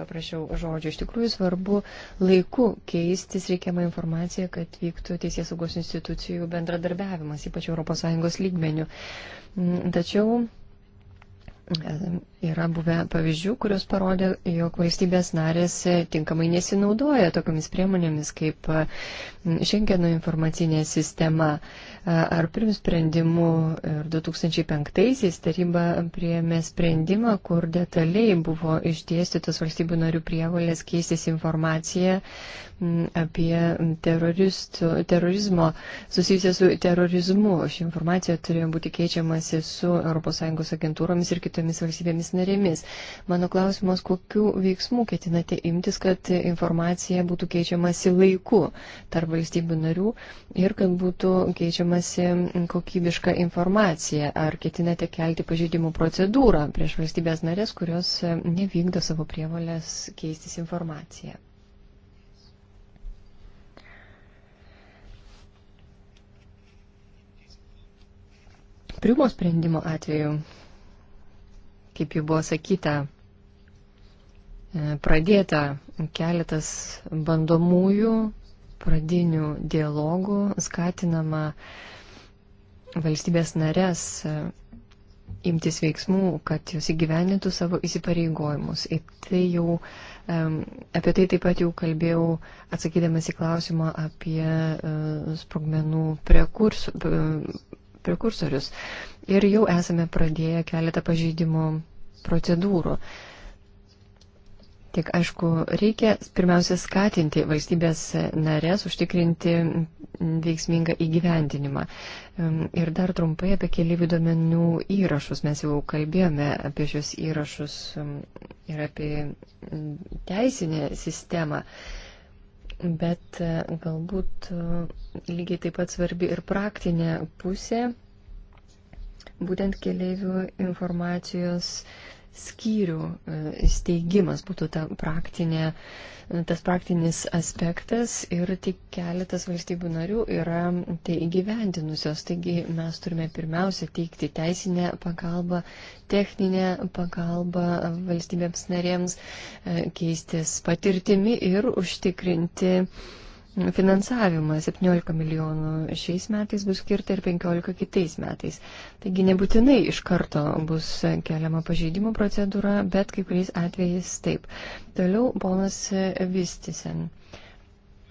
paprašiau žodžio. Iš tikrųjų svarbu laiku keistis reikiamą informaciją, kad vyktų teisės saugos institucijų bendradarbiavimas, ypač ES lygmenių. Tačiau Yra buvę pavyzdžių, kurios parodė, jog valstybės narės e, tinkamai nesinaudoja tokiamis priemonėmis kaip e, Šengeno informacinė sistema. E, ar prim sprendimu 2005-aisiais taryba prieėmė sprendimą, kur detaliai buvo išdėstytos valstybių narių prievalės keistis informaciją apie terorizmo, susijusią su terorizmu. Ši informacija turėjo būti keičiamasi su ES agentūromis ir kitomis kitomis valstybėmis narėmis. Mano klausimas, kokiu veiksmu ketinate imtis, kad informacija būtų keičiamasi laiku tarp valstybių narių ir kad būtų keičiamasi kokybiška informacija. Ar ketinate kelti pažeidimų procedūrą prieš valstybės narės, kurios nevykdo savo prievalės keistis informaciją? Priumo sprendimo atveju kaip jau buvo sakyta, e, pradėta keletas bandomųjų, pradinių dialogų, skatinama valstybės narės e, imtis veiksmų, kad jos įgyvenintų savo įsipareigojimus. Ir tai jau, e, apie tai taip pat jau kalbėjau atsakydamas į klausimą apie sprogmenų prekursų, prekursorius. Ir jau esame pradėję keletą pažeidimų procedūrų. Tik aišku, reikia pirmiausia skatinti valstybės narės, užtikrinti veiksmingą įgyvendinimą. Ehm, ir dar trumpai apie keliaivių duomenų įrašus. Mes jau kalbėjome apie šios įrašus ehm, ir apie teisinę sistemą bet e, galbūt e, lygiai taip pat svarbi ir praktinė pusė, būtent keliaivių informacijos skyrių e, steigimas būtų ta praktinė, e, tas praktinis aspektas ir tik keletas valstybių narių yra tai įgyvendinusios. Taigi mes turime pirmiausia teikti teisinę pagalbą, techninę pagalbą valstybėms narėms, e, keistis patirtimi ir užtikrinti finansavimą. 17 milijonų šiais metais bus skirta ir 15 kitais metais. Taigi nebūtinai iš karto bus keliama pažeidimo procedūra, bet kai kuriais atvejais taip. Toliau ponas Vistisen.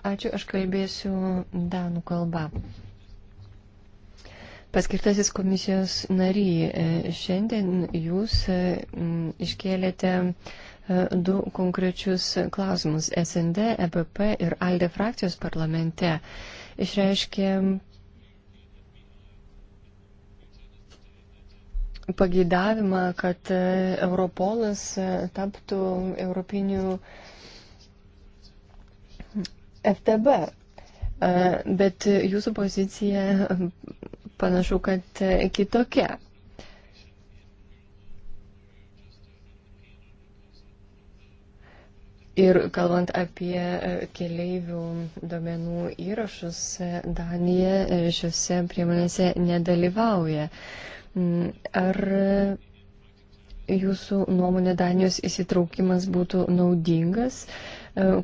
Ačiū, aš kalbėsiu danų kalba. Paskirtasis komisijos nary, e, šiandien jūs e, iškėlėte E, du konkrečius klausimus. SND, EPP ir ALDE frakcijos parlamente išreiškė pagaidavimą, kad e, Europolas e, taptų europinių FTB. Bet jūsų pozicija panašu, kad kitokia. Ir kalbant apie e, keleivių domenų įrašus, e, Danija e, šiuose priemonėse nedalyvauja. Mm, ar jūsų nuomonė Danijos įsitraukimas būtų naudingas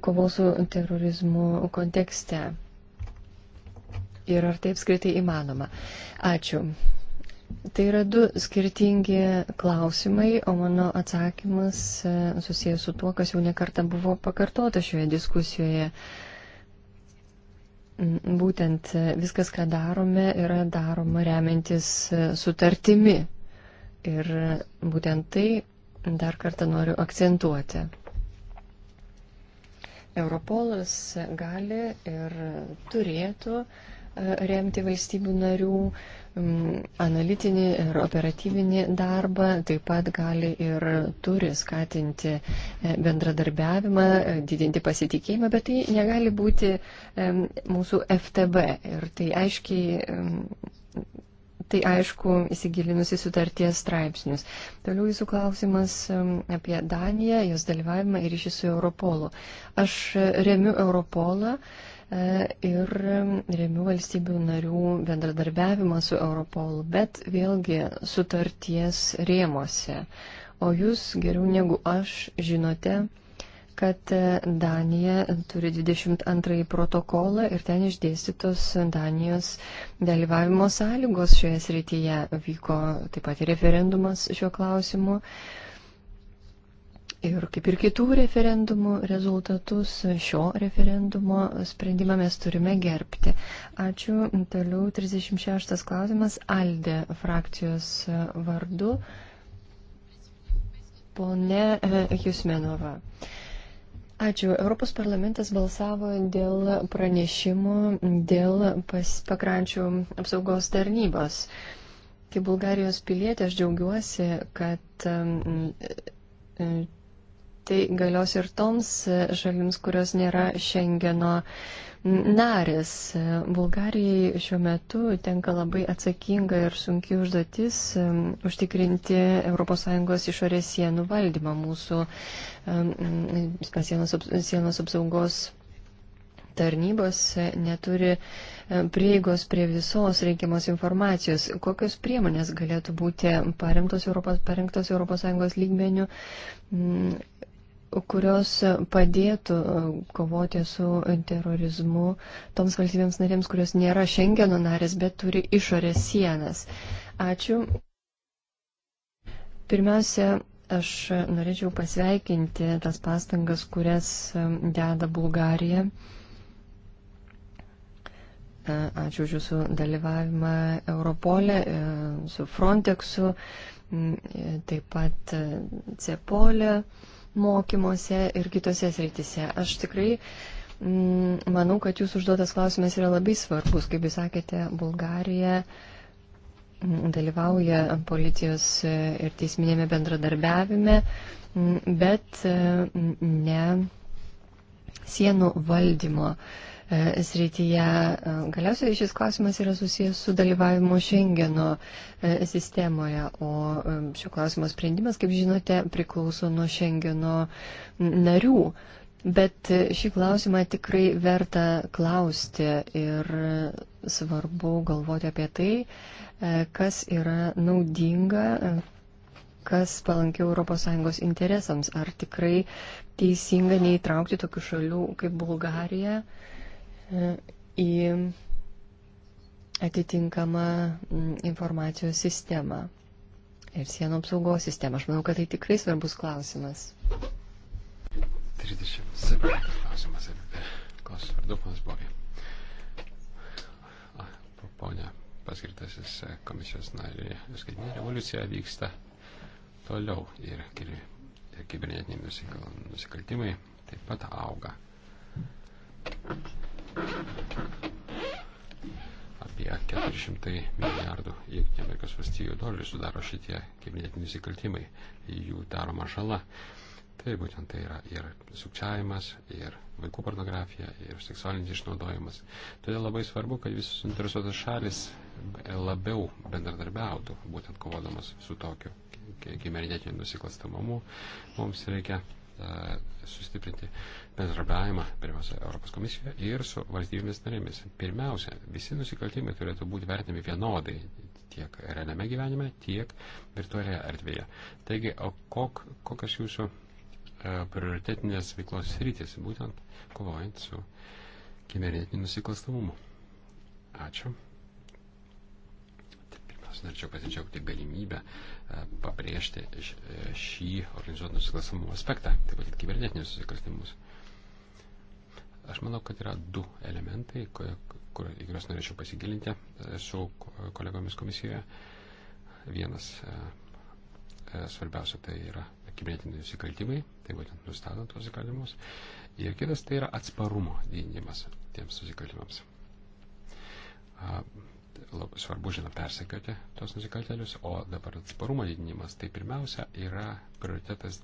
kovos su terorizmu kontekste? Ir ar tai apskritai įmanoma? Ačiū. Tai yra du skirtingi klausimai, o mano atsakymas e, susijęs su tuo, kas jau nekarta buvo pakartota šioje diskusijoje. Mm, būtent e, viskas, ką darome, yra daroma remiantis e, sutartimi. Ir būtent tai dar kartą noriu akcentuoti. Europolas gali ir turėtų uh, remti valstybių narių mm, analitinį ir operatyvinį darbą, taip pat gali ir turi skatinti e, bendradarbiavimą, e, didinti pasitikėjimą, bet tai negali būti e, mūsų FTB. Ir tai aiškiai. Tai aišku, įsigilinusi sutarties straipsnius. Toliau jūsų klausimas apie Daniją, jos dalyvavimą ir ryšį su Europolu. Aš remiu Europolą. Uh, ir remiu valstybių narių bendradarbiavimą su Europolu, bet vėlgi sutarties rėmose. O jūs geriau negu aš žinote, kad Danija turi 22 protokolą ir ten išdėstytos Danijos dalyvavimo sąlygos šioje srityje. Vyko taip pat referendumas šiuo klausimu. Uh, Ir kaip ir kitų referendumų rezultatus, šio referendumo sprendimą mes turime gerbti. Ačiū. Toliau 36 klausimas Alde frakcijos vardu. Pone e, Jusmenova. Ačiū. Europos parlamentas balsavo dėl pranešimų dėl pakrančių apsaugos tarnybos. Kaip Bulgarijos pilietė aš džiaugiuosi, kad e, tai galios ir toms e, šalims, kurios nėra Šengeno narės. E, Bulgarijai šiuo metu tenka labai atsakinga ir sunki užduotis e, užtikrinti ES išorės sienų valdymą mūsų sienos, sienos apsaugos tarnybos neturi prieigos prie visos reikiamos informacijos. Kokios priemonės galėtų būti parengtos Europos, parengtos Europos Sąjungos lygmenių kurios padėtų e, kovoti su terorizmu toms valstybėms narėms, kurios nėra Šengeno narės, bet turi išorės sienas. Ačiū. Pirmiausia, aš norėčiau pasveikinti tas pastangas, kurias e, deda Bulgarija. E, ačiū už Jūsų dalyvavimą Europolė su Frontexu, taip pat Cepolė. E, mokymuose ir kitose srityse. Aš tikrai mm, manau, kad jūsų užduotas klausimas yra labai svarbus. Kaip jūs sakėte, Bulgarija mm, dalyvauja policijos e, ir teisminėme bendradarbiavime, mm, bet e, mm, ne sienų valdymo uh, E, srityje. E, galiausiai šis klausimas yra susijęs su dalyvavimu Schengeno e, sistemoje, o šio klausimo sprendimas, kaip žinote, priklauso nuo Schengeno narių. Bet šį klausimą tikrai verta klausti ir svarbu galvoti apie tai, kas yra naudinga, kas palankiau ES interesams. Ar tikrai teisinga neįtraukti tokių šalių kaip Bulgarija į atitinkamą mm, informacijos sistemą ir sienų apsaugos sistemą. Aš manau, kad tai tikrai svarbus klausimas. 37 klausimas apie kos vardu, panas Bovė. Pone paskirtasis e, komisijos narė, skaitinė revoliucija vyksta toliau ir, ir, ir kibernetiniai nusikaltimai taip pat auga. Apie 400 milijardų Junktinių Amerikos valstybių dolerių sudaro šitie kibernetiniai nusikaltimai, jų daroma žala. Tai būtent tai yra ir sukčiavimas, ir vaikų pornografija, ir seksualinis išnaudojimas. Todėl labai svarbu, kad visos interesuotas šalis labiau bendradarbiautų, būtent kovodamas su tokiu kimernetinio nusikalstamumu. Mums reikia E, sustiprinti bendradarbiavimą, pirmiausia, Europos komisijoje ir su valstybėmis narėmis. Pirmiausia, visi nusikaltimai turėtų būti vertinami vienodai tiek realiame gyvenime, tiek virtualioje erdvėje. Taigi, kok, kokios jūsų e, prioritetinės veiklos rytis, būtent kovojant su kibernetiniu nusikalstamumu. Ačiū. Aš norėčiau pasidžiaugti galimybę e, pabrėžti e, šį organizuotų nusikalstamumo aspektą, taip pat kibernetinius nusikalstamus. Aš manau, kad yra du elementai, kur, į kuriuos norėčiau pasigilinti e, su kolegomis komisijoje. Vienas svarbiausia tai yra kibernetiniai nusikaltimai, tai būtent nustatant tuos nusikaltimus. Ir kitas tai yra atsparumo didinimas tiems nusikaltimams labai svarbu, žinoma, persekioti tos nusikaltelius, o dabar atsparumo didinimas tai pirmiausia yra prioritetas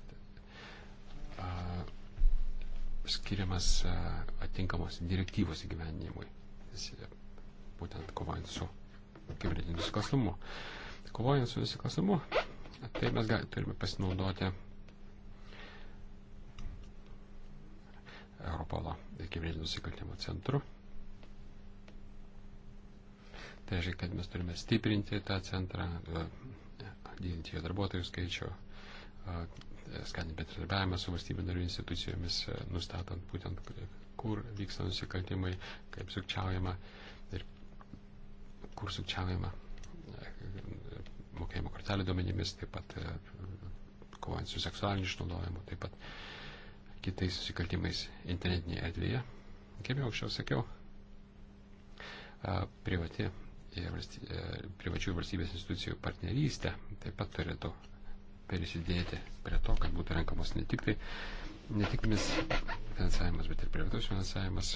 a, skiriamas a, atinkamos direktyvos įgyvendinimui, būtent kovojant su kibernetiniu nusikalstamu. Kovojant su nusikalstamu, tai mes gal, turime pasinaudoti Europolo kibernetinio nusikaltimo centru Tai reiškia, kad mes turime stiprinti tą centrą, e, didinti jo darbuotojų skaičių, e, skatinti bendradarbiavimą su valstybių narių institucijomis, e, nustatant būtent, kur vyksta nusikaltimai, kaip sukčiaujama ir kur sukčiaujama mokėjimo kortelių duomenimis, taip pat kovojant su seksualiniu išnaudojimu, taip pat kitais susikaltimais internetinėje erdvėje. Kaip jau anksčiau sakiau, privati ir e, e, privačių valstybės institucijų partnerystė taip pat turėtų prisidėti prie to, kad būtų renkamos ne tik tai ne tik finansavimas, bet ir privatus finansavimas.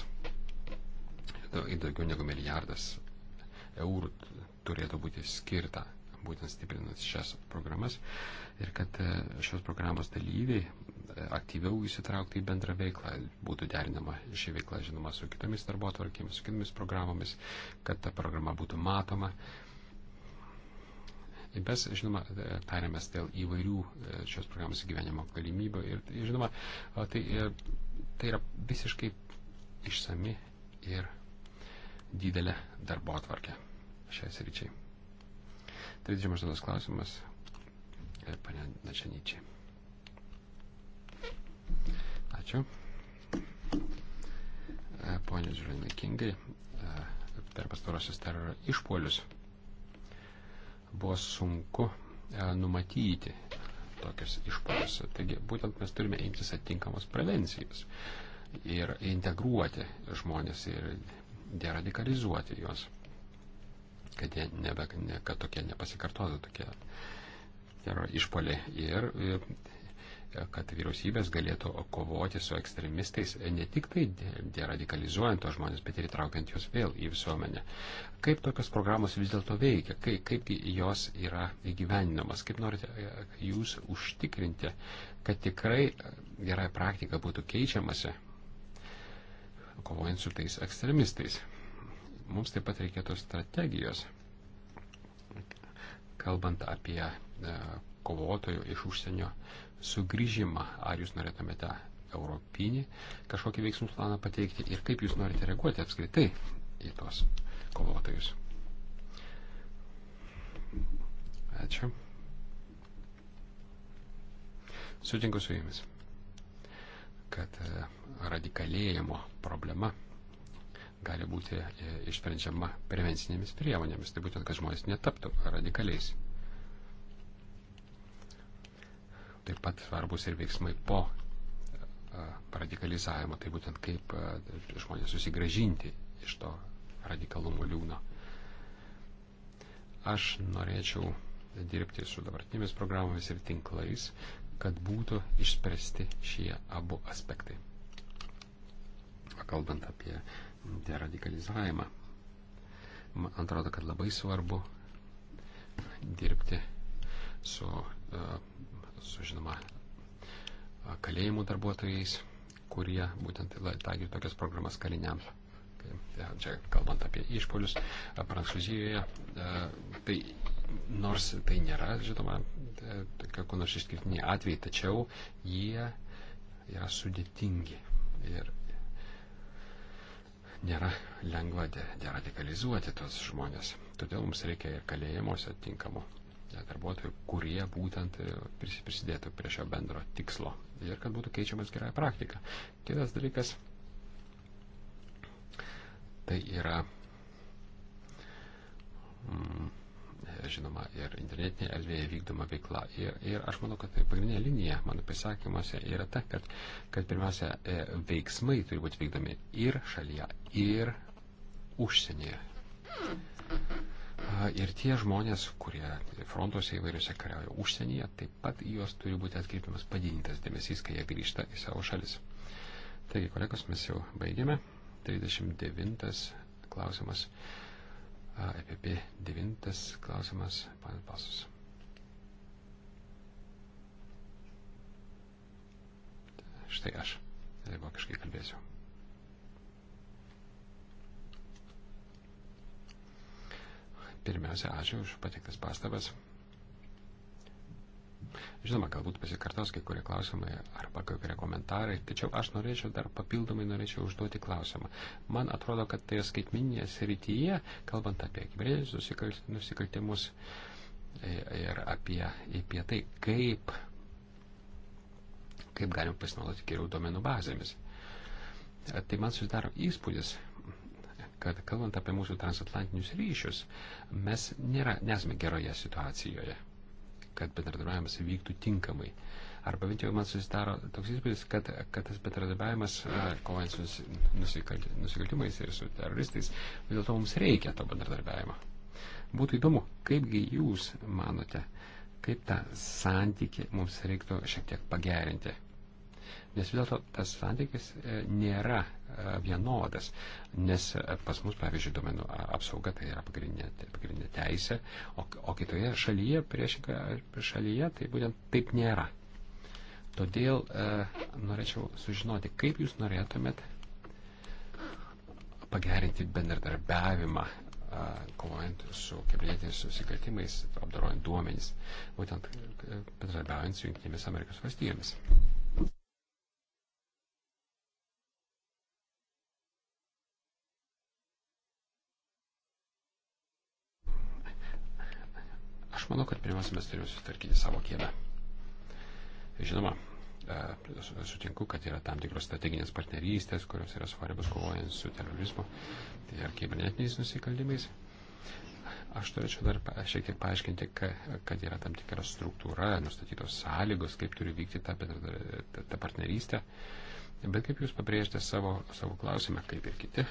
Daugiau negu milijardas eurų turėtų būti skirta būtent stiprinant šias programas ir kad e, šios programos dalyviai aktyviau įsitraukti į bendrą veiklą, būtų derinama ši veikla, žinoma, su kitomis darbo tvarkėmis, su kitomis programomis, kad ta programa būtų matoma. Mes, žinoma, tarėmės dėl įvairių e, šios programos gyvenimo galimybių ir, žinoma, tai, e, tai yra visiškai išsami ir didelė darbo atvarkė šiai sričiai. 38 klausimas, e, panė Načanyčiai. Ačiū. E, Pone Žiūrinai Kingai, e, per pastarosius teroro išpolius buvo sunku e, numatyti tokius išpolius. Taigi būtent mes turime imtis atitinkamos prevencijos ir integruoti žmonės ir deradikalizuoti juos, kad, jie nebe, kad tokie nepasikartotų tokie teroro išpoliai. Ir kad vyriausybės galėtų kovoti su ekstremistais ne tik tai deradikalizuojant tos žmonės, bet ir įtraukiant juos vėl į visuomenę. Kaip tokios programos vis dėlto veikia, kaip, kaip jos yra įgyveninamas, kaip norite e, jūs užtikrinti, kad tikrai gerai praktika būtų keičiamasi, kovojant su tais ekstremistais. Mums taip pat reikėtų strategijos, kalbant apie e, kovotojų iš užsienio uh, sugrįžimą. Ar jūs norėtumėte europinį kažkokį veiksmų planą pateikti ir kaip jūs norite reaguoti apskritai į tuos kovotojus? Ačiū. Sutinku su jumis, kad e, radikalėjimo problema gali būti e, išsprendžiama prevencinėmis priemonėmis. Tai būtent, kad žmonės netaptų radikaliais. taip pat svarbus ir veiksmai po e, radikalizavimo, tai būtent kaip e, žmonės susigražinti iš to radikalumo liūno. Aš norėčiau dirbti su dabartinėmis programomis ir tinklais, kad būtų išspręsti šie abu aspektai. Kalbant apie deradikalizavimą, man atrodo, kad labai svarbu dirbti su uh, su žinoma kalėjimų darbuotojais, kurie būtent taikė tokias programas kaliniams. Čia kalbant apie išpolius Prancūzijoje, tai nors tai nėra, žinoma, kokie nors išskirtiniai atvejai, tačiau jie yra sudėtingi ir nėra lengva deradikalizuoti tos žmonės. Todėl mums reikia ir kalėjimuose tinkamų darbuotojų, kurie būtent e, prisidėtų prie šio bendro tikslo ir kad būtų keičiamas gerąją praktiką. Kitas dalykas tai yra, mm, žinoma, ir internetinėje erdvėje vykdoma veikla. Ir, ir aš manau, kad pagrindinė linija mano pasakymuose yra ta, kad, kad pirmiausia, e, veiksmai turi būti vykdomi ir šalyje, ir užsienyje. Ir tie žmonės, kurie frontuose įvairiuose kariauja užsienyje, taip pat juos turi būti atkreipiamas padidintas dėmesys, kai jie grįžta į savo šalis. Taigi, kolegos, mes jau baigėme. 39 klausimas. EPP 9 klausimas. Pan Pasus. Štai aš. Dabar kažkaip kalbėsiu. Pirmiausia, ačiū už patiktas pastabas. Žinoma, galbūt pasikartos kai kurie klausimai arba kai kurie komentarai, tačiau aš norėčiau dar papildomai norėčiau užduoti klausimą. Man atrodo, kad tai skaitminėje srityje, kalbant apie kibernetinius nusikaltimus e, ir apie, apie tai, kaip, kaip galim pasinaudoti geriau duomenų bazėmis. E, tai man susidaro įspūdis, kad kalbant apie mūsų transatlantinius ryšius, mes nėra, nesame geroje situacijoje, kad bendradarbiavimas vyktų tinkamai. Arba bent jau man susidaro toks įspūdis, kad, kad tas bendradarbiavimas, kovojant su nusikalt, nusikaltimais ir su teroristais, vis dėlto mums reikia to bendradarbiavimo. Būtų įdomu, kaipgi jūs manote, kaip tą santykį mums reiktų šiek tiek pagerinti. Nes vis dėlto tas santykis e, nėra e, vienodas, nes e, pas mus, pavyzdžiui, domenų apsauga tai yra pagrindinė, tai pagrindinė teisė, o, o kitoje šalyje, priešingoje šalyje, tai būtent taip nėra. Todėl e, norėčiau sužinoti, kaip jūs norėtumėt pagerinti bendradarbiavimą kovojant su kibernetiniais susikaltimais, apdarojant duomenys, būtent bendradarbiaujant su Junktinėmis Amerikos valstybėmis. Aš manau, kad pirmiausia mes turime susitvarkyti savo kėdę. Žinoma, e, sutinku, kad yra tam tikros strateginės partnerystės, kurios yra svarbios kovojant su terorizmu tai ir kibernetiniais nusikaltimais. Aš turėčiau dar šiek tiek paaiškinti, kad yra tam tikra struktūra, nustatytos sąlygos, kaip turi vykti ta, ta partnerystė. Bet kaip jūs pabrėžėte savo, savo klausimą, kaip ir kiti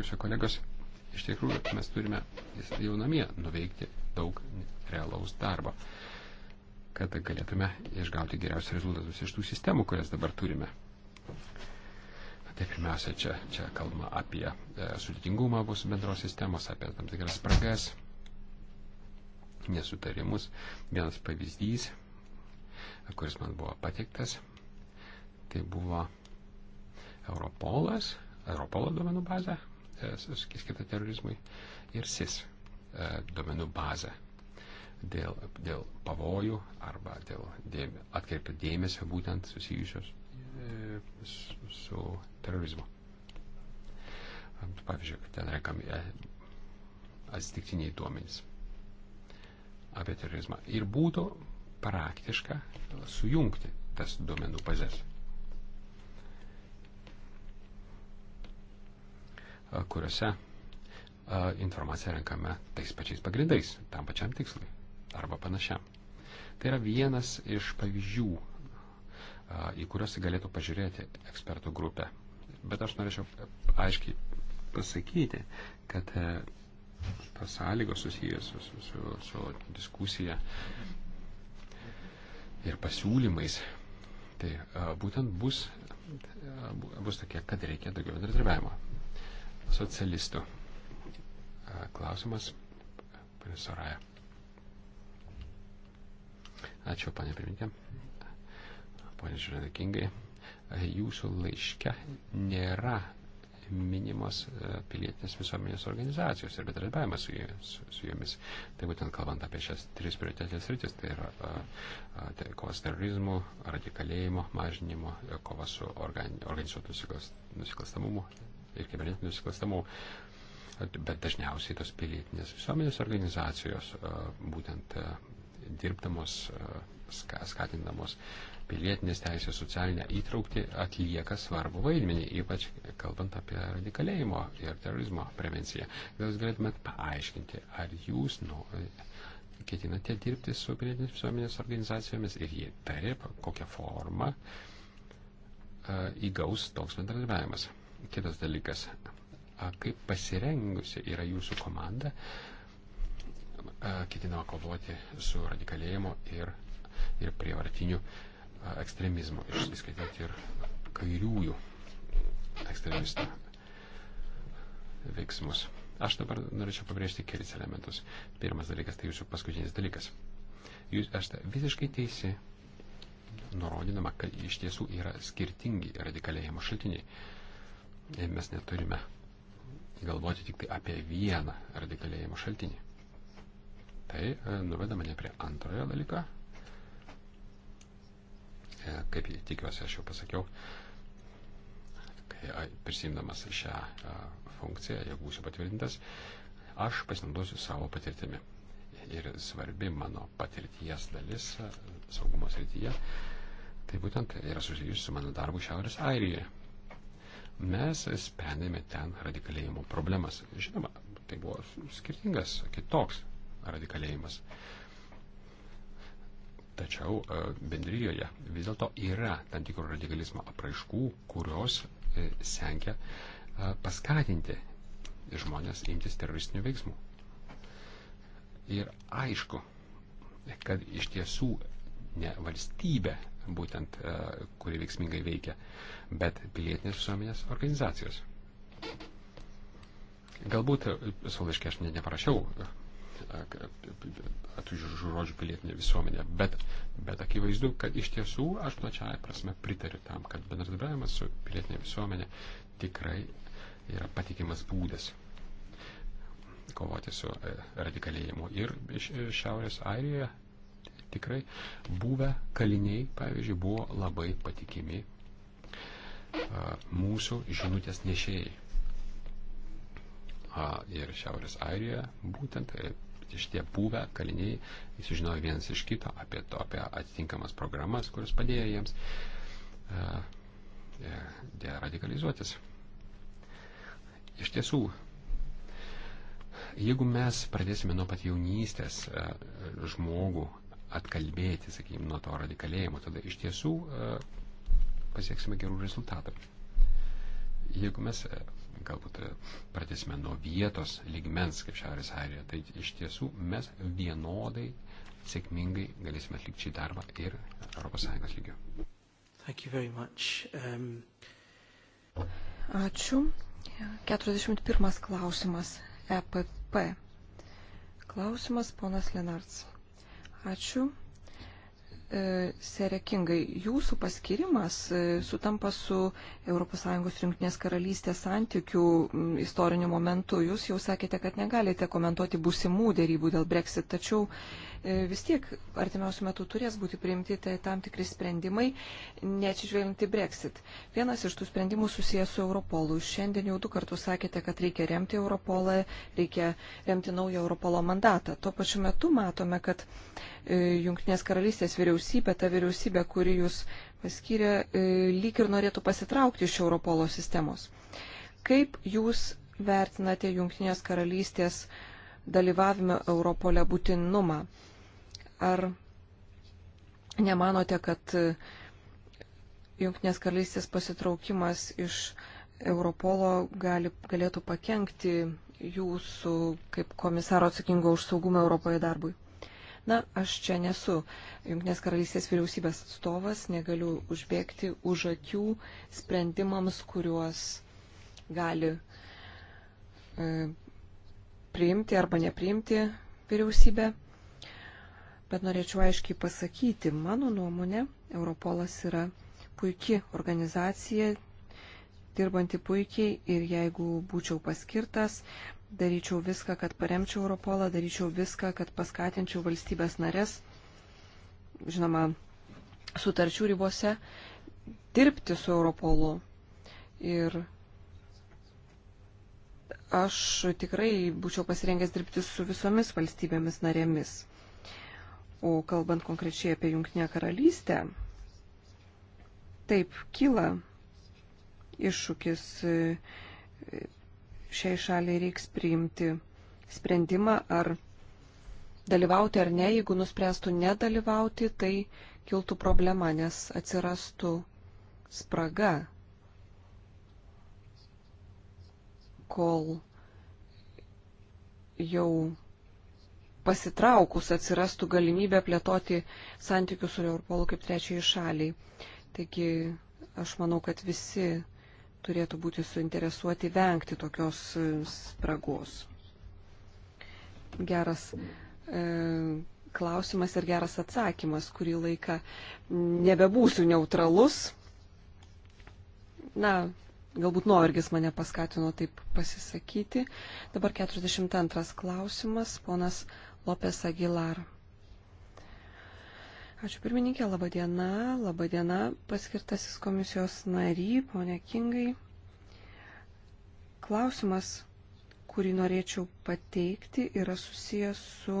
jūsų kolegos, iš tikrųjų mes turime jau namie nuveikti daug realaus darbo, kad galėtume išgauti geriausius rezultatus iš tų sistemų, kurias dabar turime. Tai pirmiausia, čia, čia kalbama apie e, sudėtingumą mūsų bendros sistemos, apie tam tikras spragas, nesutarimus. Vienas pavyzdys, kuris man buvo pateiktas, tai buvo Europolas, Europolo duomenų bazė, skirta terorizmui, ir SIS duomenų bazė, dėl, dėl pavojų arba dėl dėme, atkreipio dėmesio būtent susijusios e, su terorizmu. Pavyzdžiui, ten renkami e, atsitiktiniai duomenys apie terorizmą. Ir būtų praktiška sujungti tas duomenų bazės, e, kuriuose informaciją renkame tais pačiais pagrindais, tam pačiam tikslui arba panašiam. Tai yra vienas iš pavyzdžių, į kuriuos galėtų pažiūrėti ekspertų grupė. Bet aš norėčiau aiškiai pasakyti, kad e, tas sąlygos susijęs su, su, su, su diskusija ir pasiūlymais, tai būtent bus, bus tokie, kad reikia daugiau bendradarbiavimo. Socialistų klausimas, panis Soraja. Ačiū, panė pirmininkė. Pane Žredakingai, jūsų laiške nėra minimos e, pilietinės visuomenės organizacijos ir bendradarbiavimas su, su, su jomis. Tai būtent kalbant apie šias tris prioritetės rytis, tai yra e, e, tai kovas terorizmų, radikalėjimo, mažinimo, kova su organi, organizuotų nusikalstamumu ir kibernetiniu nusikalstamumu. Bet dažniausiai tos pilietinės visuomenės organizacijos būtent dirbdamos, e, skatindamos pilietinės teisės socialinę įtraukti, atlieka svarbu vaidmenį, ypač kalbant apie radikalėjimo ir terorizmo prevenciją. Gal jūs galėtumėt paaiškinti, ar jūs nu, ketinate dirbti su pilietinės visuomenės organizacijomis ir jei taip, kokią formą e, įgaus toks bendradarbiavimas. Kitas dalykas, kaip pasirengusi yra jūsų komanda uh, E, ketinama kovoti su radikalėjimu ir, ir prievartiniu e, ekstremizmu, išskaitant ir kairiųjų ekstremistų veiksmus. Aš dabar norėčiau pabrėžti kelis elementus. Pirmas dalykas tai jūsų paskutinis dalykas. Jūs esate visiškai teisi, nurodinama, kad iš tiesų yra skirtingi radikalėjimo šaltiniai. Ir mes neturime galvoti tik tai apie vieną radikalėjimo šaltinį. Tai e, nuveda mane prie antrojo dalyko. E, kaip tikiuosi, aš jau pasakiau, kai prisimdamas šią e, funkciją, jeigu būsiu patvirtintas, aš pasinaudosiu savo patirtimi. Ir svarbi mano patirties dalis saugumo srityje, tai būtent yra susijusi su mano darbu Šiaurės Airijoje. Mes sprendėme ten radikalėjimo problemas. Žinoma, tai buvo skirtingas, kitoks radikalėjimas. Tačiau e, bendryjoje vis dėlto yra tam tikro radikalizmo apraiškų, kurios e, senkia e, paskatinti žmonės imtis teroristinių veiksmų. Ir aišku, kad iš tiesų ne valstybė būtent, kuri veiksmingai veikia, bet pilietinės visuomenės organizacijos. Galbūt savo laiškė aš neparašiau tų žodžių pilietinė visuomenė. Bet, bet akivaizdu, kad iš tiesų aš plačiaja prasme pritariu tam, kad bendradarbiavimas su pilietinė visuomenė tikrai yra patikimas būdas kovoti su e, radikalėjimu. Ir e, Šiaurės Airijoje tikrai buvę kaliniai, pavyzdžiui, buvo labai patikimi e, mūsų žinutės nešėjai. Ir Šiaurės Airijoje būtent kad šitie buvę kaliniai sužinojo vienas iš kito apie, to, apie atitinkamas programas, kuris padėjo jiems e, e, deradikalizuotis. Iš tiesų, jeigu mes pradėsime nuo pat jaunystės e, žmogų atkalbėti, sakykime, nuo to radikalėjimo, tada iš tiesų pasieksime gerų rezultatų. Jeigu mes galbūt e, pradėsime nuo vietos ligmens kaip Šiaurės Airija, tai iš tiesų mes vienodai sėkmingai galėsime atlikti šį darbą ir ES lygiu. Um... Ačiū. 41 klausimas EPP. Klausimas ponas Lenarts. Ačiū. E, serekingai, jūsų paskirimas e, sutampa su ES rinktinės karalystės santykių istoriniu momentu. Jūs jau sakėte, kad negalite komentuoti būsimų dėrybų dėl Brexit, tačiau E, vis tiek artimiausių metų turės būti priimti tai tam tikri sprendimai, neatsižvelginti Brexit. Vienas iš tų sprendimų susijęs su Europolu. Šiandien jau du kartus sakėte, kad reikia remti Europolą, reikia remti naują Europolo mandatą. Tuo pačiu metu matome, kad e, Junktinės karalystės vyriausybė, ta vyriausybė, kuri jūs paskyrė, e, lyg ir norėtų pasitraukti iš Europolo sistemos. Kaip jūs vertinate Junktinės karalystės dalyvavime Europole būtinumą. Ar nemanote, kad Junktinės karalystės pasitraukimas iš Europolo gali, galėtų pakengti jūsų kaip komisaro atsakingo už saugumą Europoje darbui? Na, aš čia nesu Junktinės karalystės vyriausybės atstovas, negaliu užbėgti už akių sprendimams, kuriuos gali e, priimti arba nepriimti vyriausybė bet norėčiau aiškiai pasakyti, mano nuomonė, Europolas yra puikia organizacija, dirbanti puikiai ir jeigu būčiau paskirtas, daryčiau viską, kad paremčiau Europolą, daryčiau viską, kad paskatinčiau valstybės narės, žinoma, sutarčių ribose, dirbti su Europolu. Ir aš tikrai būčiau pasirengęs dirbti su visomis valstybėmis narėmis. O kalbant konkrečiai apie Junktinę karalystę, taip kyla iššūkis e, šiai šaliai reiks priimti sprendimą ar dalyvauti ar ne. Jeigu nuspręstų nedalyvauti, tai kiltų problema, nes atsirastų spraga, kol jau pasitraukus atsirastų galimybė plėtoti santykius su Europolu kaip trečiai šaliai. Taigi aš manau, kad visi turėtų būti suinteresuoti vengti tokios e, spragos. Geras e, klausimas ir geras atsakymas, kurį laiką nebebūsiu neutralus. Na, galbūt nuovargis mane paskatino taip pasisakyti. Dabar 42 klausimas, ponas Lopes Aguilar. Ačiū pirmininkė, laba diena, laba diena, paskirtasis komisijos nary, ponė Kingai. Klausimas, kurį norėčiau pateikti, yra susijęs su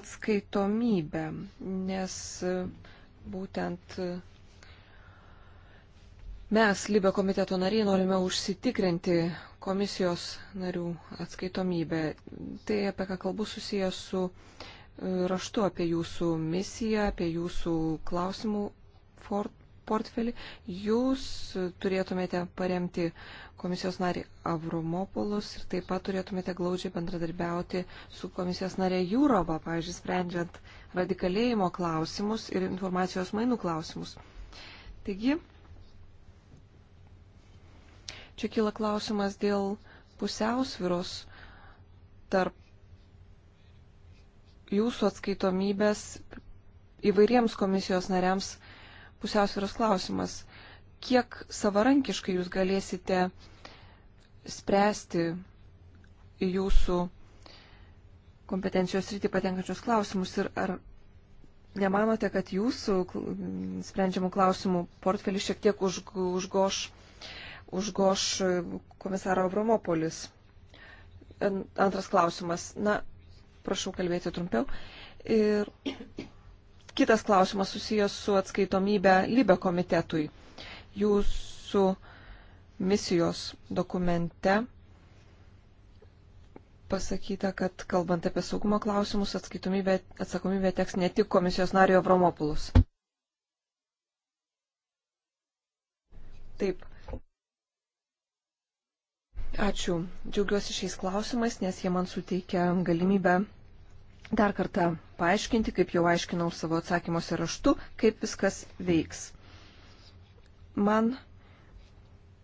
atskaitomybė, nes būtent Mes, Libė komiteto nariai, norime užsitikrinti komisijos narių atskaitomybę. Tai, apie ką kalbu, susijęs su e, raštu apie jūsų misiją, apie jūsų klausimų portfelį. Jūs turėtumėte paremti komisijos narį Avromopolus ir taip pat turėtumėte glaudžiai bendradarbiauti su komisijos narė Jūrova, pavyzdžiui, sprendžiant radikalėjimo klausimus ir informacijos mainų klausimus. Taigi, Čia kyla klausimas dėl pusiausviros tarp jūsų atskaitomybės įvairiems komisijos nariams pusiausviros klausimas. Kiek savarankiškai jūs galėsite spręsti jūsų kompetencijos rytį patenkančios klausimus ir ar nemanote, kad jūsų sprendžiamų klausimų portfelis šiek tiek užgoš užgoš komisaro Avromopolis. Antras klausimas. Na, prašau kalbėti trumpiau. Ir kitas klausimas susijęs su atskaitomybė Libe komitetui. Jūsų misijos dokumente pasakyta, kad kalbant apie saugumo klausimus, atskaitomybė, atsakomybė teks ne tik komisijos nario Avromopulus. Taip. Ačiū. Džiaugiuosi šiais klausimais, nes jie man suteikia galimybę dar kartą paaiškinti, kaip jau aiškinau savo atsakymuose raštu, kaip viskas veiks. Man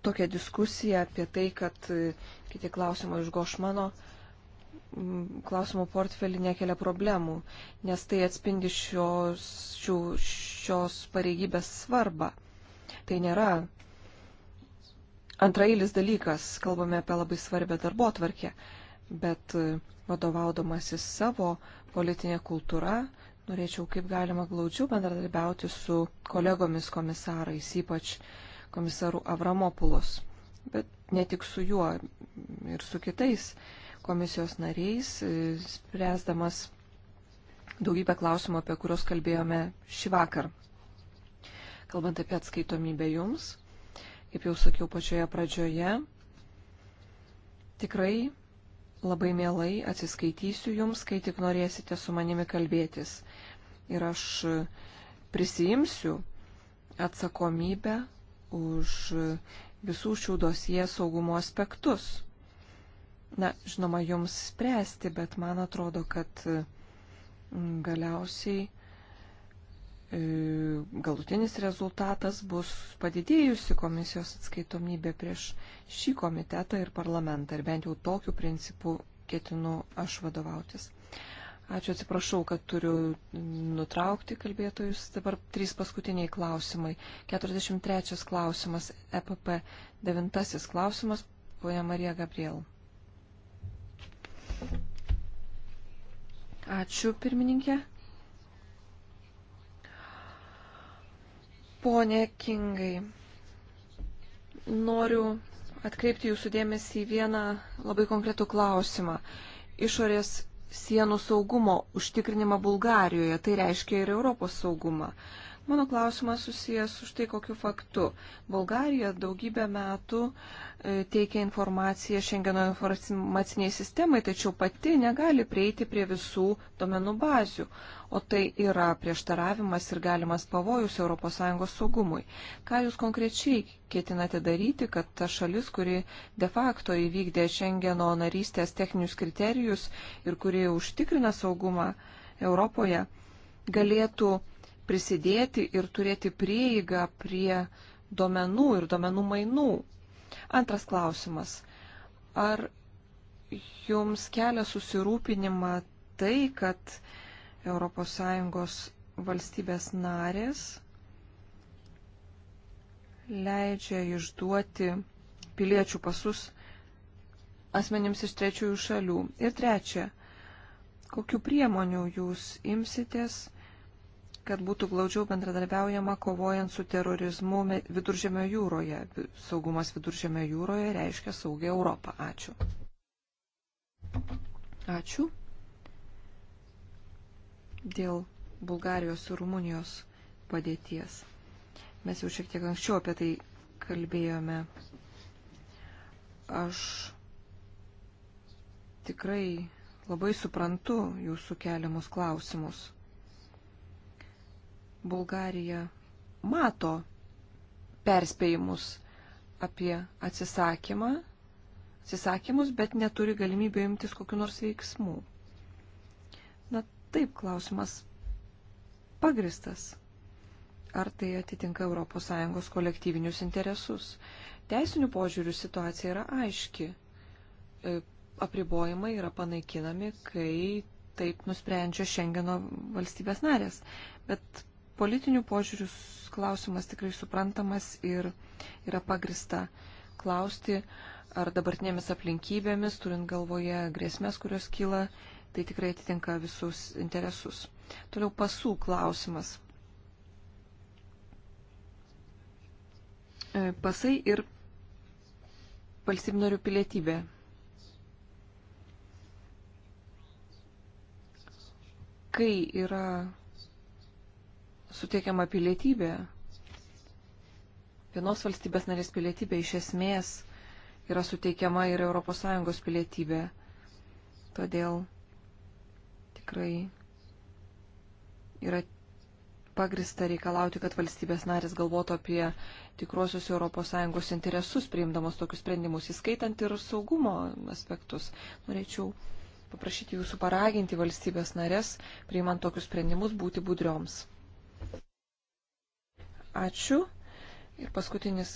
tokia diskusija apie tai, kad e, kiti klausimai užgoš mano klausimų portfelį nekelia problemų, nes tai atspindi šios, šių, šios pareigybės svarbą. Tai nėra antrailis dalykas, kalbame apie labai svarbę darbo tvarkę, bet e, vadovaudamasis savo politinė kultūra, norėčiau kaip galima glaudžiau bendradarbiauti su kolegomis komisarais, ypač komisaru Avramopulus, bet ne tik su juo ir su kitais komisijos nariais, e, spręsdamas daugybę klausimų, apie kuriuos kalbėjome šį vakar. Kalbant apie atskaitomybę jums, kaip jau sakiau pačioje pradžioje, tikrai labai mielai atsiskaitysiu jums, kai tik norėsite su manimi kalbėtis. Ir aš prisijimsiu atsakomybę už visų šių dosie saugumo aspektus. Na, žinoma, jums spręsti, bet man atrodo, kad galiausiai E, galutinis rezultatas bus padidėjusi komisijos atskaitomybė prieš šį komitetą ir parlamentą. Ir bent jau tokiu principu ketinu aš vadovautis. Ačiū atsiprašau, kad turiu nutraukti kalbėtojus. Dabar trys paskutiniai klausimai. 43 klausimas, EPP 9 klausimas, ponia Marija Gabriel. Ačiū pirmininkė. Pone Kingai, noriu atkreipti jūsų dėmesį į vieną labai konkretų klausimą. Išorės sienų saugumo užtikrinimą Bulgarijoje, tai reiškia ir Europos saugumą. Uh, Mano klausimas susijęs už tai, kokiu faktu. Bulgarija daugybę metų e, teikia informaciją Šengeno informaciniai sistemai, tačiau pati negali prieiti prie visų domenų bazių. O tai yra prieštaravimas ir galimas pavojus ES saugumui. Ką jūs konkrečiai ketinate daryti, kad ta šalis, kuri de facto įvykdė Šengeno narystės techninius kriterijus ir kuri užtikrina saugumą Europoje, galėtų prisidėti ir turėti prieigą prie duomenų ir duomenų mainų. Antras klausimas. Ar jums kelia susirūpinimą tai, kad ES valstybės narės leidžia išduoti piliečių pasus asmenims iš trečiųjų šalių. Ir trečia, kokiu priemonių jūs imsitės, kad būtų glaudžiau bendradarbiaujama kovojant su terorizmu viduržėmio jūroje. Saugumas viduržėmio jūroje reiškia saugią Europą. Ačiū. Ačiū. Dėl Bulgarijos ir Rumunijos padėties. Mes jau šiek tiek anksčiau apie tai kalbėjome. Aš tikrai labai suprantu jūsų keliamus klausimus. Bulgarija mato perspėjimus apie atsisakymą, atsisakymus, bet neturi galimybę imtis kokiu nors veiksmų. Na taip, klausimas pagristas. Ar tai atitinka ES kolektyvinius interesus? Teisinių požiūrių situacija yra aiški. E, apribojimai yra panaikinami, kai taip nusprendžia Šengeno valstybės narės. Bet politinių požiūrių klausimas tikrai suprantamas ir yra pagrista klausti, ar dabartinėmis aplinkybėmis, turint galvoje grėsmės, kurios kyla, tai tikrai atitinka visus interesus. Toliau pasų klausimas. E, pasai ir valstybinorių pilietybė. Kai yra suteikiama pilietybė, vienos valstybės narės pilietybė iš esmės yra suteikiama ir ES pilietybė. Todėl tikrai yra pagrista reikalauti, kad valstybės narės galvotų apie tikruosius ES interesus, priimdamos tokius sprendimus, įskaitant ir saugumo aspektus. Norėčiau paprašyti jūsų paraginti valstybės narės, priimant tokius sprendimus, būti budrioms. Ačiū. Ir paskutinis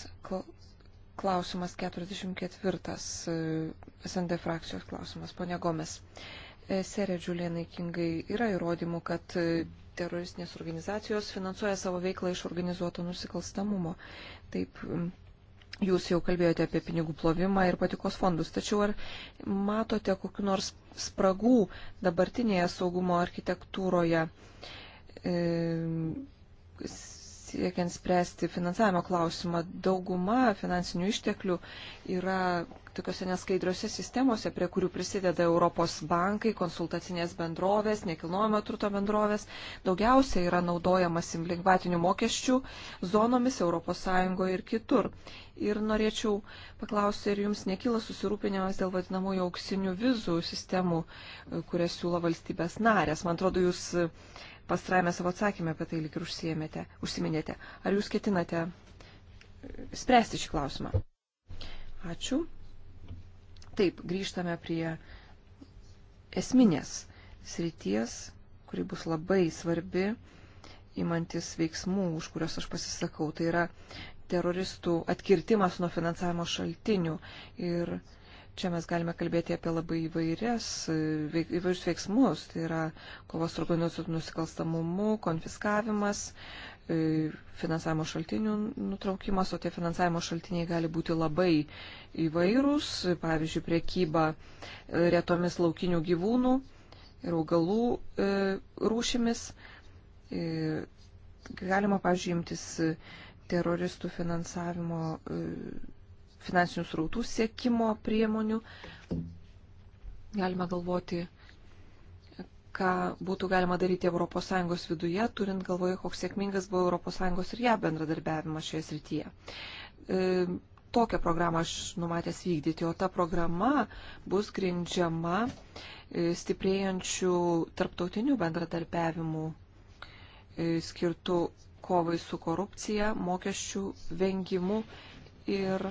klausimas 44. E, SND frakcijos klausimas. Pone Gomes. E, Serė Džiulėnai Kingai yra įrodymų, kad e, teroristinės organizacijos finansuoja savo veiklą iš organizuoto nusikalstamumo. Taip, jūs jau kalbėjote apie pinigų plovimą ir patikos fondus. Tačiau ar matote kokiu nors spragų dabartinėje saugumo architektūroje? E, siekiant spręsti finansavimo klausimą. Dauguma finansinių išteklių yra tokiuose neskaidriuose sistemose, prie kurių prisideda Europos bankai, konsultacinės bendrovės, nekilnojamo turto bendrovės. Daugiausia yra naudojamas lengvatinių mokesčių zonomis ES ir kitur. Ir norėčiau paklausti, ar jums nekyla susirūpinimas dėl vadinamųjų auksinių vizų sistemų, kurias siūlo valstybės narės. Man atrodo, jūs pastraime savo atsakymę apie tai lik ir užsiemėte, užsiminėte. Ar jūs ketinate spręsti šį klausimą? Ačiū. Taip, grįžtame prie esminės srities, kuri bus labai svarbi įmantis veiksmų, už kurios aš pasisakau. Tai yra teroristų atkirtimas nuo finansavimo šaltinių ir Čia mes galime kalbėti apie labai įvairias, įvairius veiksmus, tai yra kovos organizuotų nusikalstamumu, konfiskavimas, e, finansavimo šaltinių nutraukimas, o tie finansavimo šaltiniai gali būti labai įvairūs, pavyzdžiui, priekyba e, retomis laukinių gyvūnų ir augalų e, rūšimis. Galima, pavyzdžiui, imtis teroristų finansavimo finansinių srautų sėkimo priemonių. Galima galvoti, ką būtų galima daryti ES viduje, turint galvoje, koks sėkmingas buvo ES ir ją bendradarbiavimas šioje srityje. E, tokią programą aš numatęs vykdyti, o ta programa bus grindžiama e, stiprėjančių tarptautinių bendradarbiavimų e, skirtų kovai su korupcija, mokesčių vengimu ir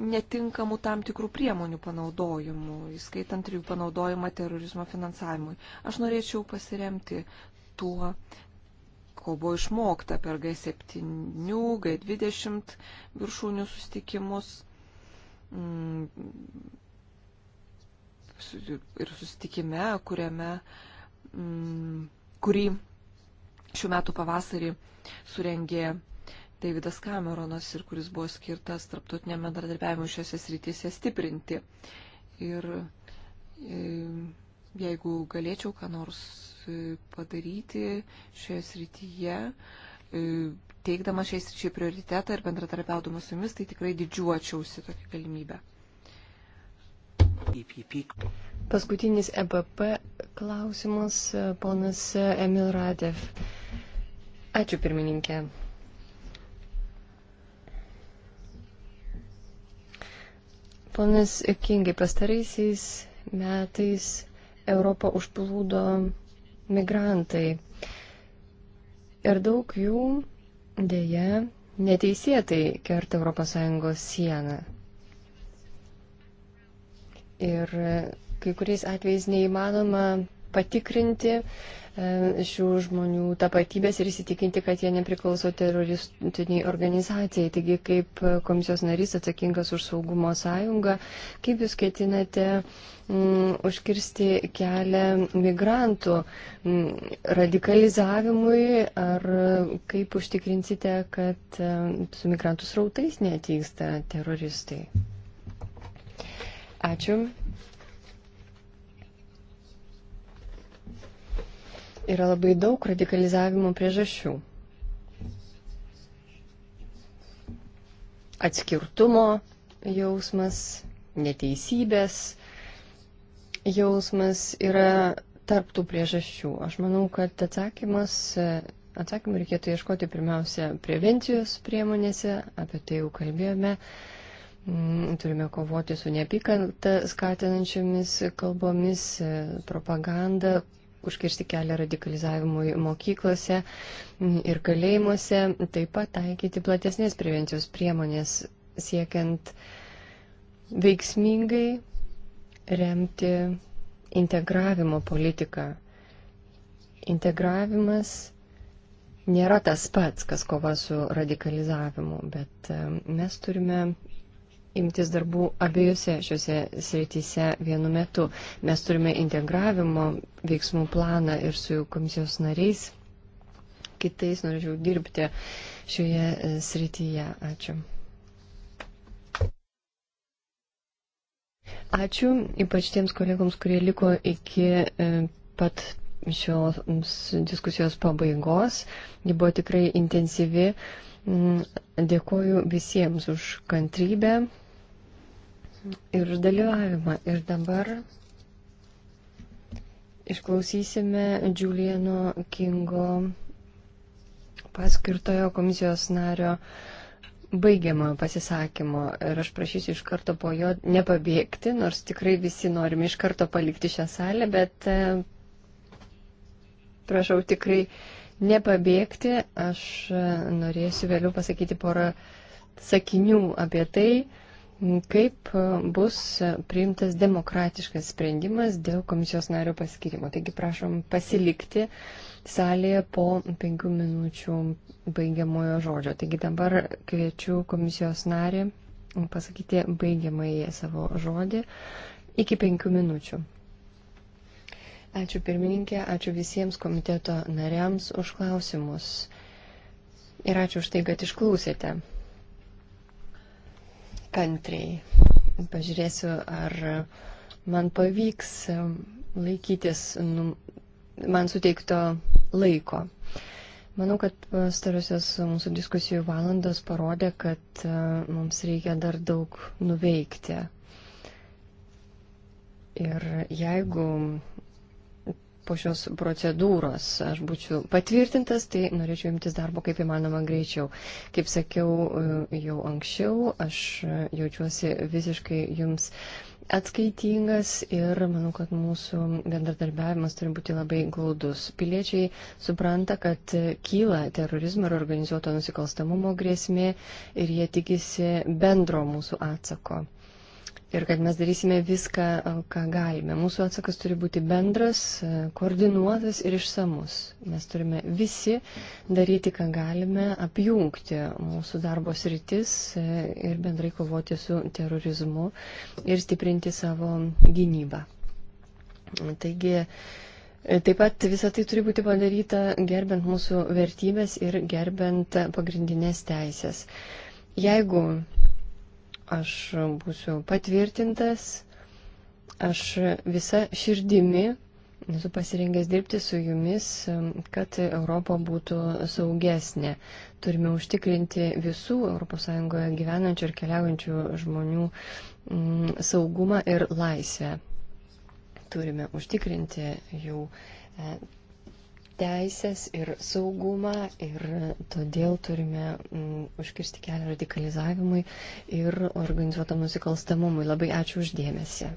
netinkamų tam tikrų priemonių panaudojimu, įskaitant ir jų panaudojimą terorizmo finansavimui. Aš norėčiau pasiremti tuo, ko buvo išmokta per G7, G20 viršūnių sustikimus mm, ir sustikime, kuriame, mm, kurį šiuo metu pavasarį surengė Davidas Cameronas ir kuris buvo skirtas tarptautiniam bendradarbiavimui šiuose srityse stiprinti. Ir e, jeigu galėčiau ką nors e, padaryti šioje srityje, e, teikdama šiais ryčiai prioritetą ir bendradarbiaudama su jumis, tai tikrai didžiuočiausi tokią galimybę. Paskutinis EPP klausimas, ponas Emil Radev. Ačiū pirmininkė. Ponas Kingai, pastaraisiais metais Europą užplūdo migrantai. Ir daug jų dėja neteisėtai kerta ES sieną. Ir kai kuriais atvejais neįmanoma patikrinti e, šių žmonių tapatybės ir įsitikinti, kad jie nepriklauso teroristiniai organizacijai. Taigi, kaip komisijos narys atsakingas už saugumo sąjungą, kaip jūs ketinate m, mm, užkirsti kelią migrantų m, mm, radikalizavimui ar kaip užtikrinsite, kad m, e, su migrantų srautais neatvyksta teroristai? Ačiū. yra labai daug radikalizavimo priežasčių. Atskirtumo jausmas, neteisybės jausmas yra tarptų priežasčių. Aš manau, kad atsakymas, atsakymą reikėtų ieškoti pirmiausia prevencijos priemonėse, apie tai jau kalbėjome. Mm, turime kovoti su neapykantą skatinančiomis kalbomis, e, propaganda, užkirsti kelią radikalizavimui mokyklose ir kalėjimuose, taip pat taikyti platesnės prevencijos priemonės siekiant veiksmingai remti integravimo politiką. Integravimas nėra tas pats, kas kova su radikalizavimu, bet mes turime imtis darbų abiejose šiuose srityse vienu metu. Mes turime integravimo veiksmų planą ir su komisijos nariais kitais norėčiau dirbti šioje e, srityje. Ačiū. Ačiū ypač tiems kolegoms, kurie liko iki e, pat šios diskusijos pabaigos. Ji buvo tikrai intensyvi. Mm, dėkoju visiems už kantrybę ir dalyvavimą. Ir dabar išklausysime Juliano Kingo paskirtojo komisijos nario baigiamojo pasisakymo ir aš prašysiu iš karto po jo nepabėgti, nors tikrai visi norime iš karto palikti šią salę, bet e, prašau tikrai nepabėgti, aš e, norėsiu vėliau pasakyti porą sakinių apie tai, kaip e, bus e, priimtas demokratiškas sprendimas dėl komisijos nario paskirimo. Taigi prašom pasilikti salėje po penkių minučių baigiamojo žodžio. Taigi dabar kviečiu komisijos narį pasakyti baigiamąjį savo žodį iki penkių minučių. Ačiū pirmininkė, ačiū visiems komiteto nariams už klausimus ir ačiū už tai, kad išklausėte kantriai. Pažiūrėsiu, ar man pavyks um, laikytis man suteikto laiko. Manau, kad pastarosios mūsų diskusijų valandos parodė, kad uh, mums reikia dar daug nuveikti. Ir jeigu po šios procedūros aš būčiau patvirtintas, tai norėčiau imtis darbo kaip įmanoma greičiau. Kaip sakiau e, jau anksčiau, aš jaučiuosi visiškai jums atskaitingas ir manau, kad mūsų bendradarbiavimas turi būti labai glaudus. Piliečiai supranta, kad kyla terorizmo ir organizuoto nusikalstamumo grėsmė ir jie tikisi bendro mūsų atsako ir kad mes darysime viską, ką galime. Mūsų atsakas turi būti bendras, koordinuotas ir išsamus. Mes turime visi daryti, ką galime, apjungti mūsų darbo sritis ir bendrai kovoti su terorizmu ir stiprinti savo gynybą. Taigi, Taip pat visa tai turi būti padaryta gerbent mūsų vertybės ir gerbent pagrindinės teisės. Jeigu aš būsiu patvirtintas, aš visa širdimi esu pasirengęs dirbti su jumis, kad Europa būtų saugesnė. Turime užtikrinti visų ES gyvenančių ir keliaujančių žmonių mm, saugumą ir laisvę. Turime užtikrinti jų e, teisės ir saugumą ir todėl turime mm, užkirsti kelią radikalizavimui ir organizuotam nusikalstamumui. Labai ačiū uždėmesi.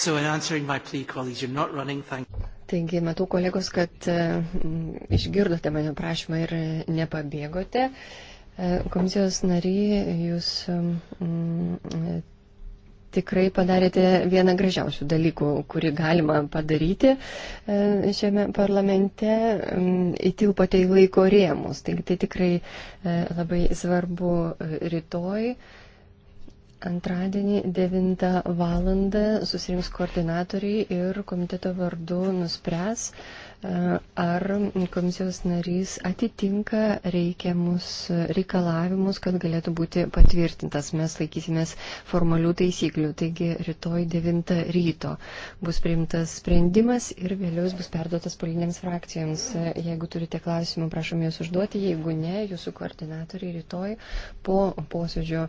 So in answering my plea, colleagues, you're not running, thank you. Taigi, matau, kolegos, kad mm, išgirdote mano prašymą ir nepabėgote. E, komisijos nariai, jūs mm, tikrai padarėte vieną gražiausių dalykų, kurį galima padaryti e, šiame parlamente, įtilpote į laiko rėmus. Taigi tai tikrai e, labai svarbu e, rytoj. Antradienį 9 val. susirinks koordinatoriai ir komiteto vardu nuspręs, uh, ar komisijos narys atitinka reikiamus reikalavimus, kad galėtų būti patvirtintas. Mes laikysimės formalių taisyklių. Taigi rytoj 9 ryto bus priimtas sprendimas ir vėliau jis bus perduotas politinėms frakcijoms. Jeigu turite klausimų, prašom juos užduoti. Jeigu ne, jūsų koordinatoriai rytoj po posėdžio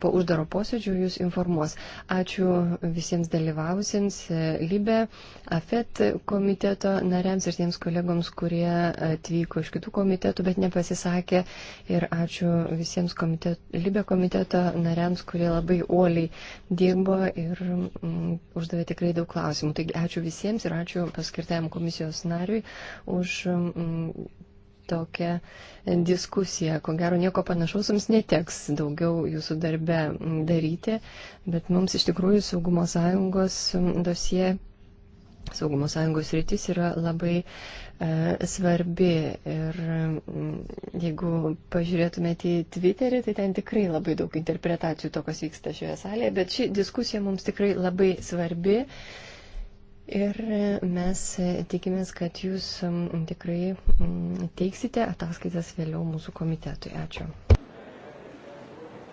po uždaro posėdžio jūs informuos. Ačiū visiems dalyvausiems e, Libe, AFET komiteto nariams ir tiems kolegoms, kurie atvyko iš kitų komitetų, bet nepasisakė. Ir ačiū visiems komitet, Libe komiteto nariams, kurie labai uoliai dirbo ir mm, uždavė tikrai daug klausimų. Taigi ačiū visiems ir ačiū paskirtajam komisijos nariui už mm, tokią diskusiją. Ko gero nieko panašaus jums neteks daugiau jūsų darbe daryti, bet mums iš tikrųjų saugumo sąjungos dosie. Saugumo sąjungos rytis yra labai e, svarbi ir mm, jeigu pažiūrėtumėte į Twitterį, tai ten tikrai labai daug interpretacijų to, kas vyksta šioje salėje, bet ši diskusija mums tikrai labai svarbi Ir e, mes e, tikimės, kad jūs tikrai teiksite ataskaitas vėliau mūsų komitetui. Ačiū.